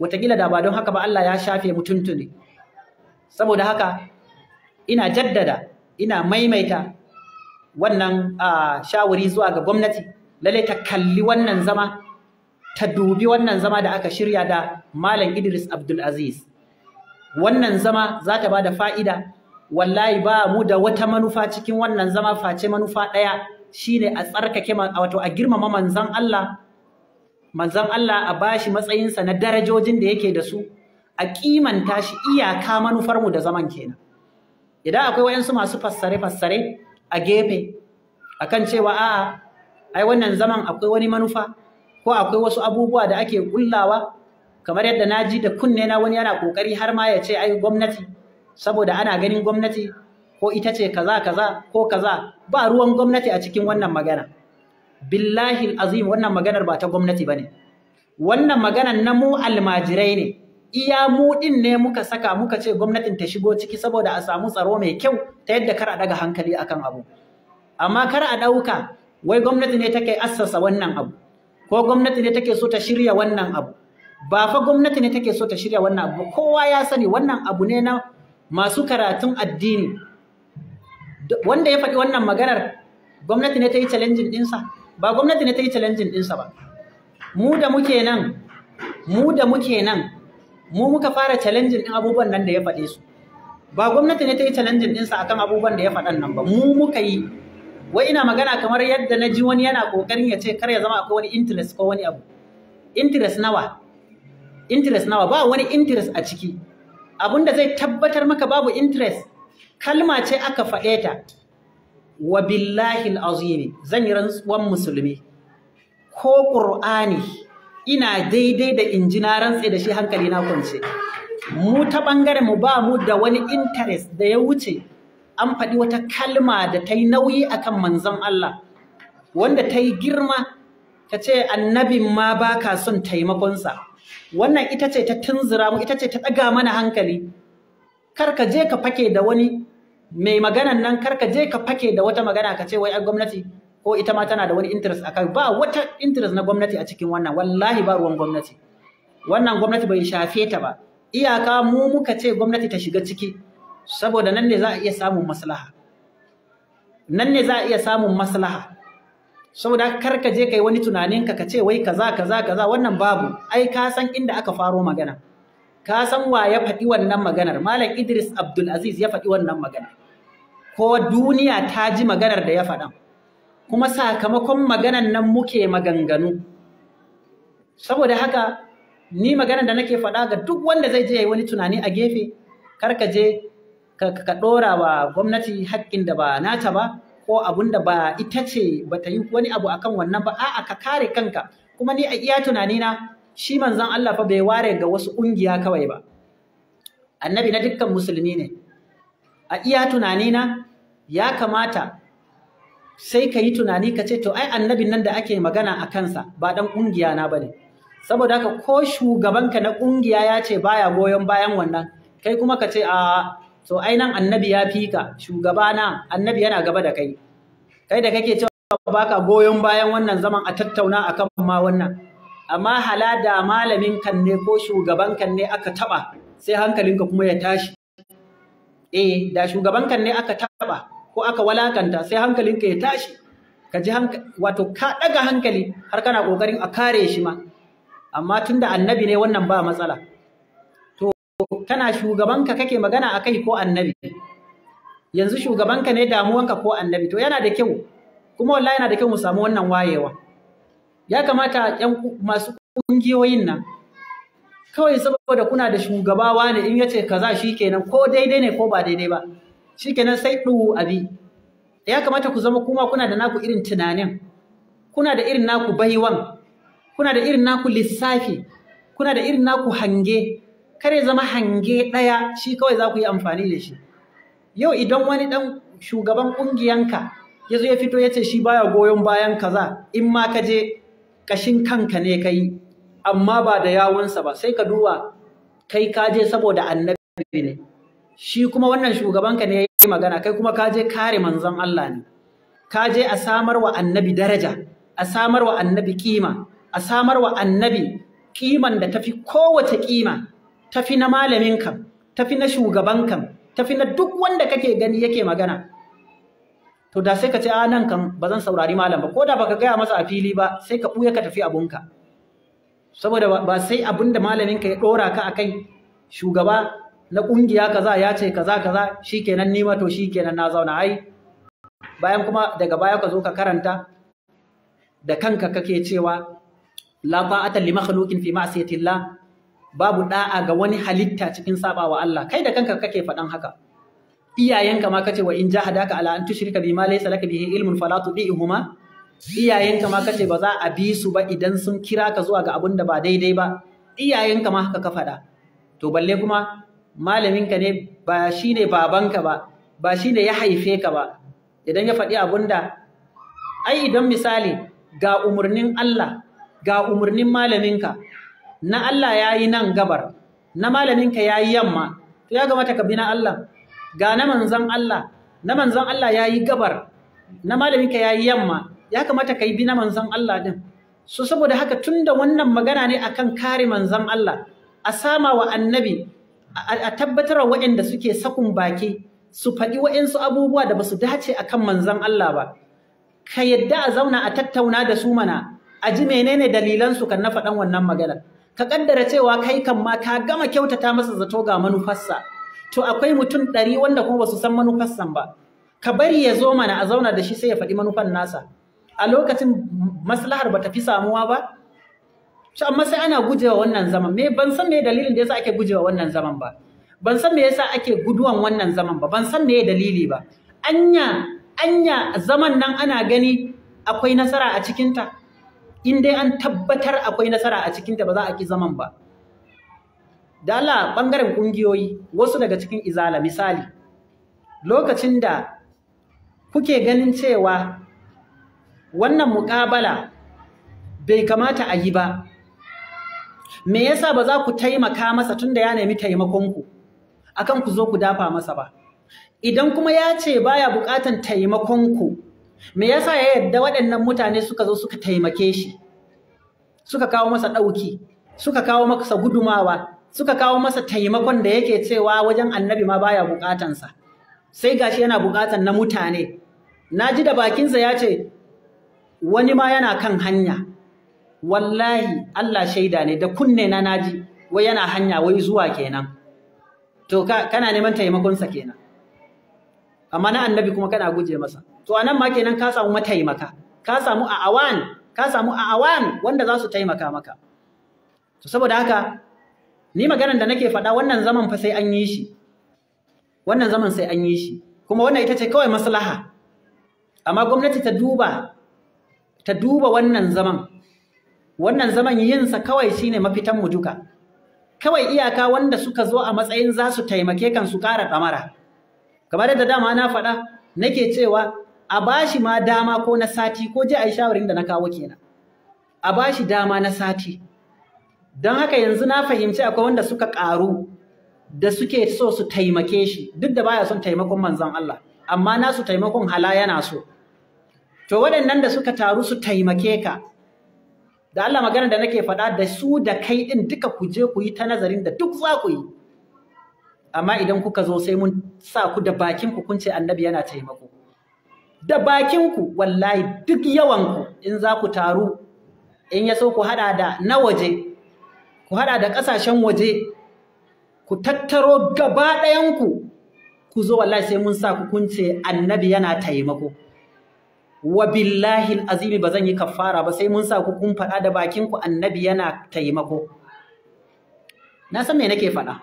wata watakila da ba don haka ba Allah ya shafe tuntuni. saboda haka ina jaddada ina maimaita wannan shawari zuwa ga gwamnati lalle ta kalli wannan zama ta dubi wannan zama da aka shirya da Malam Idris Abdul Aziz wannan zama za ta da fa'ida wallahi ba mu da wata manufa cikin wannan zama face manufa ɗaya shine a tsarkake wato a girmama manzan Allah manzan Allah a bashi matsayinsa na darajojin da yake da su a kimanta shi iyaka manufarmu da zaman kenan idan akwai waɗansu masu fassare fassare a gefe akan cewa a'a ai wannan zaman akwai wani manufa ko akwai wasu abubuwa da ake kullawa kamar yadda na ji da kunne na wani yana kokari har ma ya ce ai gwamnati saboda ana ganin gwamnati ko ita ce kaza kaza ko kaza ba ruwan gwamnati a cikin wannan magana billahi azim wannan maganar ba ta gwamnati bane wannan maganar na mu almajirai ne iya mu din ne muka saka muka ce gwamnatin ta shigo ciki saboda a samu tsaro mai kyau ta yadda kar a daga hankali akan abu amma kar a dauka wai gwamnati ne take assasa wannan abu ko gwamnati ne take so ta shirya wannan abu ba fa gwamnati ne take so ta shirya wannan abu kowa ya sani wannan abu ne na masu karatun addini wanda ya faɗi wannan maganar gwamnati ne ta yi challenging ɗinsa ba gwamnati ne ta yi challenging ɗinsa ba mu da muke nan mu da muke nan mu muka fara challenging ɗin abubuwan nan da ya faɗe su ba gwamnati ne ta yi challenging ɗinsa akan abubuwan da ya faɗan nan ba mu muka yi wai ina magana kamar yadda na ji wani yana ƙoƙarin ya ce kar ya zama akwai wani interest ko wani abu interest nawa interest nawa ba wani interest a ciki da zai tabbatar maka babu interest kalma ce aka faɗe ta wa billahi al'azim zan yi rantsuwan musulmi ko ƙur'ani ina daidai da injina rantse da shi hankali na kwance mu ta ɓangaren mu ba mu da wani interest da ya wuce an faɗi wata kalma da ta yi nauyi akan manzon Allah wanda ta yi girma ta ce annabin ma ba ka son taimakonsa wannan ita ce ta tunzura mu ita ce ta ɗaga mana hankali kar ka je ka fake da wani mai maganan nan kar ka je ka fake da wata magana ka ce wai gwamnati ko ita ma tana da wani interest akan ba wata interest na gwamnati a cikin wannan wallahi ba ruwan gwamnati wannan gwamnati bai shafe ta ba iyaka mu muka ce gwamnati ta shiga ciki saboda nan ne za a iya samun maslaha nan ne za a iya samun maslaha saboda kar ka je kai wani tunanin ka ce wai kaza kaza kaza wannan babu ai ka san inda aka faro magana ka san wa ya faɗi wannan maganar malam Idris Abdul Aziz ya faɗi wannan magana ko duniya ta ji maganar da ya faɗa kuma sakamakon maganan nan muke maganganu saboda haka ni maganar da nake faɗa ga duk wanda zai je yayi wani tunani a gefe kar ka je ka ɗora wa gwamnati haƙƙin da ba nata ba ko abun da ba ita ce ba ta yi wani abu akan wannan ba a'a ka kare kanka kuma ni a iya tunanina shi manzan Allah fa bai ware ga wasu ƙungiya kawai ba annabi na dukkan musulmi ne a iya tunanina ya kamata sai ka yi tunani ka ce to ai annabin nan da ake magana a kansa ba dan ƙungiya na ba ne, saboda haka ko shugabanka na ƙungiya ya ce baya goyon bayan wannan kai kuma ka ce a so nan annabi ya fi ka shugaba na? annabi yana gaba da kai kai da kake cewa baka goyon bayan wannan zaman a tattauna akan ma wannan amma hala da malamin kan ne ko shugaban kan ne aka taba sai hankalinka kuma ya tashi eh da shugaban kan ne aka taba ko aka walakanta sai hankalinka ya tashi ka ji wato ka daga hankali har kana kokarin a kare shi ma amma tunda annabi ne wannan ba matsala kana shugabanka kake magana a kai ko annabi yanzu shugabanka ne damuwanka ko annabi to yana da kyau kuma wallahi yana da kyau mu samu wannan wayewa ya kamata yan masu kungiyoyin nan kawai saboda kuna da shugaba wani in yace kaza shikenan ko daidai ne ko ba daidai ba shikenan sai duhu abi ya kamata ku zama kuma kuna da naku irin tunanin kuna da irin naku baiwan kuna da irin naku lissafi kuna da irin naku hange kare zama hange ɗaya shi kawai za ku yi amfani da shi yau idan wani ɗan shugaban ƙungiyanka ya zo ya fito ya ce shi baya goyon bayan kaza in ma ka je ƙashin kanka ne ka yi amma ba da yawunsa ba sai ka duba kai ka je saboda annabi ne shi kuma wannan shugabanka ne ya yi magana kai kuma ka je kare manzon Allah ne ka je a samar wa annabi daraja a samar wa annabi kima a samar wa annabi kiman da tafi kowace kima tafi na malamin kam tafi na shugaban kam tafi na duk wanda kake gani yake magana to da sai ka ce a nan kam ba zan saurari malam ba ko da baka gaya masa a fili ba sai ka ɓuya ka tafi abunka saboda ba sai abin da malamin ka ya ɗora ka akai shugaba na ƙungiya kaza ya ce kaza kaza shikenan nima to shi kenan na zauna ai bayan kuma daga baya ka zo ka karanta da kanka kake cewa la ta'ata li makhluqin fi ma'siyatillah babu da'a ga wani halitta cikin saba wa Allah kai da kanka kake faɗan haka iyayenka ma kace wa in jahadaka ala an tushrika bima laysa laka bihi ilmun fala tudihuma iyayenka ma kace ba za a bi su ba idan sun kira ka zuwa ga abun da ba daidai ba iyayenka ma haka ka faɗa to balle kuma malaminka ne ba shine babanka ba ba shine ya haife ka ba idan ya faɗi abun da ai idan misali ga umarnin Allah ga umarnin malaminka na Allah ya yi nan gabar na malaminka ya yi yamma to ya gama ka bi na Allah ga na manzan Allah na manzan Allah ya yi gabar na malaminka ya yi yamma ya kamata ka yi bi na manzan Allah din so saboda haka tun da wannan magana ne akan kare manzan Allah a sama wa annabi a tabbatar wa waɗanda suke sakun baki su faɗi waɗansu abubuwa da ba su dace a kan manzan Allah ba ka yadda a zauna a tattauna da su mana a ji menene dalilansu kan na faɗan wannan maganar ka kaddara cewa kai kan ma ka gama kyautata masa zato ga manufarsa to akwai mutum ɗari wanda kuma basu san manufarsan ba ka bari ya zo mana a zauna da shi sai ya faɗi manufan nasa a lokacin maslahar ba ta fi samuwa ba shi amma sai ana gujewa wannan zaman me ban san me dalilin da yasa ake gujewa wannan zaman ba ban san me yasa ake guduwan wannan zaman ba ban san me dalili ba anya anya zaman nan ana gani akwai nasara a cikinta in dai an tabbatar akwai nasara a cikinta ba za a ki zaman ba da Allah ɓangaren ƙungiyoyi wasu daga cikin izala misali lokacin da kuke ganin cewa wannan muƙabala bai kamata a yi ba me yasa ba za ku taimaka masa tunda ya nemi taimakon ku akan ku zo ku dafa masa ba idan kuma ya ce baya buƙatan ku. me yasa ya yadda waɗannan mutane suka zo suka taimake shi suka kawo masa ɗauki suka kawo masa gudumawa suka kawo masa taimakon da yake cewa wajen annabi ma baya buƙatansa sai gashi yana bukatan na mutane na ji da bakinsa ya ce wani ma yana kan hanya wallahi Allah shaida ne da kunne na naji wai yana hanya wai zuwa kenan to kana neman taimakonsa kenan amma na annabi kuma kana guje masa to anan ma kenan ka samu mataimaka ka samu a awan ka samu a awan wanda za su taimaka maka to saboda haka ni maganar da nake faɗa wannan zaman fa sai an yi shi wannan zaman sai an yi shi kuma wannan ita ce kawai maslaha amma gwamnati ta duba ta duba wannan zaman wannan zaman yinsa kawai shine mafitan mu duka kawai iyaka wanda suka zo a matsayin za su taimake kan su ƙara ɗamara kamar yadda dama na faɗa nake cewa a bashi ma dama ko na sati ko ji a yi shawarin da na kawo kenan a bashi dama na sati don haka yanzu na fahimci akwai wanda suka ƙaru da suke so su taimake shi duk da baya son taimakon manzon Allah amma nasu taimakon hala yana so to waɗannan da suka taru su taimake ka da Allah magana da nake faɗa da su da kai ɗin duka ku je ku yi ta nazarin da duk za ku yi amma idan kuka zo sai mun sa ku da bakin ku kun ce annabi yana taimako da bakin ku, wallahi duk yawanku in za ku taru in ya so ku haɗa da na waje ku haɗa da ƙasashen waje ku tattaro gaba ɗayanku ku zo wallahi sai mun sa ku kunce annabi yana taimako wa billahi azimi ba zan yi kafara ba sai mun sa ku kun faɗa da bakinku annabi yana taimako na san me nake faɗa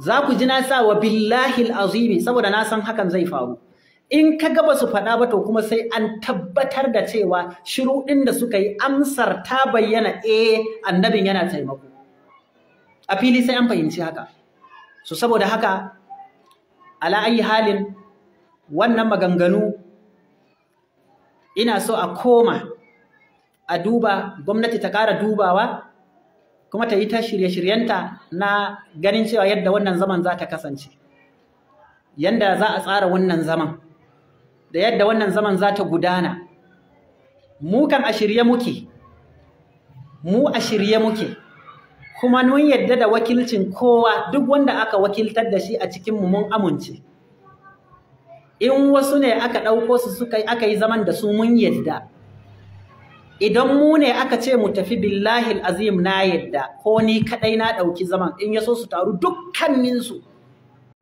za ku ji na sa wa billahi azimi saboda na san hakan zai faru in ka gaba su faɗa ba to kuma sai an tabbatar da cewa shiru ɗin da suka yi amsar ta bayyana eh annabin yana taimako a fili sai an fahimci haka so saboda haka ala ayi halin wannan maganganu ina so a koma a duba gwamnati ta ƙara dubawa kuma ta yi ta shirye-shiryenta na ganin cewa yadda wannan zaman za ta kasance yadda za a tsara wannan zaman da yadda wannan zaman za ta gudana mu kan a shirye muke mu a shirye muke kuma mun yadda da wakilcin kowa duk wanda aka wakiltar da shi a cikinmu mun amince in wasu ne aka ɗauko su suka aka yi zaman da su mun yadda idan mu ne aka ce mu tafi billahi azim na yadda ko ni kaɗai na ɗauki zaman in ya so su taru dukkaninsu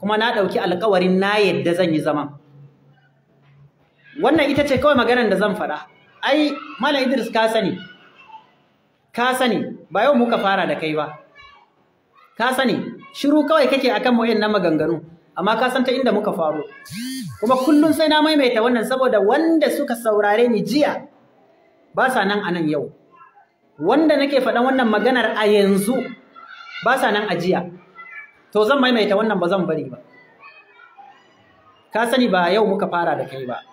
kuma na ɗauki alkawarin na yadda zan yi zaman wannan ita ce kawai maganar da zan faɗa ai malam Idris ka sani ka sani ba yau muka fara da kai ba ka sani shiru kawai kake akan na maganganu amma ka san ta inda muka faro kuma kullum sai na maimaita wannan saboda wanda suka saurare ni jiya ba sa nan anan yau wanda nake faɗan wannan maganar a yanzu ba sa nan a jiya to zan maimaita wannan ba zan bari ba ka sani ba yau muka fara da kai ba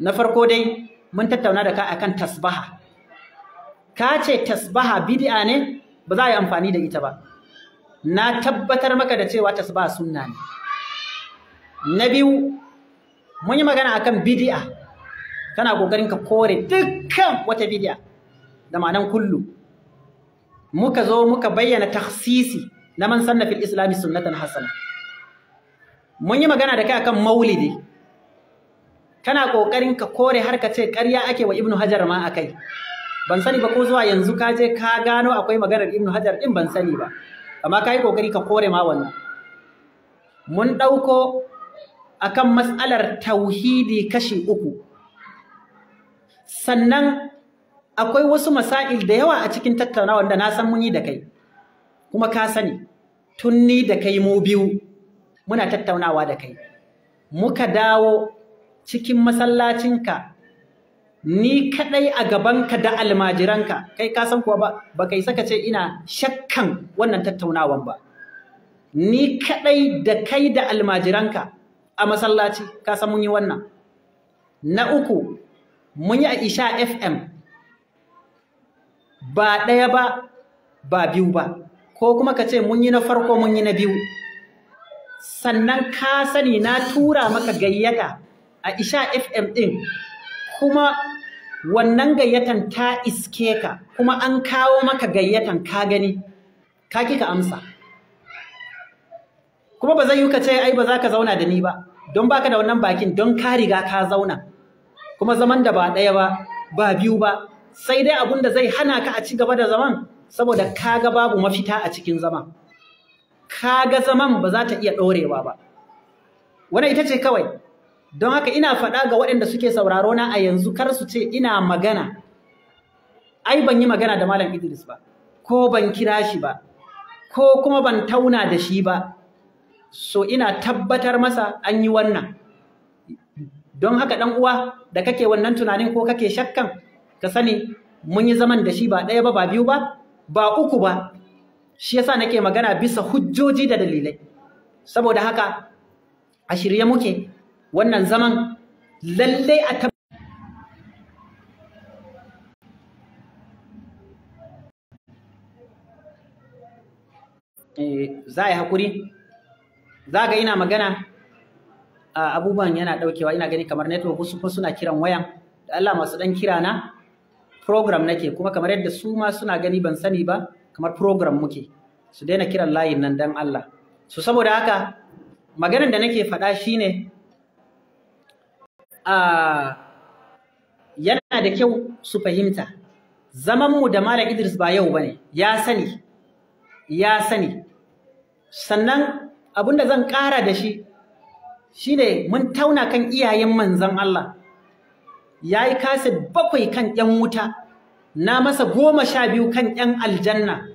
na farko dai mun tattauna da ka akan tasbaha ka ce tasbaha bid'a ne ba za a yi amfani da ita ba na tabbatar maka da cewa tasbaha sunna ne na biyu mun yi magana akan bid'a kana kokarin ka kore dukkan wata bid'a da ma'anan kullu muka zo muka bayyana takhsisi na man sanna fil islami sunnatan hasana mun yi magana da kai akan maulidi kana kokarin ka kore har ka ce ƙarya ake wa Ibn Hajar ma akai ban sani ba ko zuwa yanzu ka je ka gano akwai maganar Ibn Hajar din ban sani ba amma kai kokari ka kore ma wannan mun ɗauko akan matsalar tauhidi kashi uku sannan akwai wasu masail da yawa a cikin tattaunawar da na san mun yi da kai kuma ka sani tun ni da kai mu biyu muna tattaunawa da kai muka dawo cikin masallacinka ni kadai a gabanka da almajiranka kai ka san kuwa ba ba kai saka ce ina shakkan wannan tattaunawan ba ni kadai da kai da almajiranka a masallaci ka san mun yi wannan na uku mun yi a isha fm ba ɗaya ba ba biyu ba ko kuma ka ce mun yi na farko mun yi na biyu sannan ka sani na tura maka gayyata a Isha FM ɗin kuma wannan gayyatan ta iske ka kuma an kawo maka gayyatan ka gani ka ki amsa kuma ba zai yi ka ce ai ba za ka zauna da ni ba don baka da wannan bakin don ka riga ka zauna kuma zaman da ba ɗaya ba ba biyu ba sai dai abun da zai hana ka a ci gaba da zaman saboda ka ga babu mafita a cikin zaman ka ga zaman ba za ta iya ɗorewa ba wannan ita ce kawai don haka ina faɗa ga waɗanda suke sauraro na a yanzu kar su ce ina magana ai ban yi magana da malam Idris ba ko ban kira shi ba ko kuma ban tauna da shi ba so ina tabbatar masa an yi wannan don haka ɗan uwa da kake wannan tunanin ko kake shakkan ka sani mun yi zaman da shi ba ɗaya ba ba biyu ba ba uku ba shi yasa nake magana bisa hujjoji da dalilai saboda haka a shirye muke wannan zaman lallai a eh, za a yi haƙuri za ga ina magana a abubuwan yana ɗaukewa ina gani kamar network wasu kuma suna kiran wayan da Allah masu ɗan kira na program nake kuma kamar yadda su ma suna gani ban sani ba kamar program muke su daina kiran layin nan dan Allah su saboda haka maganin da nake faɗa shine yana da kyau su fahimta zaman mu da Malam Idris ba yau bane ya sani ya sani sannan abinda zan ƙara da shi shine mun tauna kan iyayen manzon Allah ya yi kaset bakwai kan ‘yan wuta na masa goma sha biyu kan ‘yan aljanna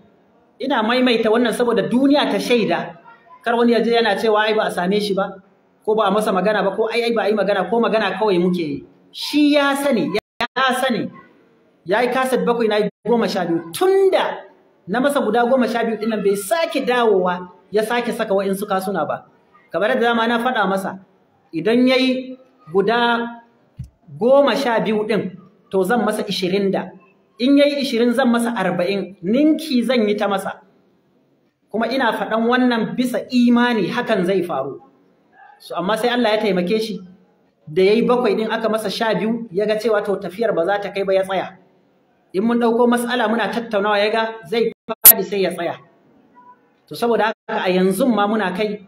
ina maimaita wannan saboda duniya ta shaida kar wani yaje yana cewa ai ba a same shi ba ko ba masa magana ba ko ai ai ba a yi magana ko magana kawai muke yi shi ya sani ya sani ya yi kaset bakwai na goma sha biyu tunda na masa guda goma sha biyu ɗinnan bai sake dawowa ya sake saka wa'insu kasuna ba kamar da dama na faɗa masa idan ya yi guda goma sha biyu ɗin to zan masa ishirin da in ya yi ishirin zan masa arba'in ninki zan yi ta masa kuma ina faɗan wannan bisa imani hakan zai faru Su amma sai Allah ya taimake shi da yayi bakwai din aka masa sha biyu ya ga cewa to tafiyar ba za ta kai ba ya tsaya in mun ɗauko matsala muna tattaunawa ya ga zai fadi sai ya tsaya to saboda haka a yanzu ma muna kai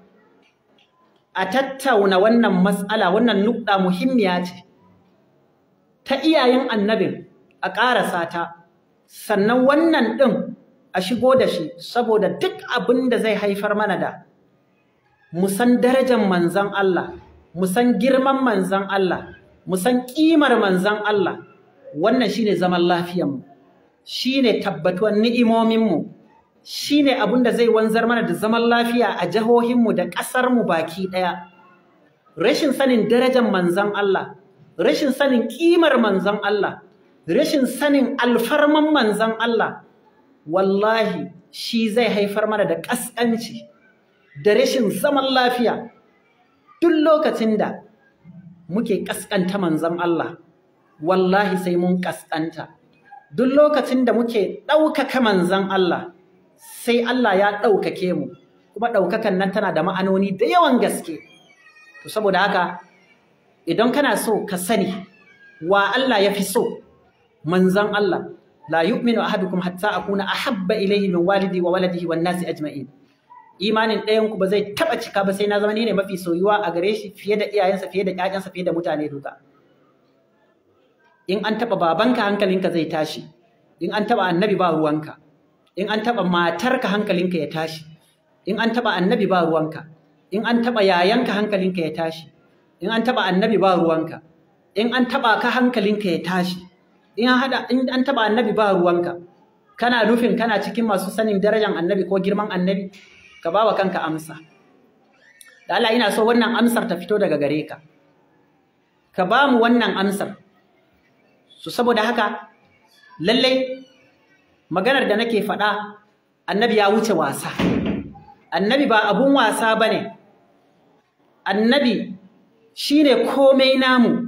a tattauna wannan matsala wannan nukta muhimmiya ce ta iyayen annabin a ƙara sata, sannan wannan ɗin a shigo da shi saboda duk abin da zai haifar mana da mu san darajar manzan Allah mu san girman manzan Allah mu san kimar manzan Allah wannan shine zaman lafiyar mu ne tabbatuwar ni'imomin mu shine abin da zai wanzar mana da zaman lafiya a jihohinmu da ƙasarmu baki ɗaya rashin sanin darajar manzan Allah rashin sanin ƙimar manzan Allah rashin sanin alfarman manzan Allah wallahi shi zai haifar mana da ƙasƙanci da rashin zaman lafiya duk lokacin da muke ƙasƙanta manzon Allah wallahi sai mun ƙasƙanta duk lokacin da muke ɗaukaka manzon Allah sai Allah ya ɗaukake mu kuma ɗaukakan nan tana da ma'anoni da yawan gaske to saboda haka idan kana so ka sani wa Allah ya fi so manzon Allah la yu'minu ahadukum hatta akuna ahabba ilayhi min walidi wa waladihi wan nasi ajma'in imanin ɗayan ku ba zai taɓa cika ba sai na zama ni ne mafi soyuwa a gare shi fiye da iyayensa fiye da ƴaƴansa fiye da mutane duka in an taɓa babanka hankalinka zai tashi in an taɓa annabi ba ruwanka in an taɓa matarka hankalinka ya tashi in an taɓa annabi ba ruwanka in an taɓa yayanka hankalinka ya tashi in an taɓa annabi ba ruwanka in an taɓa ka hankalinka ya tashi in an taɓa annabi ba ruwanka kana nufin kana cikin masu sanin darajar annabi ko girman annabi ka ba wa kanka amsa da Allah ina so wannan amsar ta fito daga gare ka ka ba mu wannan amsar su saboda haka lallai maganar da nake faɗa annabi ya wuce wasa annabi ba abun wasa ba ne annabi shi ne komai namu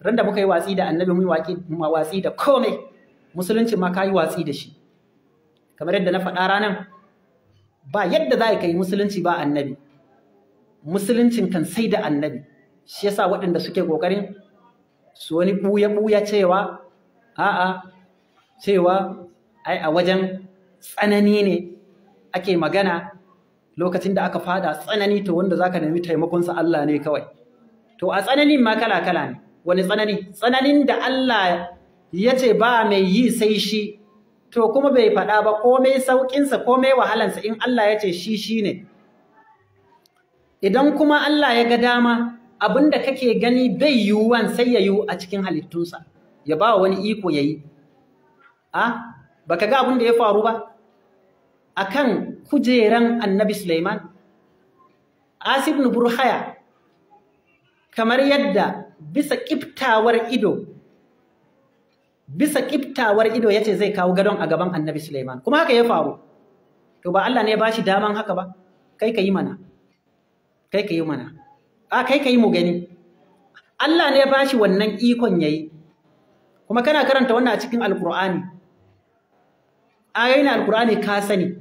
randa muka yi watsi da annabi mu yi watsi da komai musulunci ma ka yi watsi da shi kamar yadda na faɗa ranar ba yadda za ka yi musulunci ba annabi musuluncin kan sai da annabi shi yasa waɗanda suke ƙoƙarin su wani ɓuya-ɓuya cewa a'a cewa ai a wajen tsanani ne ake magana lokacin da aka fada tsanani to wanda za ka nemi taimakonsa Allah ne kawai to a tsananin ma kala-kala ne wani tsanani tsananin da Allah ya ce ba mai yi sai shi to kuma bai faɗa ba komai sauƙinsa komai wahalansa in Allah ya ce shi shi ne idan kuma Allah ya ga dama abin da kake gani bai yiwuwan sai ya yiwu a cikin halittunsa ya ba wani iko ya yi a ah, baka ga abin da ya faru ba akan kujeran annabi Suleiman, Asif ibn Burhaya kamar yadda bisa kiftawar ido bisa kiftawar ido ya ce zai kawo gadon a gaban annabi Suleiman kuma haka ya faru to ba Allah ne ya bashi daman haka ba kai ka yi mana kai ka yi mana a kai ka yi mu gani Allah ne ya bashi wannan ikon yayi kuma kana karanta wannan a cikin alkur'ani ayoyin alkur'ani ka sani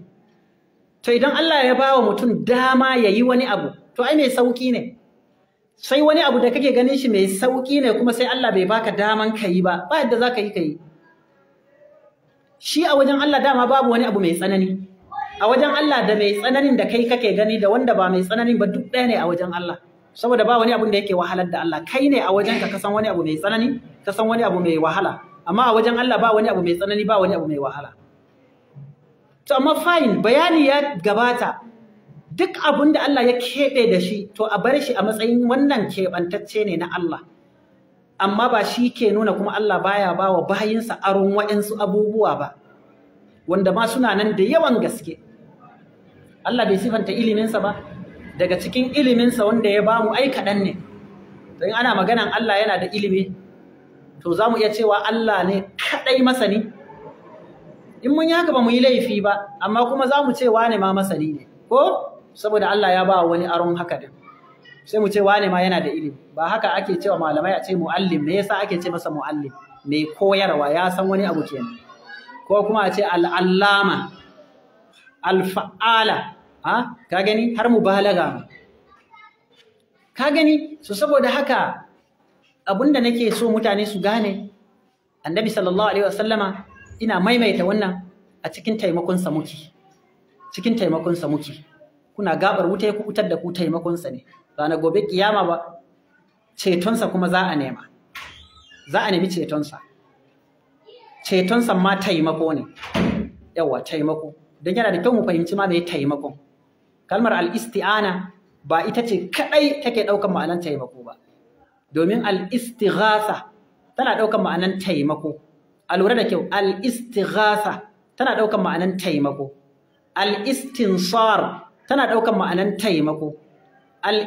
to idan Allah ya bawa mutum dama yayi wani abu to ai mai sauki ne sai wani abu da kake ganin shi mai sauki ne kuma sai Allah bai baka daman ka yi ba ba yadda za ka yi ka yi shi a wajen Allah dama babu wani abu mai tsanani a wajen Allah da mai tsananin da kai kake gani da wanda ba mai tsananin ba duk ɗaya ne a wajen Allah saboda ba wani abu da yake wahalar da Allah kai ne a wajen ka san wani abu mai tsanani kasan wani abu mai wahala amma a wajen Allah ba wani abu mai tsanani ba wani abu mai wahala to amma fine bayani ya gabata duk abin da Allah ya keɓe da shi to a bar shi a matsayin wannan keɓantacce ne na Allah amma ba shi ke nuna kuma Allah baya ba wa bayinsa aron waɗansu abubuwa ba wanda ma suna nan da yawan gaske Allah bai sifanta iliminsa ba daga cikin iliminsa wanda ya ba mu ai kaɗan ne to in ana maganan Allah yana da ilimi to za mu iya cewa Allah ne kaɗai masani in mun yi ba mu yi laifi ba amma kuma za mu ce wane ma masani ne ko saboda Allah ya ba wani aron haka din sai mu ce wane ma yana da ilimi ba haka ake cewa malamai a ce muallim me yasa ake ce masa muallim mai koyarwa ya san wani abu kenan ko kuma a ce al'allama alfa'ala ha ka gani har mu balaga ka gani so saboda haka abinda nake so mutane su gane annabi sallallahu alaihi wasallama ina maimaita wannan a cikin taimakon sa cikin taimakon sa muke kuna gabar wuta ya kubutar da ku taimakonsa ne ranar gobe kiyama ba cetonsa kuma za a nema za a nemi cetonsa cetonsa ma taimako ne yawa taimako don yana da kyau mu fahimci ma mai taimako kalmar al-isti'ana ba ita ce kaɗai take ɗaukan ma'anar taimako ba domin al tana ɗaukan ma'anar taimako a lura da kyau al-istighatha tana ɗaukan ma'anar taimako al-istinsar tana ɗaukan ma'anan taimako al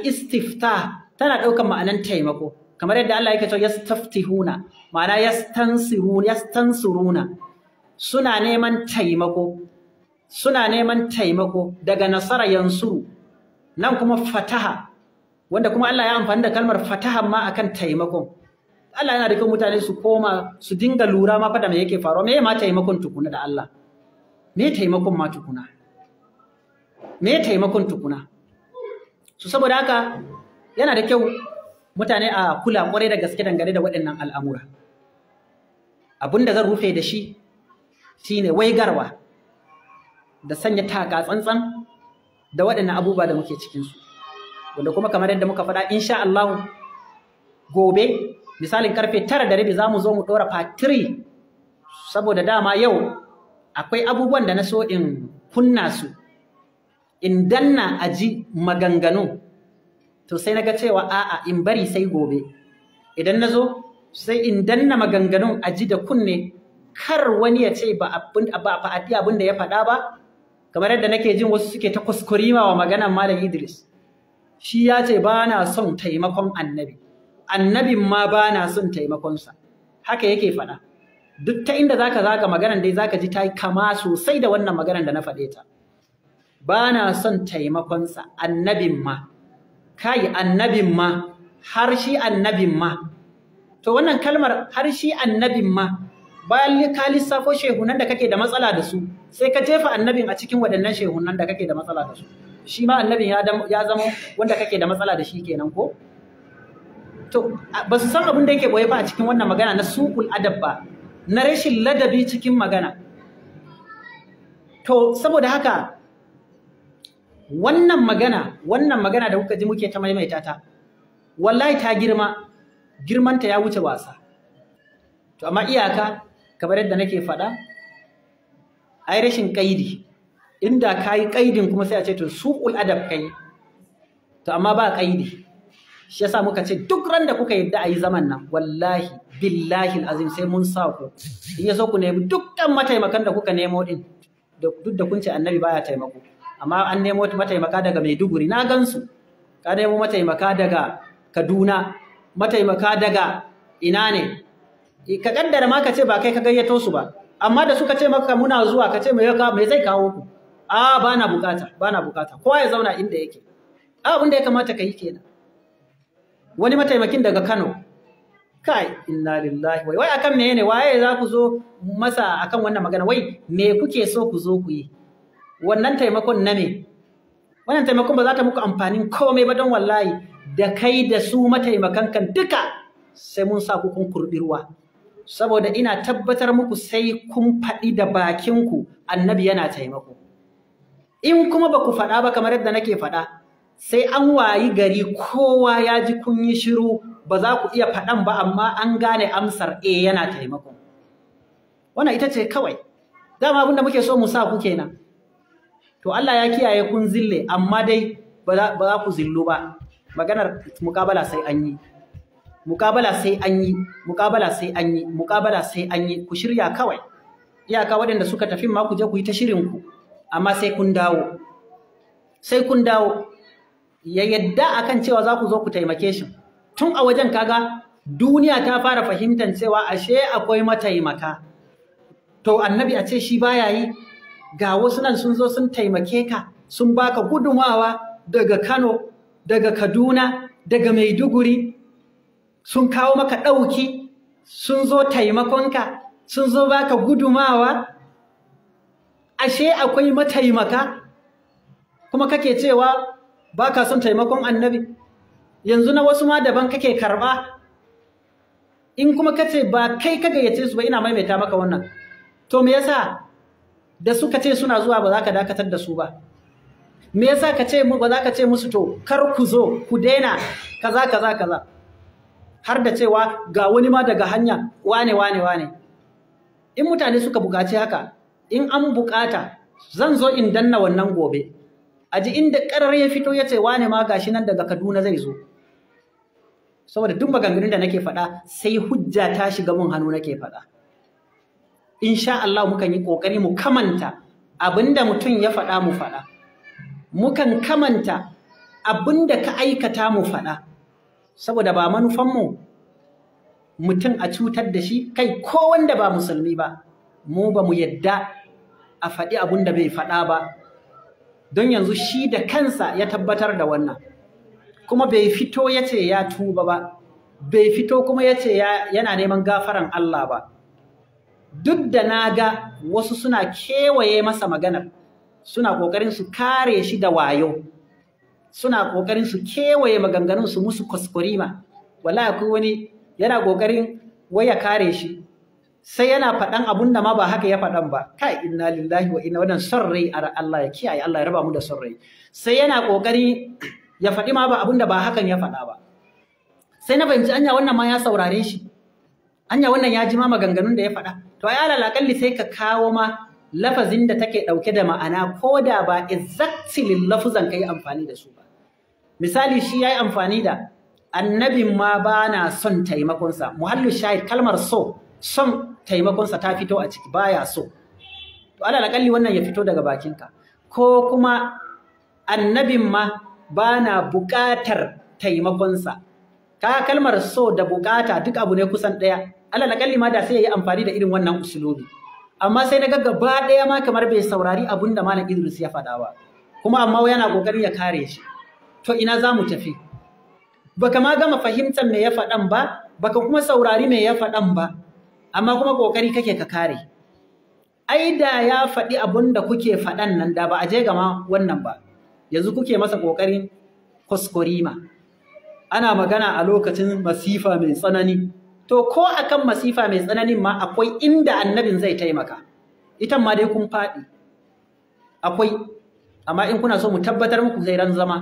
tana ɗaukan ma'anan taimako kamar yadda Allah yake ma'ana yastansuruna suna neman taimako suna neman taimako daga nasara yansuru nan kuma fataha wanda kuma Allah ya amfani da kalmar fataha ma kan taimakon Allah yana rikin mutane su koma su dinga lura ma fada mai yake faruwa me ma taimakon tukuna da Allah me taimakon ma tukuna me taimakon tukuna su saboda haka yana da kyau mutane a kula kwarai da gaske dangane da waɗannan al'amura abin da zan rufe da shi shi shine waigarwa da sanya taka tsantsan da waɗannan abubuwa da muke cikinsu wanda kuma kamar yadda muka faɗa insha Allah gobe misalin karfe tara da rabi za mu zo mu ɗora fatiri saboda dama yau akwai abubuwan da na so in kunna su in danna a ji maganganu to sai naga cewa a'a in bari sai gobe idan na zo sai in danna maganganun a ji da kunne kar wani ya ce ba faɗi abin da ya faɗa ba kamar yadda nake jin wasu suke ta kuskurima wa maganan malam Idris shi ya ce ba na son taimakon annabi annabin ma ba na son taimakonsa haka yake faɗa duk ta inda zaka zaga maganan dai zaka ji ta yi kama sosai da wannan maganan da na faɗe ta ba na son taimakonsa annabin ma kai annabin ma har shi annabin ma to wannan kalmar har shi annabin ma bayan ka lissafo shehunan da kake da matsala da su sai ka jefa annabin a cikin waɗannan shehunan da kake da matsala da su shi ma annabin ya zama wanda kake da matsala da shi kenan ko to ba su san abin da yake boye ba a cikin wannan magana na suƙul adab ba na rashin ladabi cikin magana to saboda haka wannan magana wannan magana da kuka ji muke ta maimaita ta wallahi ta girma girmanta ya wuce wasa to amma iyaka kamar yadda nake faɗa ai rashin kaidi inda kayi kaidin kuma sai a ce to suqul adab kai to amma ba kaidi shi yasa muka ce duk ran da kuka yadda a yi zaman nan wallahi billahi azim sai mun sa ku in ya so ku nemi dukkan mataimakan da kuka nemo din duk da kun ce annabi baya taimako amma an nemo mataimaka daga Maiduguri na gansu ka nemo mataimaka daga Kaduna mataimaka daga ina ne eh, ka kaddara ma ka ce ba kai ka gayyato su ba amma da suka ce maka muna zuwa ka ce me me zai kawo ku a bana bukata bana bukata kowa ya zauna inda yake a abin da ya kamata ka yi kenan wani mataimakin daga Kano kai inna lillahi wai wai akan ne waye za ku zo masa akan wannan magana wai me kuke so ku zo ku yi wannan taimakon na me wannan taimakon ba za ta muku amfanin komai ba don wallahi da kai da su mataimakan kan duka sai mun sa ku kun kurbirwa ruwa saboda ina tabbatar muku sai kun faɗi da bakinku annabi yana taimako in kuma ba ku faɗa ba kamar yadda nake faɗa sai an wayi gari kowa ya ji kun yi shiru ba za ku iya faɗan ba amma an gane amsar e yana taimako wannan ita ce kawai dama abinda muke so mu sa ku kenan to Allah ya kiyaye kun zille amma dai ba za ku zillo ba maganar mukabala sai an yi mukabala sai an yi mukabala sai an yi mukabala sai an yi ku shirya kawai iyaka waɗanda suka tafi ma ku je ku yi ta shirin ku amma sai kun dawo sai kun dawo ya yadda akan cewa za ku zo ku taimake shi tun a wajen kaga duniya ta fara fahimtar cewa ashe akwai mataimaka to annabi a ce shi baya yi ga wasu nan sun zo sun taimake ka sun baka gudumawa daga Kano daga Kaduna daga Maiduguri sun kawo maka ɗauki sun zo taimakonka sun zo baka gudumawa ashe akwai mataimaka kuma kake cewa baka son taimakon annabi yanzu na wasu ma daban kake karɓa in kuma kace ba kai ka gayyace su ba ina maimaita maka wannan to me yasa da suka ce suna zuwa ba za ka dakatar da su ba me yasa ka ce mu ba za ka ce musu to kar ku zo ku daina kaza kaza kaza har da cewa ga wani ma daga hanya wane wane wane in mutane suka buƙaci haka in an buƙata zan zo in danna wannan gobe a ji inda karar ya fito ya ce wane ma gashi nan daga Kaduna zai zo saboda duk maganganun da nake faɗa sai hujja ta shiga mun hannu nake faɗa insha Allah mukan yi ƙoƙari mu kamanta abinda mutum ya faɗa mu faɗa mukan kamanta abinda ka aikata mu faɗa saboda ba manufanmu mutum a cutar da shi kai ko wanda ba musulmi ba mu ba mu yadda a faɗi da bai faɗa ba don yanzu shi da kansa ya tabbatar da wannan kuma bai fito ya ce ya tuba ba bai fito kuma ya ce yana neman gafaran Allah ba duk da na ga wasu suna kewaye masa maganar suna ƙoƙarin su kare shi da wayo suna ƙoƙarin su kewaye maganganun su musu kuskurima wala akwai wani yana ƙoƙarin waya kare shi sai yana faɗan abun da ma ba haka ya faɗan ba kai inna lillahi wa inna wannan son rai Allah ya kiyaye Allah ya raba mu da son rai sai yana ƙoƙari ya faɗi ma ba abun da ba hakan ya faɗa ba sai na fahimci anya wannan ma ya saurare shi anya wannan ya ji ma maganganun da ya faɗa to ai ala alaƙalli sai ka kawo ma lafazin da take ɗauke da ma'ana ko da ba exactly lafuzan ka yi amfani da su ba misali shi ya yi amfani da annabin ma ba na son taimakonsa muhallu shahid kalmar so son taimakonsa ta fito a ciki baya so to ala alaƙalli wannan ya fito daga bakinka ko kuma annabin ma ba na buƙatar taimakonsa ka kalmar so da bukata duk abu ne kusan ɗaya na kalli ma da sai yayi amfani da irin wannan usulubi amma sai na ga gaba ɗaya ma kamar bai saurari abun da malam Idris ya faɗa ba kuma amma yana kokari ya kare shi to ina za mu tafi baka ma gama fahimtar me ya faɗan ba baka kuma saurari me ya faɗan ba amma kuma kokari kake ka kare ai da ya faɗi abun da kuke faɗan nan da ba a je gama wannan ba yanzu kuke masa kokarin kuskurima ana magana a lokacin masifa mai tsanani to ko akan masifa mai tsananin ma akwai inda annabin zai taimaka ita ma dai kun faɗi akwai amma in kuna so mu tabbatar muku zai ran zama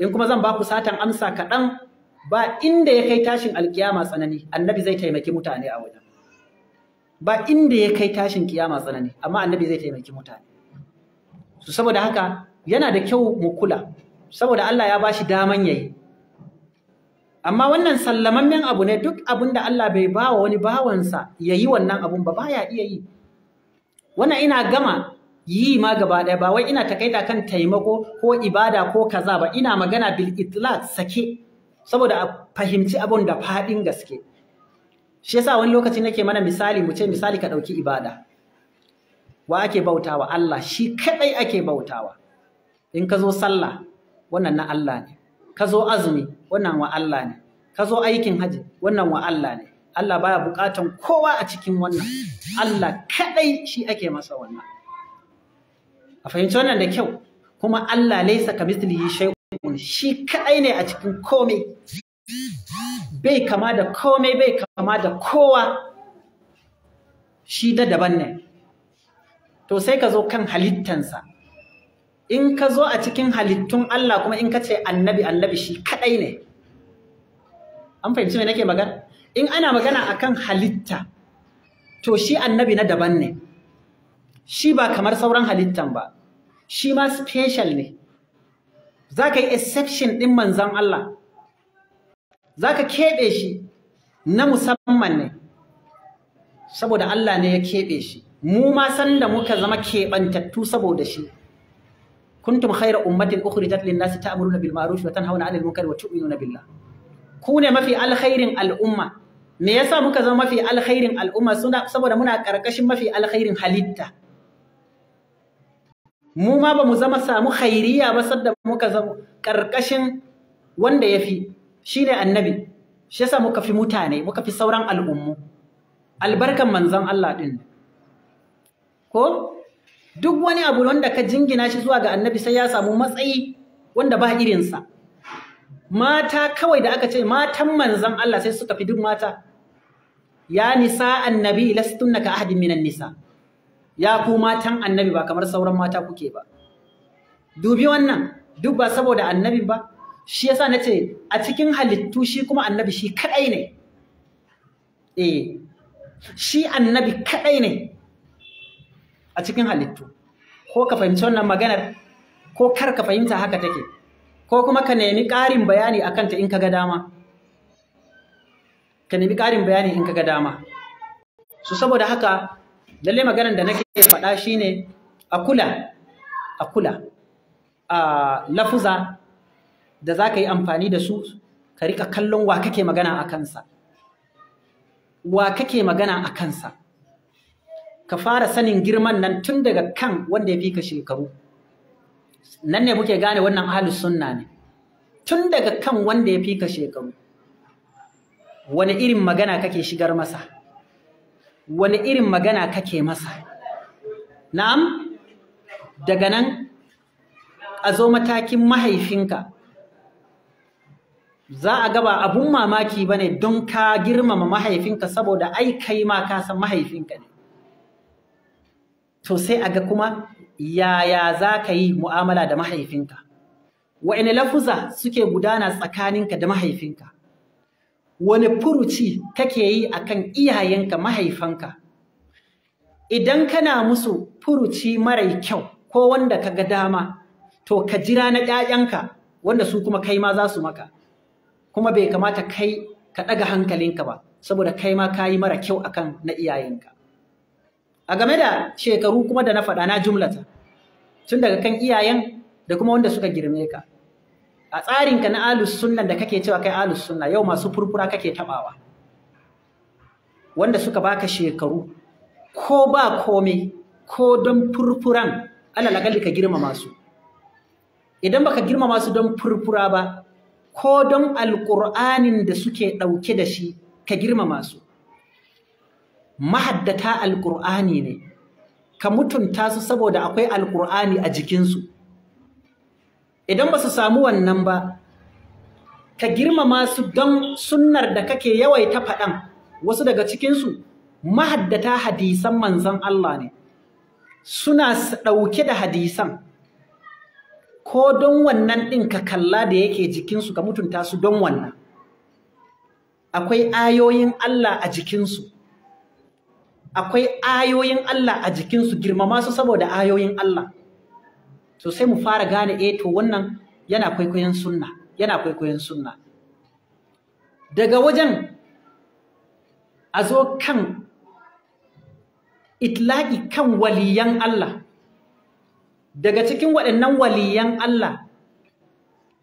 in kuma zan ba ku satan amsa kaɗan ba inda ya kai tashin alkiyama tsanani annabi zai taimaki mutane a wajen ba inda ya kai tashin kiyama tsanani amma annabi zai taimaki mutane su saboda haka yana da kyau mu kula saboda Allah ya bashi daman yayi amma wannan sallamammen abu ne duk abin da Allah bai ba wa wani bawansa ya yi wannan abun ba baya iya yi wannan ina gama yi ma gaba ɗaya ba wai ina takaita kan taimako ko ibada ko kaza ba ina magana bil itlaq sake saboda a fahimci abun da faɗin gaske shi yasa wani lokaci nake mana misali mu ce misali ka ɗauki ibada wa ake bautawa Allah shi kaɗai ake bautawa in ka zo sallah wannan na Allah ne ka zo azumi wannan wa Allah ne ka zo aikin haji wannan wa Allah ne Allah baya bukatan kowa a cikin wannan Allah kaɗai shi ake masa wannan a fahimci wannan da kyau kuma Allah laisa ka mislihi shay'un shi kaɗai ne a cikin komai bai kama da komai bai kama da kowa shi da daban ne to sai ka zo kan halittansa in ka zo a cikin halittun Allah kuma in ka ce annabi annabi shi kadai ne an fahimci me nake magana in ana magana a kan halitta to shi annabi na daban ne shi ba kamar sauran halittan ba shi ma special ne za ka yi exception ɗin manzan Allah za ka keɓe shi na musamman ne saboda Allah ne ya keɓe shi mu ma san da muka zama keɓantattu saboda shi Kuntun haira ummatin ukhrijat lin-nasi ta'muruna bil ma'ruf wa tanhauna 'anil munkar wa tu'minuna billah ku ne mafi alkhairin al'umma me yasa muka zama mafi alkhairin al'umma suna saboda muna karkashin mafi alkhairin halitta mu ma ba mu zama samu hairiya ba sadda muka zama karkashin wanda yafi shine annabi shi yasa muka fi mutane muka fi sauran al'ummu albarkan manzon Allah din ko duk wani abu wanda ka jingina shi zuwa ga annabi sai ya samu matsayi wanda ba irinsa mata kawai da aka ce matan manzan Allah sai suka fi duk mata ya nisa annabi lastunna ka ahadin minan nisa ya ku matan annabi ba kamar sauran mata kuke ba dubi wannan duk ba saboda annabi ba shi yasa nace a cikin halittu shi kuma annabi shi kadai ne eh shi annabi kadai ne a cikin halittu ko ka fahimci wannan maganar ko kar ka fahimta haka take ko kuma ka nemi ƙarin bayani a kanta in ka ga dama ka nemi ƙarin bayani in ka ga dama su saboda haka lallai maganar da nake faɗa shine a kula a kula a lafuza da za ka yi amfani da su ka riƙa kallon wa kake magana a kansa wa kake magana a kansa ka fara sanin girman nan tun daga kan wanda ya fi ka shekaru nan ne muke gane wannan ahlus sunna ne tun daga kan wanda ya fi ka shekaru wani irin magana kake shigar masa wani irin magana kake masa na'am daga nan a zo matakin mahaifinka za a gaba abun mamaki bane don ka girmama mahaifinka saboda ai kai ma ka san mahaifinka ne to sai a ga kuma yaya za ka yi mu'amala da mahaifinka wa'ina lafuza suke gudana tsakaninka da mahaifinka wani furuci kake yi a kan iyayenka mahaifanka idan kana musu furuci marai kyau ko wanda ka ga dama to ka jira na 'ya'yanka wanda su kuma kai ma za su maka kuma bai kamata kai ka ɗaga hankalinka ba saboda kai ma ka yi mara kyau akan na iyayenka a game da shekaru kuma da na faɗa na jumlata tun daga kan iyayen da kuma wanda suka girme ka a tsarinka na alus sunna da kake cewa kai alus sunna yau masu furfura kake taɓawa wanda suka baka shekaru ko ba komai ko don furfuran Allah lagalli ka girma masu, idan baka girma masu don furfura ba ko don alƙur'anin da suke ɗauke da shi ka girma masu. mahaddata alƙur'ani ne ka mutunta su saboda akwai alƙur'ani a jikinsu idan ba su samu wannan ba ka girmama su don sunnar da kake yawaita faɗan wasu daga cikinsu mahaddata hadisan manzon Allah ne suna ɗauke da hadisan ko don wannan ɗin ka kalla da yake jikinsu ka mutunta su don wannan akwai ayoyin Allah a jikinsu akwai ayoyin Allah a jikinsu girmama su saboda ayoyin Allah to sai mu fara gane e to wannan yana kwaikwayon sunna yana kwaikwayon sunna daga wajen a zo kan itlaki kan waliyan Allah daga cikin waɗannan waliyan Allah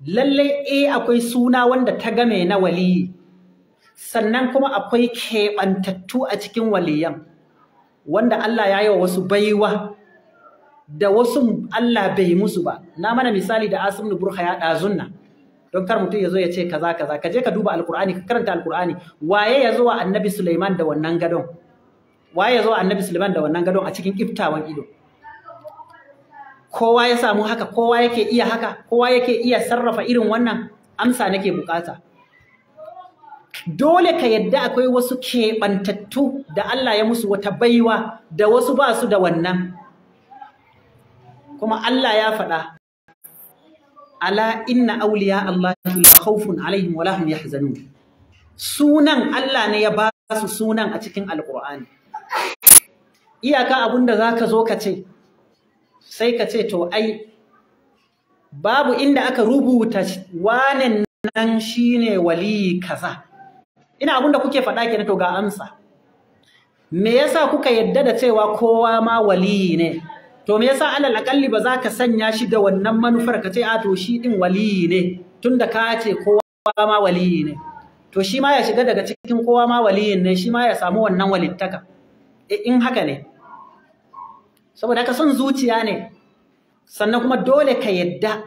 lallai e akwai suna wanda ta game na waliyi sannan kuma akwai keɓantattu a cikin waliyan wanda Allah ya yi wa wasu baiwa da wasu Allah bai musu ba na mana misali da asim burha ya dazunna don kar mutum ya zo ya ce kaza kaza ka je ka duba Alƙur'ani ka karanta Alƙur'ani. waye ya zo wa annabi Sulaiman da wannan gadon waye ya zo wa annabi Sulaiman da wannan gadon a cikin iftawan ido kowa ya samu haka kowa yake iya haka kowa yake iya sarrafa irin wannan amsa nake bukata dole ka yadda akwai wasu keɓantattu da Allah ya musu wata baiwa da wasu ba su da wannan kuma Allah ya faɗa ala inna auliya Allah khawfun alaihim wa lahum yahzanun sunan Allah ne ya ba su sunan a cikin Alƙur'ani. iyaka abin da za ka zo ka ce sai ka ce to ai babu inda aka rubuta wanan nan ne wali kaza ina abin da kuke faɗa kenan to ga amsa me yasa kuka yadda da cewa kowa ma waliyi ne to me yasa alal akalli ba za ka sanya shi da wannan manufar ka ce a to shi din waliyi ne tunda ka ce kowa ma waliyi ne to shi ma ya shiga daga cikin kowa ma waliyin ne shi ma ya samu wannan walittaka eh, in haka ne saboda haka son zuciya ne sannan kuma dole ka yadda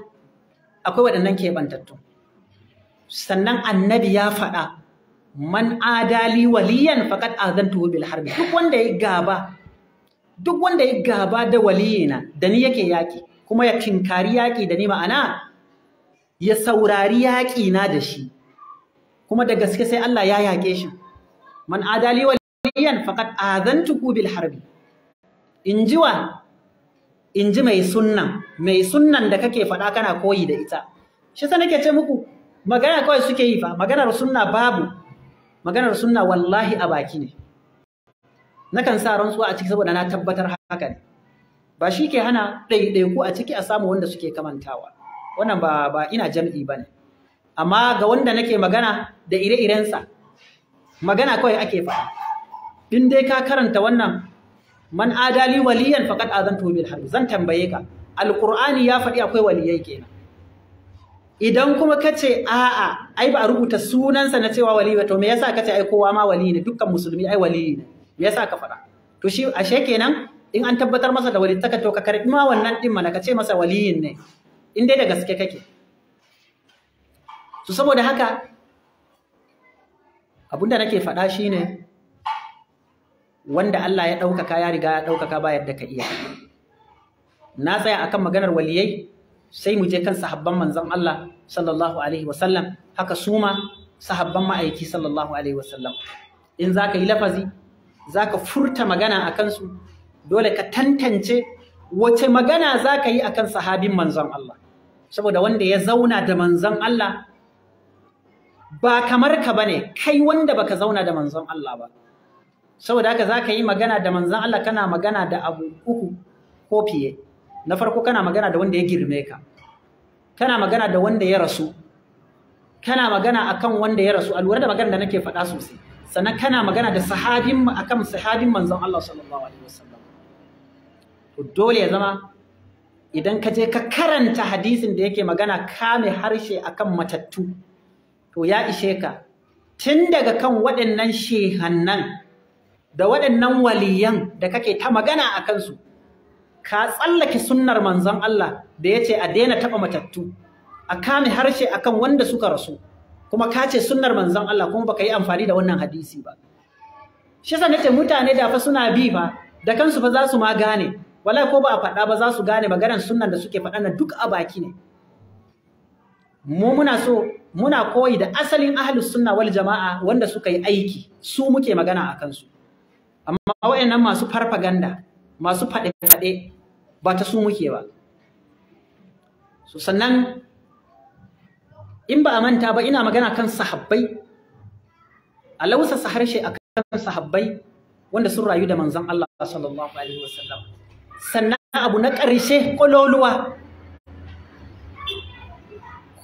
akwai waɗannan keɓantattu sannan annabi ya faɗa man adali waliyan faqad zan bil harbi duk wanda ya gaba duk wanda ya gaba da waliyina da ni yake yaki kuma ya kinkari yaki da ni ma'ana ya saurari yaki na da shi kuma da gaske sai Allah ya yake shi man adali waliyan faqad azantuhu bil harbi injiwa inji mai sunnan mai sunnan da kake faɗa kana koyi da ita shi sa nake ce muku magana kawai suke yi fa maganar sunna babu maganar sunna wallahi a baki ne nakan sa rantsuwa a ciki saboda na tabbatar haka ne ba shi ke hana ɗaiɗaiku a ciki a samu wanda suke kamantawa wannan ba ba ina jam'i ba ne amma ga wanda nake magana da ire-irensa magana kawai ake faɗa in dai ka karanta wannan man adali waliyan zan azantu bil har zan tambaye ka Alƙur'ani ya faɗi akwai waliyai kenan idan kuma ka ce a'a ai ba a rubuta sunansa na cewa wali ba to me yasa ka ce ai kowa ma wali ne dukkan musulmi ai wali ne me yasa ka faɗa to shi ashe kenan in an tabbatar masa da wali taka to ka karbi ma wannan din mana ka ce masa waliyin ne in dai da gaske kake to saboda haka abinda nake faɗa shine wanda Allah ya ɗaukaka ya riga ya ɗaukaka ba yadda ka iya na tsaya akan maganar waliyai sai mu je kan sahabban manzon Allah sallallahu alaihi wasallam haka su ma sahabban ma'aiki sallallahu alaihi wasallam in zaka yi lafazi zaka furta magana a kansu dole ka tantance wace magana zaka yi akan sahabin manzon Allah saboda wanda ya zauna da manzon Allah ba kamar ka bane kai wanda baka zauna da manzon Allah ba saboda haka za ka yi magana da manzon Allah kana magana da abu uku ko fiye na farko kana magana da wanda ya girme ka kana magana da wanda ya rasu kana magana akan wanda ya rasu alwar da magana da nake faɗa sosai sannan kana magana da sahabin akan sahabin manzon Allah sallallahu alaihi wasallam to dole ya zama idan ka je ka karanta hadisin da yake magana kame harshe akan matattu to ya ishe ka tun daga kan waɗannan shehannan da waɗannan waliyan da kake ta magana a kansu ka tsallake sunnar manzon Allah da ya ce a daina taɓa matattu a kame harshe akan wanda suka rasu kuma ka ce sunnar manzon Allah kuma baka yi amfani da wannan hadisi ba shi yasa nace mutane da fa suna bi fa da kansu fa za su ma gane wallahi ko ba a faɗa ba za su gane maganar sunnan da suke faɗa na duk a baki ne mu muna so muna koyi da asalin ahlus sunna wal jama'a wanda suka yi aiki su muke magana a kansu amma waɗannan masu farfaganda masu faɗe-faɗe ba ta su muke ba so sannan in ba a manta ba ina magana kan sahabbai a lausasa harshe a kan sahabbai wanda sun rayu da manzan Allah sallallahu alaihi wasallam sannan abu na ƙarshe ƙololuwa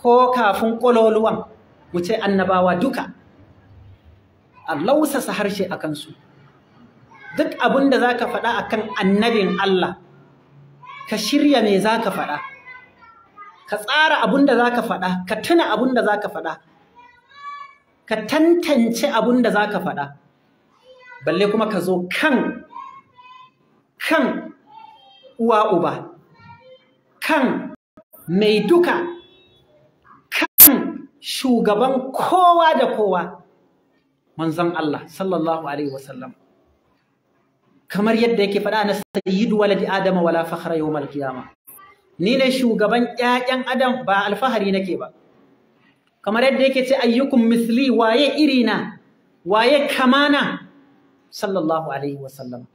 ko kafin ƙololuwan mu ce annabawa duka a lausasa harshe a kansu duk abin da za ka faɗa a kan annabin Allah ka shirya me za ka faɗa ka tsara abin da za ka faɗa ka tuna abin da za ka faɗa ka tantance abin da za ka faɗa balle kuma ka zo kan kan uwa uba kan mai duka kan shugaban kowa da kowa manzon Allah sallallahu alaihi wasallam kamar yadda yake faɗa na sayyidu waladi adama wala fakhra yawmal qiyama ni ne shugaban ƴaƴan adam ba alfahari nake ba kamar yadda yake ce ayyukum misli waye irina waye kamana sallallahu alaihi wasallam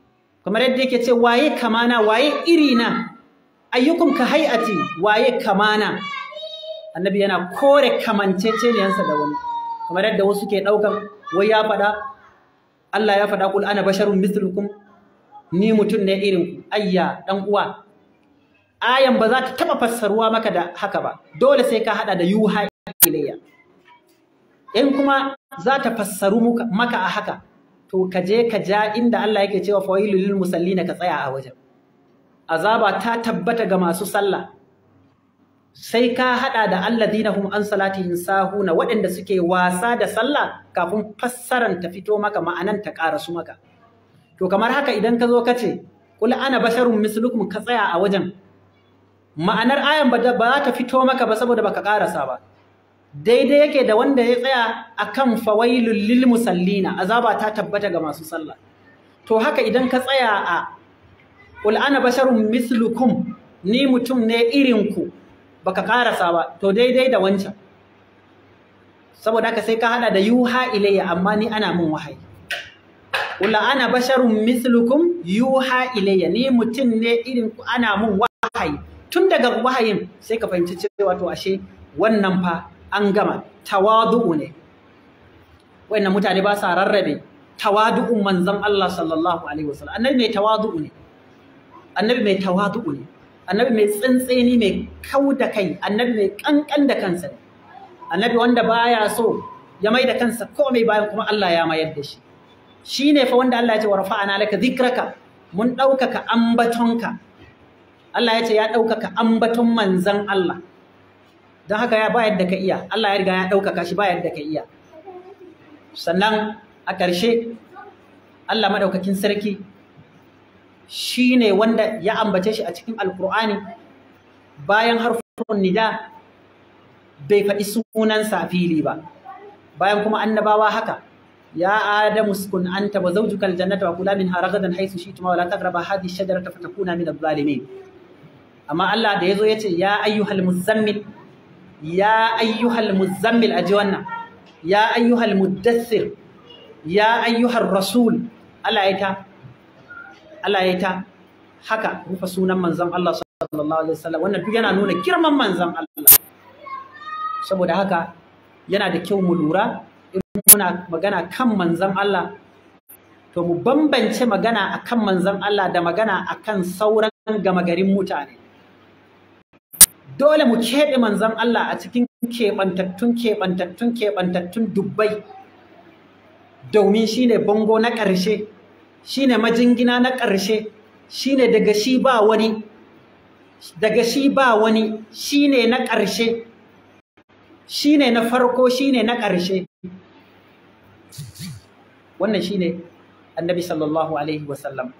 kamar yadda yake ce waye kamana waye irina ayyukum ka hay'ati waye kamana annabi yana kore kamanceceniyansa da wani kamar yadda wasu ke ɗaukan wai ya faɗa Allah ya faɗa kul ana basharun mislukum ni mutum ne irin ayya dan uwa ayan ba za ta taba fassaruwa maka da haka ba dole sai ka hada da yuha ilayya in kuma za ta fassaru maka a haka to ka je ka ja inda Allah yake cewa fawailul lil musallina ka tsaya a wajen azaba ta tabbata ga masu sallah sai ka hada da alladhina hum an salatihim sahuna waɗanda suke wasa da sallah kafin fassaran ta fito maka ma'anan ta su maka to kamar haka idan ka zo ka ce Kula ana basharun mislukum ka tsaya a wajen ma'anar ayan ba za ta fito maka ba saboda baka karasa ba daidai yake da wanda ya tsaya a kan fawailul lil musallina azaba ta tabbata ga masu sallah to haka idan ka tsaya a kul ana basharun mislukum ni mutum ne irin ku baka karasa ba to daidai da wancan saboda haka sai ka hada da yuha ilayya amma ni ana min wahayi Ula ana basharun mislukum yuha ilaya ni mutum ne irin ana mun wahayi tun daga wahayin sai ka fahimci cewa to ashe wannan fa an gama tawadu'u ne wannan mutane ba sa rarrabe tawadu'un manzon Allah sallallahu alaihi wasallam annabi mai tawadu'u ne annabi mai tawadu'u ne annabi mai tsantseni mai kau da kai annabi mai kankan da kansa annabi wanda baya so ya mai da kansa komai bayan kuma Allah ya mayar da shi Shi ne fa wanda Allah ya ce wa rafa'ana laka zikraka mun ɗaukaka ambatonka Allah ya ce ya ɗaukaka ambaton manzan Allah don haka ya ba yadda ka iya Allah ya riga ya ɗaukaka shi ba yadda ka iya sannan a ƙarshe Allah maɗaukakin sarki shi ne wanda ya ambace shi a cikin alkur'ani bayan harfin nida bai faɗi sunan safili ba bayan kuma annabawa haka يا آدم اسكن أنت وزوجك الجنة وكلا منها رغدا حيث شئتما ولا تقربا هذه الشجرة فتكونا من الظالمين أما الله ده يزو يتي يا أيها المزمل يا أيها المزمل أجوانا يا أيها المدثر يا أيها الرسول الله يتا الله يتا haka rufe sunan manzon Allah sallallahu alaihi wasallam wannan duk yana nuna girman manzon Allah saboda haka yana da kyau mu lura muna magana kan manzon Allah to mu bambance magana a kan manzon Allah da magana akan sauran gama garin mutane dole mu keɓe manzon Allah a cikin keɓantattun keɓantattun keɓantattun dubbai domin shi ne bango na ƙarshe shi ne majingina na ƙarshe ne daga shi ba wani daga shi ba wani ne na ƙarshe ne na farko shi ne na ƙarshe wannan shi ne annabi sallallahu alaihi wasallam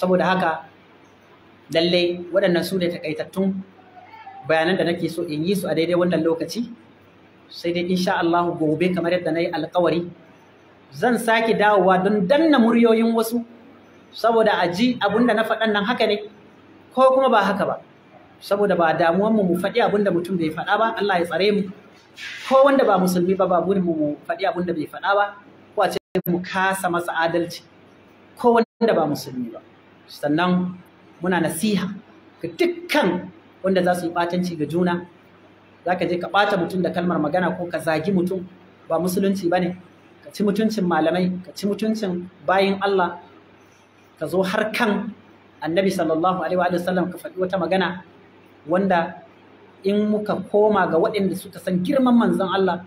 saboda haka lallai waɗannan su ne takaitattun bayanan da nake so in yi su a daidai wannan lokaci sai dai insha Allah gobe kamar yadda na yi alkawari zan sake dawowa don danna muryoyin wasu saboda a ji abin da na faɗan nan haka ne ko kuma ba haka ba saboda ba damuwan mu mu faɗi abin da mutum bai faɗa ba Allah ya tsare mu ko wanda ba musulmi ba ba burin mu mu faɗi abin da bai faɗa ba mu kasa masa adalci ko wanda ba musulmi ba sannan muna nasiha ga dukkan wanda za su yi batanci ga juna za ka je ka ɓata mutum da kalmar magana ko ka zagi mutum ba musulunci ba ne ka ci mutuncin malamai ka ci mutuncin bayin Allah ka zo har kan annabi sallallahu alaihi wa sallam ka faɗi wata magana wanda in muka koma ga waɗanda suka san girman manzon Allah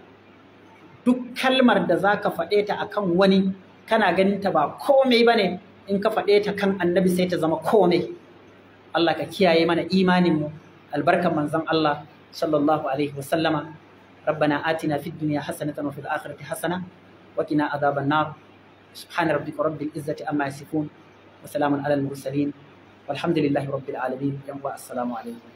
duk kalmar da za ka faɗe ta a kan wani kana ganin ta ba komai ba ne in ka faɗe ta kan annabi sai ta zama komai Allah ka kiyaye mana imaninmu albarkar manzon Allah sallallahu alaihi wasallama ربنا آتنا في الدنيا حسنة وفي الآخرة حسنة وقنا عذاب النار سبحان ربك رب العزة أما يصفون وسلام على المرسلين والحمد لله رب العالمين السلام عليكم